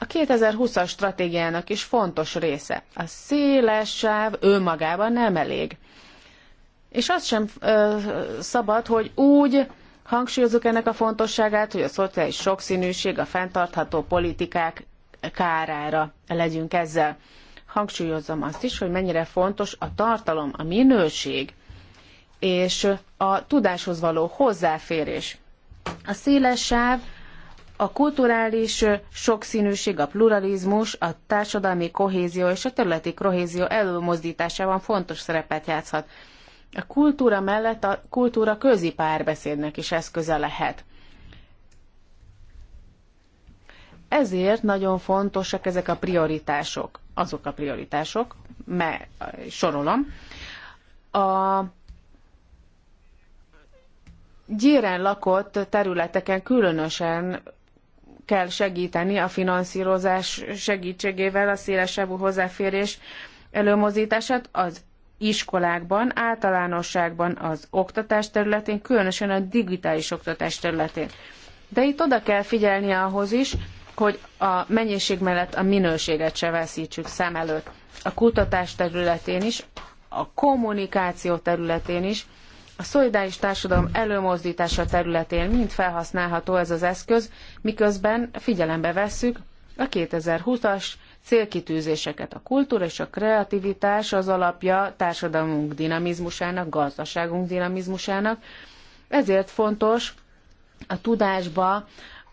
A 2020-as stratégiának is fontos része. A széles sáv önmagában nem elég. És azt sem ö, szabad, hogy úgy hangsúlyozzuk ennek a fontosságát, hogy a szociális sokszínűség, a fenntartható politikák kárára legyünk ezzel. Hangsúlyozom azt is, hogy mennyire fontos a tartalom, a minőség, és a tudáshoz való hozzáférés. A széles sáv, a kulturális sokszínűség, a pluralizmus, a társadalmi kohézió és a területi kohézió előmozdításában fontos szerepet játszhat. A kultúra mellett a kultúra közi párbeszédnek is eszköze lehet. Ezért nagyon fontosak ezek a prioritások, azok a prioritások, mert sorolom, a gyéren lakott területeken különösen kell segíteni a finanszírozás segítségével a szélesebb hozzáférés előmozdítását az iskolákban, általánosságban az oktatás területén, különösen a digitális oktatás területén. De itt oda kell figyelni ahhoz is, hogy a mennyiség mellett a minőséget se veszítsük szem előtt. A kutatás területén is, a kommunikáció területén is, a szolidáris társadalom előmozdítása területén mind felhasználható ez az eszköz, miközben figyelembe vesszük a 2020-as célkitűzéseket. A kultúra és a kreativitás az alapja társadalmunk dinamizmusának, gazdaságunk dinamizmusának, ezért fontos a tudásba,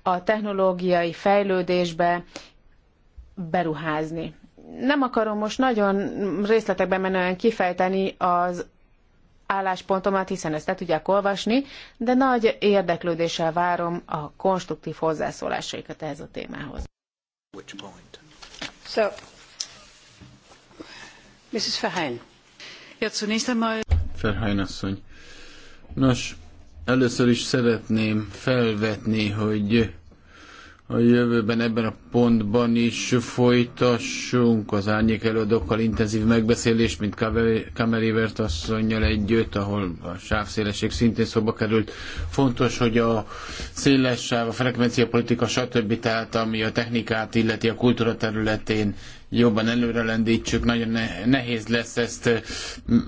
a technológiai fejlődésbe beruházni. Nem akarom most nagyon részletekben menően kifejteni az álláspontomat, hiszen ezt le tudják olvasni, de nagy érdeklődéssel várom a konstruktív hozzászólásaikat ehhez a témához. Which point? So, Mrs. Verheyen. Ja, zunächst einmal... Verheyen asszony. Nos, először is szeretném felvetni, hogy a jövőben ebben a pontban is folytassunk az árnyék előadókkal intenzív megbeszélést, mint Kamerévert asszonynal együtt, ahol a sávszélesség szintén szóba került. Fontos, hogy a széles sáv, a frekvenciapolitika, stb. tehát ami a technikát illeti a kultúra területén jobban előre lendítsük, nagyon nehéz lesz ezt eh,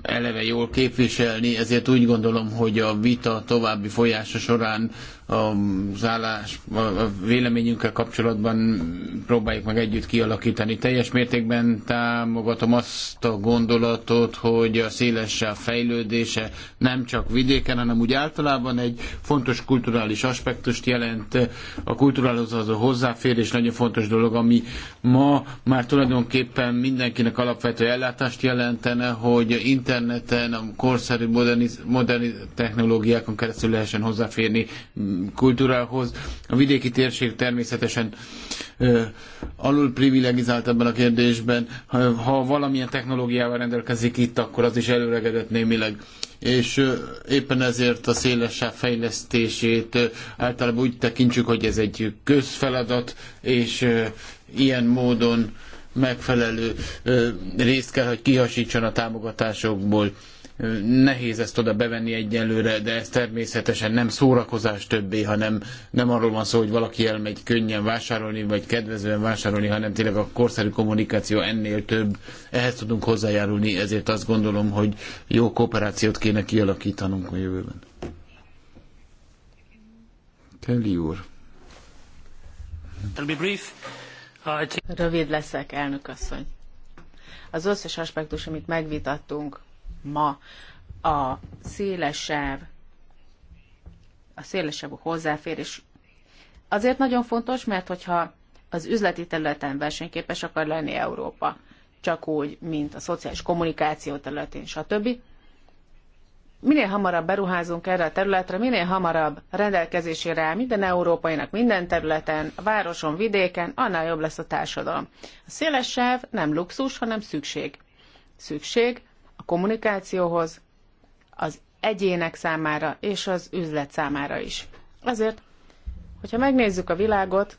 eleve jól képviselni, ezért úgy gondolom, hogy a vita további folyása során az állás, a véleményünkkel kapcsolatban próbáljuk meg együtt kialakítani. Teljes mértékben támogatom azt a gondolatot, hogy a a fejlődése nem csak vidéken, hanem úgy általában egy fontos kulturális aspektust jelent. A kulturális az a hozzáférés nagyon fontos dolog, ami ma már tulajdonképpen mindenkinek alapvető ellátást jelentene, hogy interneten, a korszerű moderni, moderni technológiákon keresztül lehessen hozzáférni kultúrához. A vidéki térség természetesen alul privilegizált ebben a kérdésben. Ha, valamilyen technológiával rendelkezik itt, akkor az is előregedett némileg és éppen ezért a szélesebb fejlesztését általában úgy tekintsük, hogy ez egy közfeladat, és ilyen módon megfelelő részt kell, hogy kihasítson a támogatásokból. Nehéz ezt oda bevenni egyelőre, de ez természetesen nem szórakozás többé, hanem nem arról van szó, hogy valaki elmegy könnyen vásárolni, vagy kedvezően vásárolni, hanem tényleg a korszerű kommunikáció ennél több. Ehhez tudunk hozzájárulni, ezért azt gondolom, hogy jó kooperációt kéne kialakítanunk a jövőben. Kelly úr. Uh, Rövid leszek, elnök asszony. Az összes aspektus, amit megvitattunk, ma a szélesebb, a szélesebb hozzáférés azért nagyon fontos, mert hogyha az üzleti területen versenyképes akar lenni Európa, csak úgy, mint a szociális kommunikáció területén, stb. Minél hamarabb beruházunk erre a területre, minél hamarabb rendelkezésére áll minden európainak, minden területen, a városon, vidéken, annál jobb lesz a társadalom. A széles sáv nem luxus, hanem szükség. Szükség kommunikációhoz, az egyének számára és az üzlet számára is. Azért, hogyha megnézzük a világot,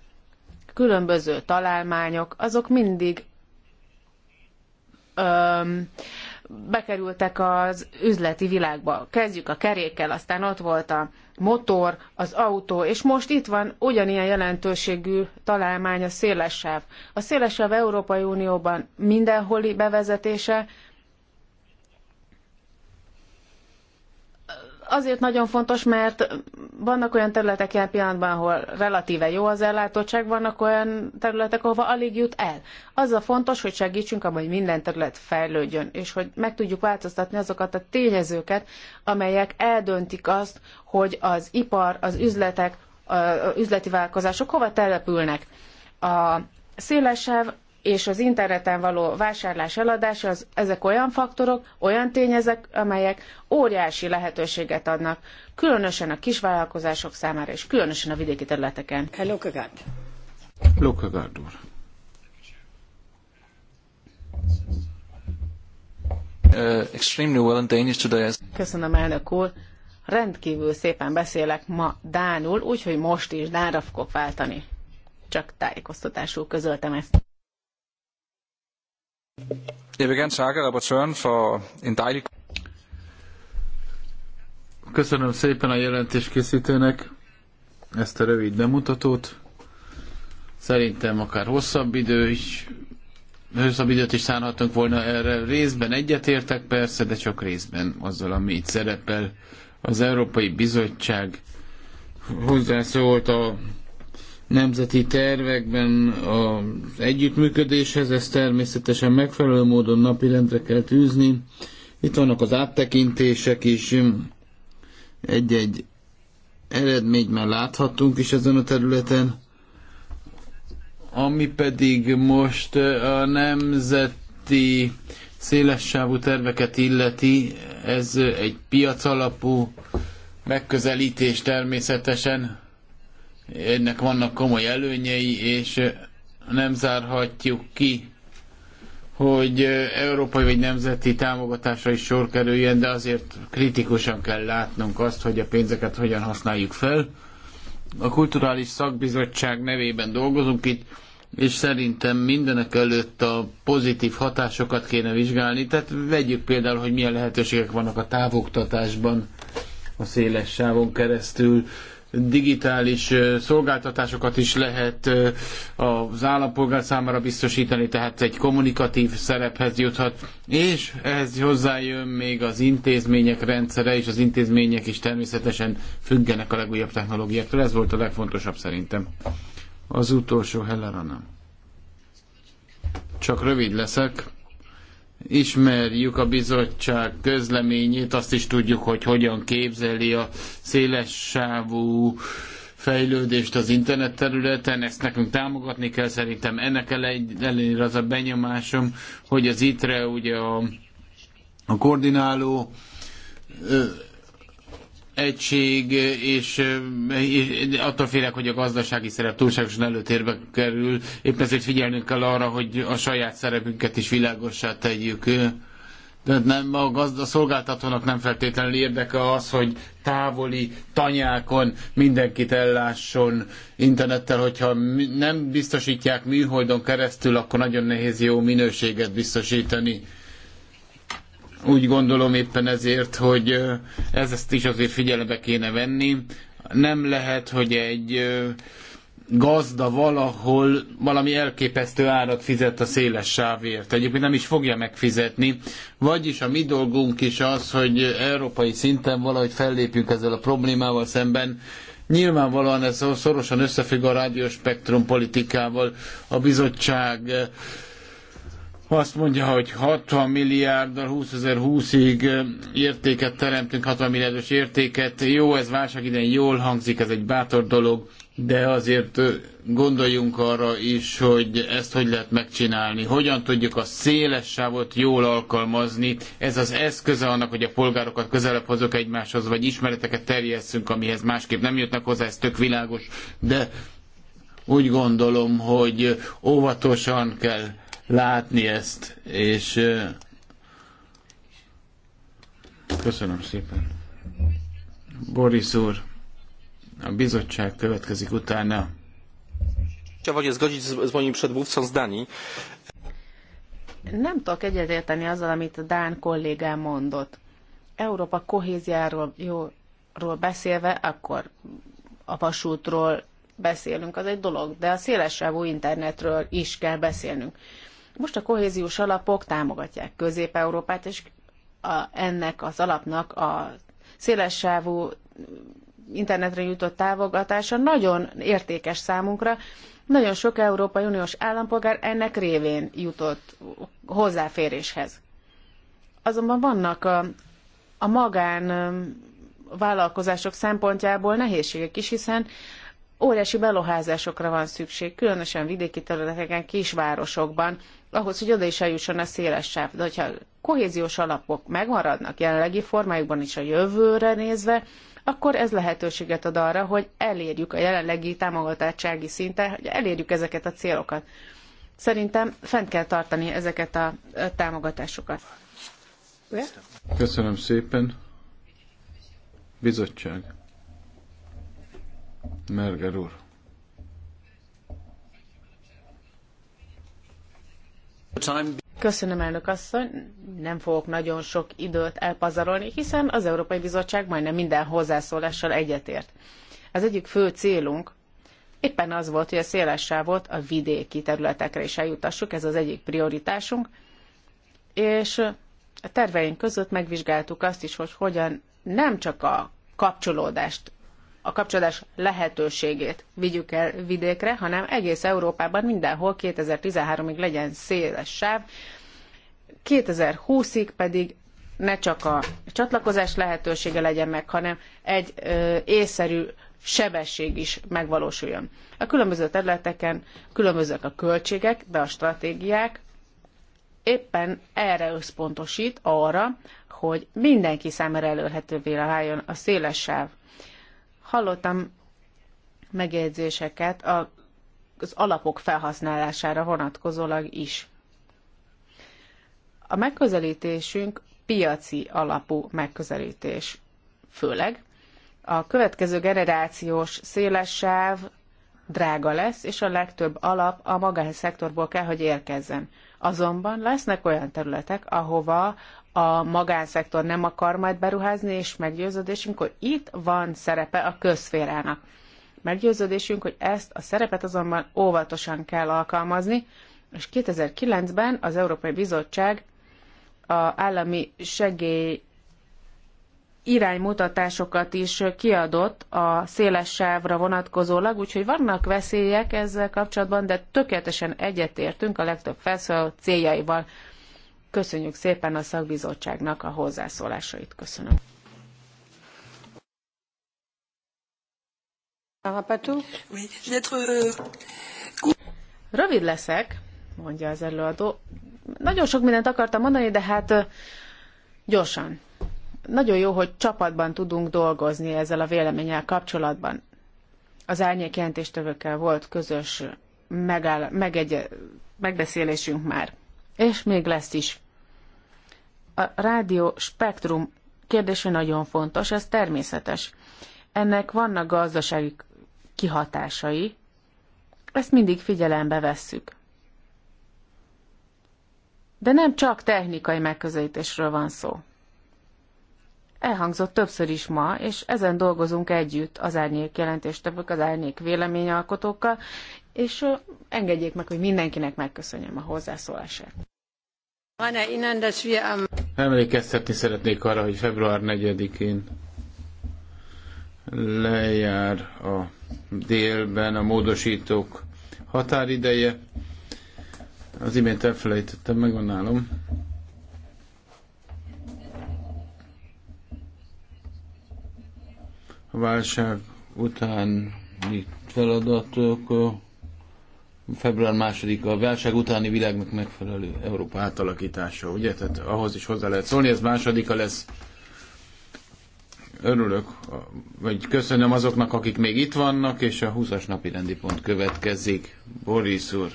különböző találmányok, azok mindig öm, bekerültek az üzleti világba. Kezdjük a kerékkel, aztán ott volt a motor, az autó, és most itt van ugyanilyen jelentőségű találmány a széles A széles Európai Unióban mindenholi bevezetése azért nagyon fontos, mert vannak olyan területek jelen pillanatban, ahol relatíve jó az ellátottság, vannak olyan területek, ahova alig jut el. Az a fontos, hogy segítsünk abban, hogy minden terület fejlődjön, és hogy meg tudjuk változtatni azokat a tényezőket, amelyek eldöntik azt, hogy az ipar, az üzletek, az üzleti vállalkozások hova települnek. A szélesebb és az interneten való vásárlás eladás, az, ezek olyan faktorok, olyan tényezek, amelyek óriási lehetőséget adnak, különösen a kisvállalkozások számára, és különösen a vidéki területeken. Lokagárd. Lokagárd úr. Uh, extremely well Danish today. Köszönöm, elnök úr. Rendkívül szépen beszélek ma Dánul, úgyhogy most is Dánra fogok váltani. Csak tájékoztatásul közöltem ezt. Jeg vil gerne takke rapportøren for en dejlig... Köszönöm szépen a jelentés készítőnek ezt a rövid bemutatót. Szerintem akár hosszabb idő is, hosszabb időt is szánhatunk volna erre. Részben egyetértek persze, de csak részben azzal, ami itt szerepel. Az Európai Bizottság hozzászólt a nemzeti tervekben az együttműködéshez, ezt természetesen megfelelő módon napirendre kell tűzni. Itt vannak az áttekintések is, egy-egy eredményt már láthatunk is ezen a területen, ami pedig most a nemzeti szélessávú terveket illeti, ez egy piacalapú megközelítés természetesen, ennek vannak komoly előnyei, és nem zárhatjuk ki, hogy európai vagy nemzeti támogatásra is sor kerüljen, de azért kritikusan kell látnunk azt, hogy a pénzeket hogyan használjuk fel. A Kulturális Szakbizottság nevében dolgozunk itt, és szerintem mindenek előtt a pozitív hatásokat kéne vizsgálni. Tehát vegyük például, hogy milyen lehetőségek vannak a távoktatásban a széles sávon keresztül, digitális szolgáltatásokat is lehet az állampolgár számára biztosítani, tehát egy kommunikatív szerephez juthat, és ehhez hozzájön még az intézmények rendszere, és az intézmények is természetesen függenek a legújabb technológiáktól. Ez volt a legfontosabb szerintem. Az utolsó Anna. Csak rövid leszek ismerjük a bizottság közleményét, azt is tudjuk, hogy hogyan képzeli a széles sávú fejlődést az internet területen, ezt nekünk támogatni kell, szerintem ennek ellenére az a benyomásom, hogy az ITRE ugye a, a koordináló egység, és, és attól félek, hogy a gazdasági szerep túlságosan előtérbe kerül. Éppen ezért figyelnünk kell arra, hogy a saját szerepünket is világossá tegyük. De nem, a, gazda, a szolgáltatónak nem feltétlenül érdeke az, hogy távoli tanyákon mindenkit ellásson internettel, hogyha nem biztosítják műholdon keresztül, akkor nagyon nehéz jó minőséget biztosítani úgy gondolom éppen ezért, hogy ez ezt is azért figyelembe kéne venni. Nem lehet, hogy egy gazda valahol valami elképesztő árat fizet a széles sávért. Egyébként nem is fogja megfizetni. Vagyis a mi dolgunk is az, hogy európai szinten valahogy fellépjünk ezzel a problémával szemben. Nyilvánvalóan ez szorosan összefügg a rádióspektrum politikával. A bizottság azt mondja, hogy 60 milliárddal 2020-ig értéket teremtünk, 60 milliárdos értéket. Jó, ez válság idején jól hangzik, ez egy bátor dolog, de azért gondoljunk arra is, hogy ezt hogy lehet megcsinálni, hogyan tudjuk a széles sávot jól alkalmazni. Ez az eszköze annak, hogy a polgárokat közelebb hozok egymáshoz, vagy ismereteket terjesszünk, amihez másképp nem jutnak hozzá, ez tök világos, de úgy gondolom, hogy óvatosan kell látni ezt, és köszönöm szépen. Boris úr, a bizottság következik utána. Chciałbym się zgodzić z moim przedmówcą z Dani. Nem tudok egyetérteni azzal, amit a Dán kollégám mondott. Európa kohéziáról jó, ról beszélve, akkor a vasútról beszélünk, az egy dolog, de a szélesávú internetről is kell beszélnünk. Most a kohéziós alapok támogatják Közép-Európát, és a, ennek az alapnak a szélessávú internetre jutott távogatása nagyon értékes számunkra. Nagyon sok Európai Uniós állampolgár ennek révén jutott hozzáféréshez. Azonban vannak a, a magán vállalkozások szempontjából nehézségek is, hiszen óriási beloházásokra van szükség, különösen vidéki területeken, kisvárosokban, ahhoz, hogy oda is eljusson a széles sáv. De hogyha kohéziós alapok megmaradnak jelenlegi formájukban is a jövőre nézve, akkor ez lehetőséget ad arra, hogy elérjük a jelenlegi támogatottsági szinte, hogy elérjük ezeket a célokat. Szerintem fent kell tartani ezeket a támogatásokat. Köszönöm szépen. Bizottság. Merger úr. Köszönöm, elnök asszony. Nem fogok nagyon sok időt elpazarolni, hiszen az Európai Bizottság majdnem minden hozzászólással egyetért. Az egyik fő célunk éppen az volt, hogy a széles sávot a vidéki területekre is eljutassuk, ez az egyik prioritásunk, és a terveink között megvizsgáltuk azt is, hogy hogyan nem csak a kapcsolódást a kapcsolódás lehetőségét vigyük el vidékre, hanem egész Európában mindenhol 2013-ig legyen széles sáv, 2020-ig pedig ne csak a csatlakozás lehetősége legyen meg, hanem egy ö, észszerű sebesség is megvalósuljon. A különböző területeken különbözőek a költségek, de a stratégiák éppen erre összpontosít, arra, hogy mindenki számára elérhetővé váljon a széles sáv. Hallottam megjegyzéseket a, az alapok felhasználására vonatkozólag is. A megközelítésünk piaci alapú megközelítés. Főleg a következő generációs széles sáv drága lesz, és a legtöbb alap a magánszektorból kell, hogy érkezzen. Azonban lesznek olyan területek, ahova a magánszektor nem akar majd beruházni, és meggyőződésünk, hogy itt van szerepe a közférának. Meggyőződésünk, hogy ezt a szerepet azonban óvatosan kell alkalmazni, és 2009-ben az Európai Bizottság a állami segély iránymutatásokat is kiadott a széles sávra vonatkozólag, úgyhogy vannak veszélyek ezzel kapcsolatban, de tökéletesen egyetértünk a legtöbb felszólaló céljaival. Köszönjük szépen a szakbizottságnak a hozzászólásait. Köszönöm. Euh, Rövid leszek, mondja az előadó. Nagyon sok mindent akartam mondani, de hát gyorsan. Nagyon jó, hogy csapatban tudunk dolgozni ezzel a véleménnyel kapcsolatban. Az árnyék jelentéstövőkkel volt közös megáll- megegye- megbeszélésünk már és még lesz is. A rádió spektrum kérdése nagyon fontos, ez természetes. Ennek vannak gazdasági kihatásai, ezt mindig figyelembe vesszük. De nem csak technikai megközelítésről van szó. Elhangzott többször is ma, és ezen dolgozunk együtt az árnyék jelentéstevők, az árnyék véleményalkotókkal, és engedjék meg, hogy mindenkinek megköszönjem a hozzászólását. Emlékeztetni szeretnék arra, hogy február 4-én lejár a délben a módosítók határideje. Az imént elfelejtettem, megvan nálom. A válság utáni feladatok február második a válság utáni világnak megfelelő Európa átalakítása, ugye? Tehát ahhoz is hozzá lehet szólni, ez másodika lesz. Örülök, vagy köszönöm azoknak, akik még itt vannak, és a 20-as napi rendi pont következik. Boris úr,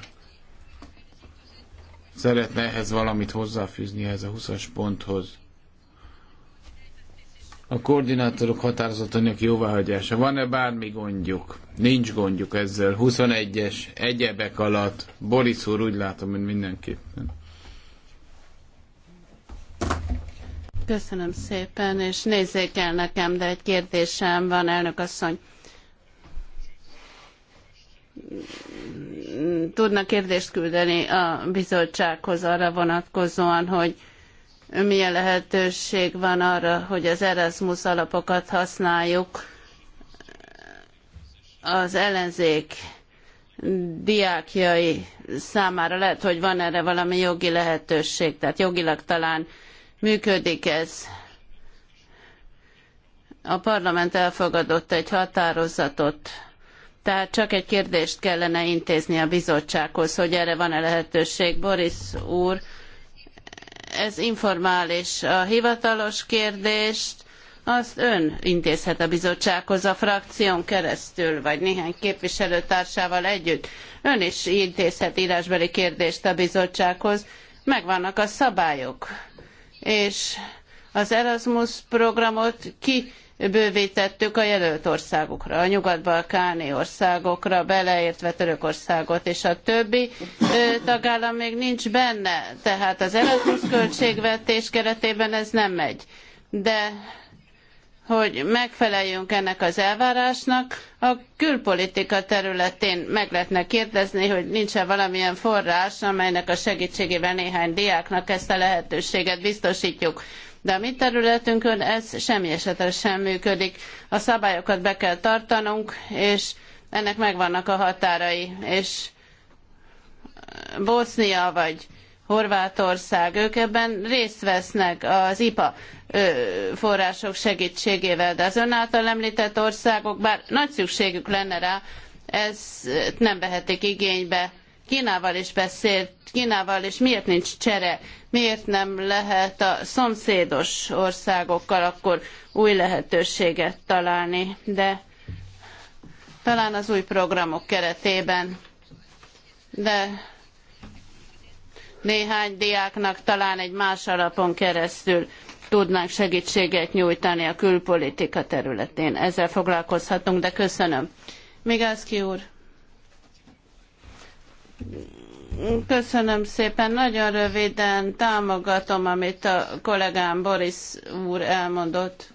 szeretne ehhez valamit hozzáfűzni ehhez a 20-as ponthoz? a koordinátorok határozatának jóváhagyása. Van-e bármi gondjuk? Nincs gondjuk ezzel. 21-es, egyebek alatt. Boris úr, úgy látom, hogy mindenképpen. Köszönöm szépen, és nézzék el nekem, de egy kérdésem van, elnök asszony. Tudna kérdést küldeni a bizottsághoz arra vonatkozóan, hogy milyen lehetőség van arra, hogy az Erasmus alapokat használjuk az ellenzék diákjai számára. Lehet, hogy van erre valami jogi lehetőség, tehát jogilag talán működik ez. A parlament elfogadott egy határozatot, tehát csak egy kérdést kellene intézni a bizottsághoz, hogy erre van-e lehetőség. Boris úr, ez informális. A hivatalos kérdést azt ön intézhet a bizottsághoz a frakción keresztül, vagy néhány képviselőtársával együtt. Ön is intézhet írásbeli kérdést a bizottsághoz. Megvannak a szabályok. És az Erasmus programot ki bővítettük a jelölt országokra, a nyugat-balkáni országokra, beleértve Törökországot, és a többi tagállam még nincs benne. Tehát az Erasmus költségvetés keretében ez nem megy. De hogy megfeleljünk ennek az elvárásnak, a külpolitika területén meg lehetne kérdezni, hogy nincs-e valamilyen forrás, amelynek a segítségével néhány diáknak ezt a lehetőséget biztosítjuk. De a mi területünkön ez semmi esetre sem működik. A szabályokat be kell tartanunk, és ennek megvannak a határai. És Bosznia vagy Horvátország, ők ebben részt vesznek az IPA források segítségével, de az ön által említett országok, bár nagy szükségük lenne rá, ezt nem vehetik igénybe Kínával is beszélt, Kínával, és miért nincs csere, miért nem lehet a szomszédos országokkal akkor új lehetőséget találni, de talán az új programok keretében. De néhány diáknak talán egy más alapon keresztül tudnánk segítséget nyújtani a külpolitika területén. Ezzel foglalkozhatunk, de köszönöm. Migalszki úr! Köszönöm szépen. Nagyon röviden támogatom, amit a kollégám Boris úr elmondott.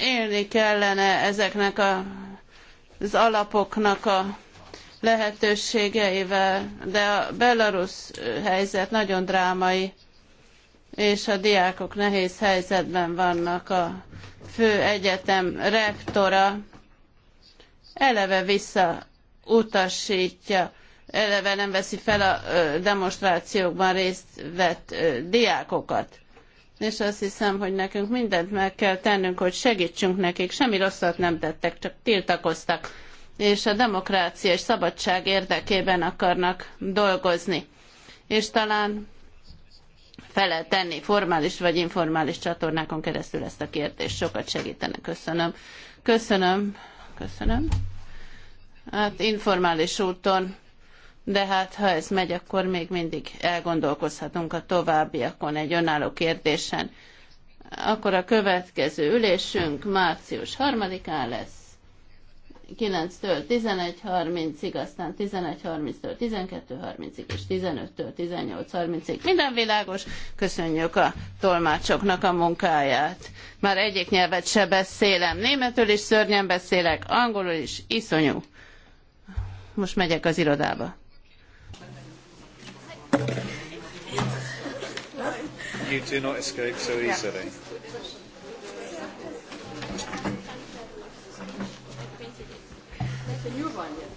Élni kellene ezeknek a, az alapoknak a lehetőségeivel, de a belarusz helyzet nagyon drámai, és a diákok nehéz helyzetben vannak. A fő egyetem rektora eleve visszautasítja, eleve nem veszi fel a demonstrációkban részt vett diákokat. És azt hiszem, hogy nekünk mindent meg kell tennünk, hogy segítsünk nekik. Semmi rosszat nem tettek, csak tiltakoztak. És a demokrácia és szabadság érdekében akarnak dolgozni. És talán fel lehet tenni formális vagy informális csatornákon keresztül ezt a kérdést. Sokat segítenek. Köszönöm. Köszönöm. Köszönöm. Hát informális úton, de hát ha ez megy, akkor még mindig elgondolkozhatunk a továbbiakon egy önálló kérdésen. Akkor a következő ülésünk március 3-án lesz. 9-től 11.30-ig, aztán 11.30-től 12.30-ig és 15-től 18.30-ig. Minden világos, köszönjük a tolmácsoknak a munkáját. Már egyik nyelvet se beszélem, németül is szörnyen beszélek, angolul is iszonyú most megyek az irodába. You do not escape so easily. The new one, yeah.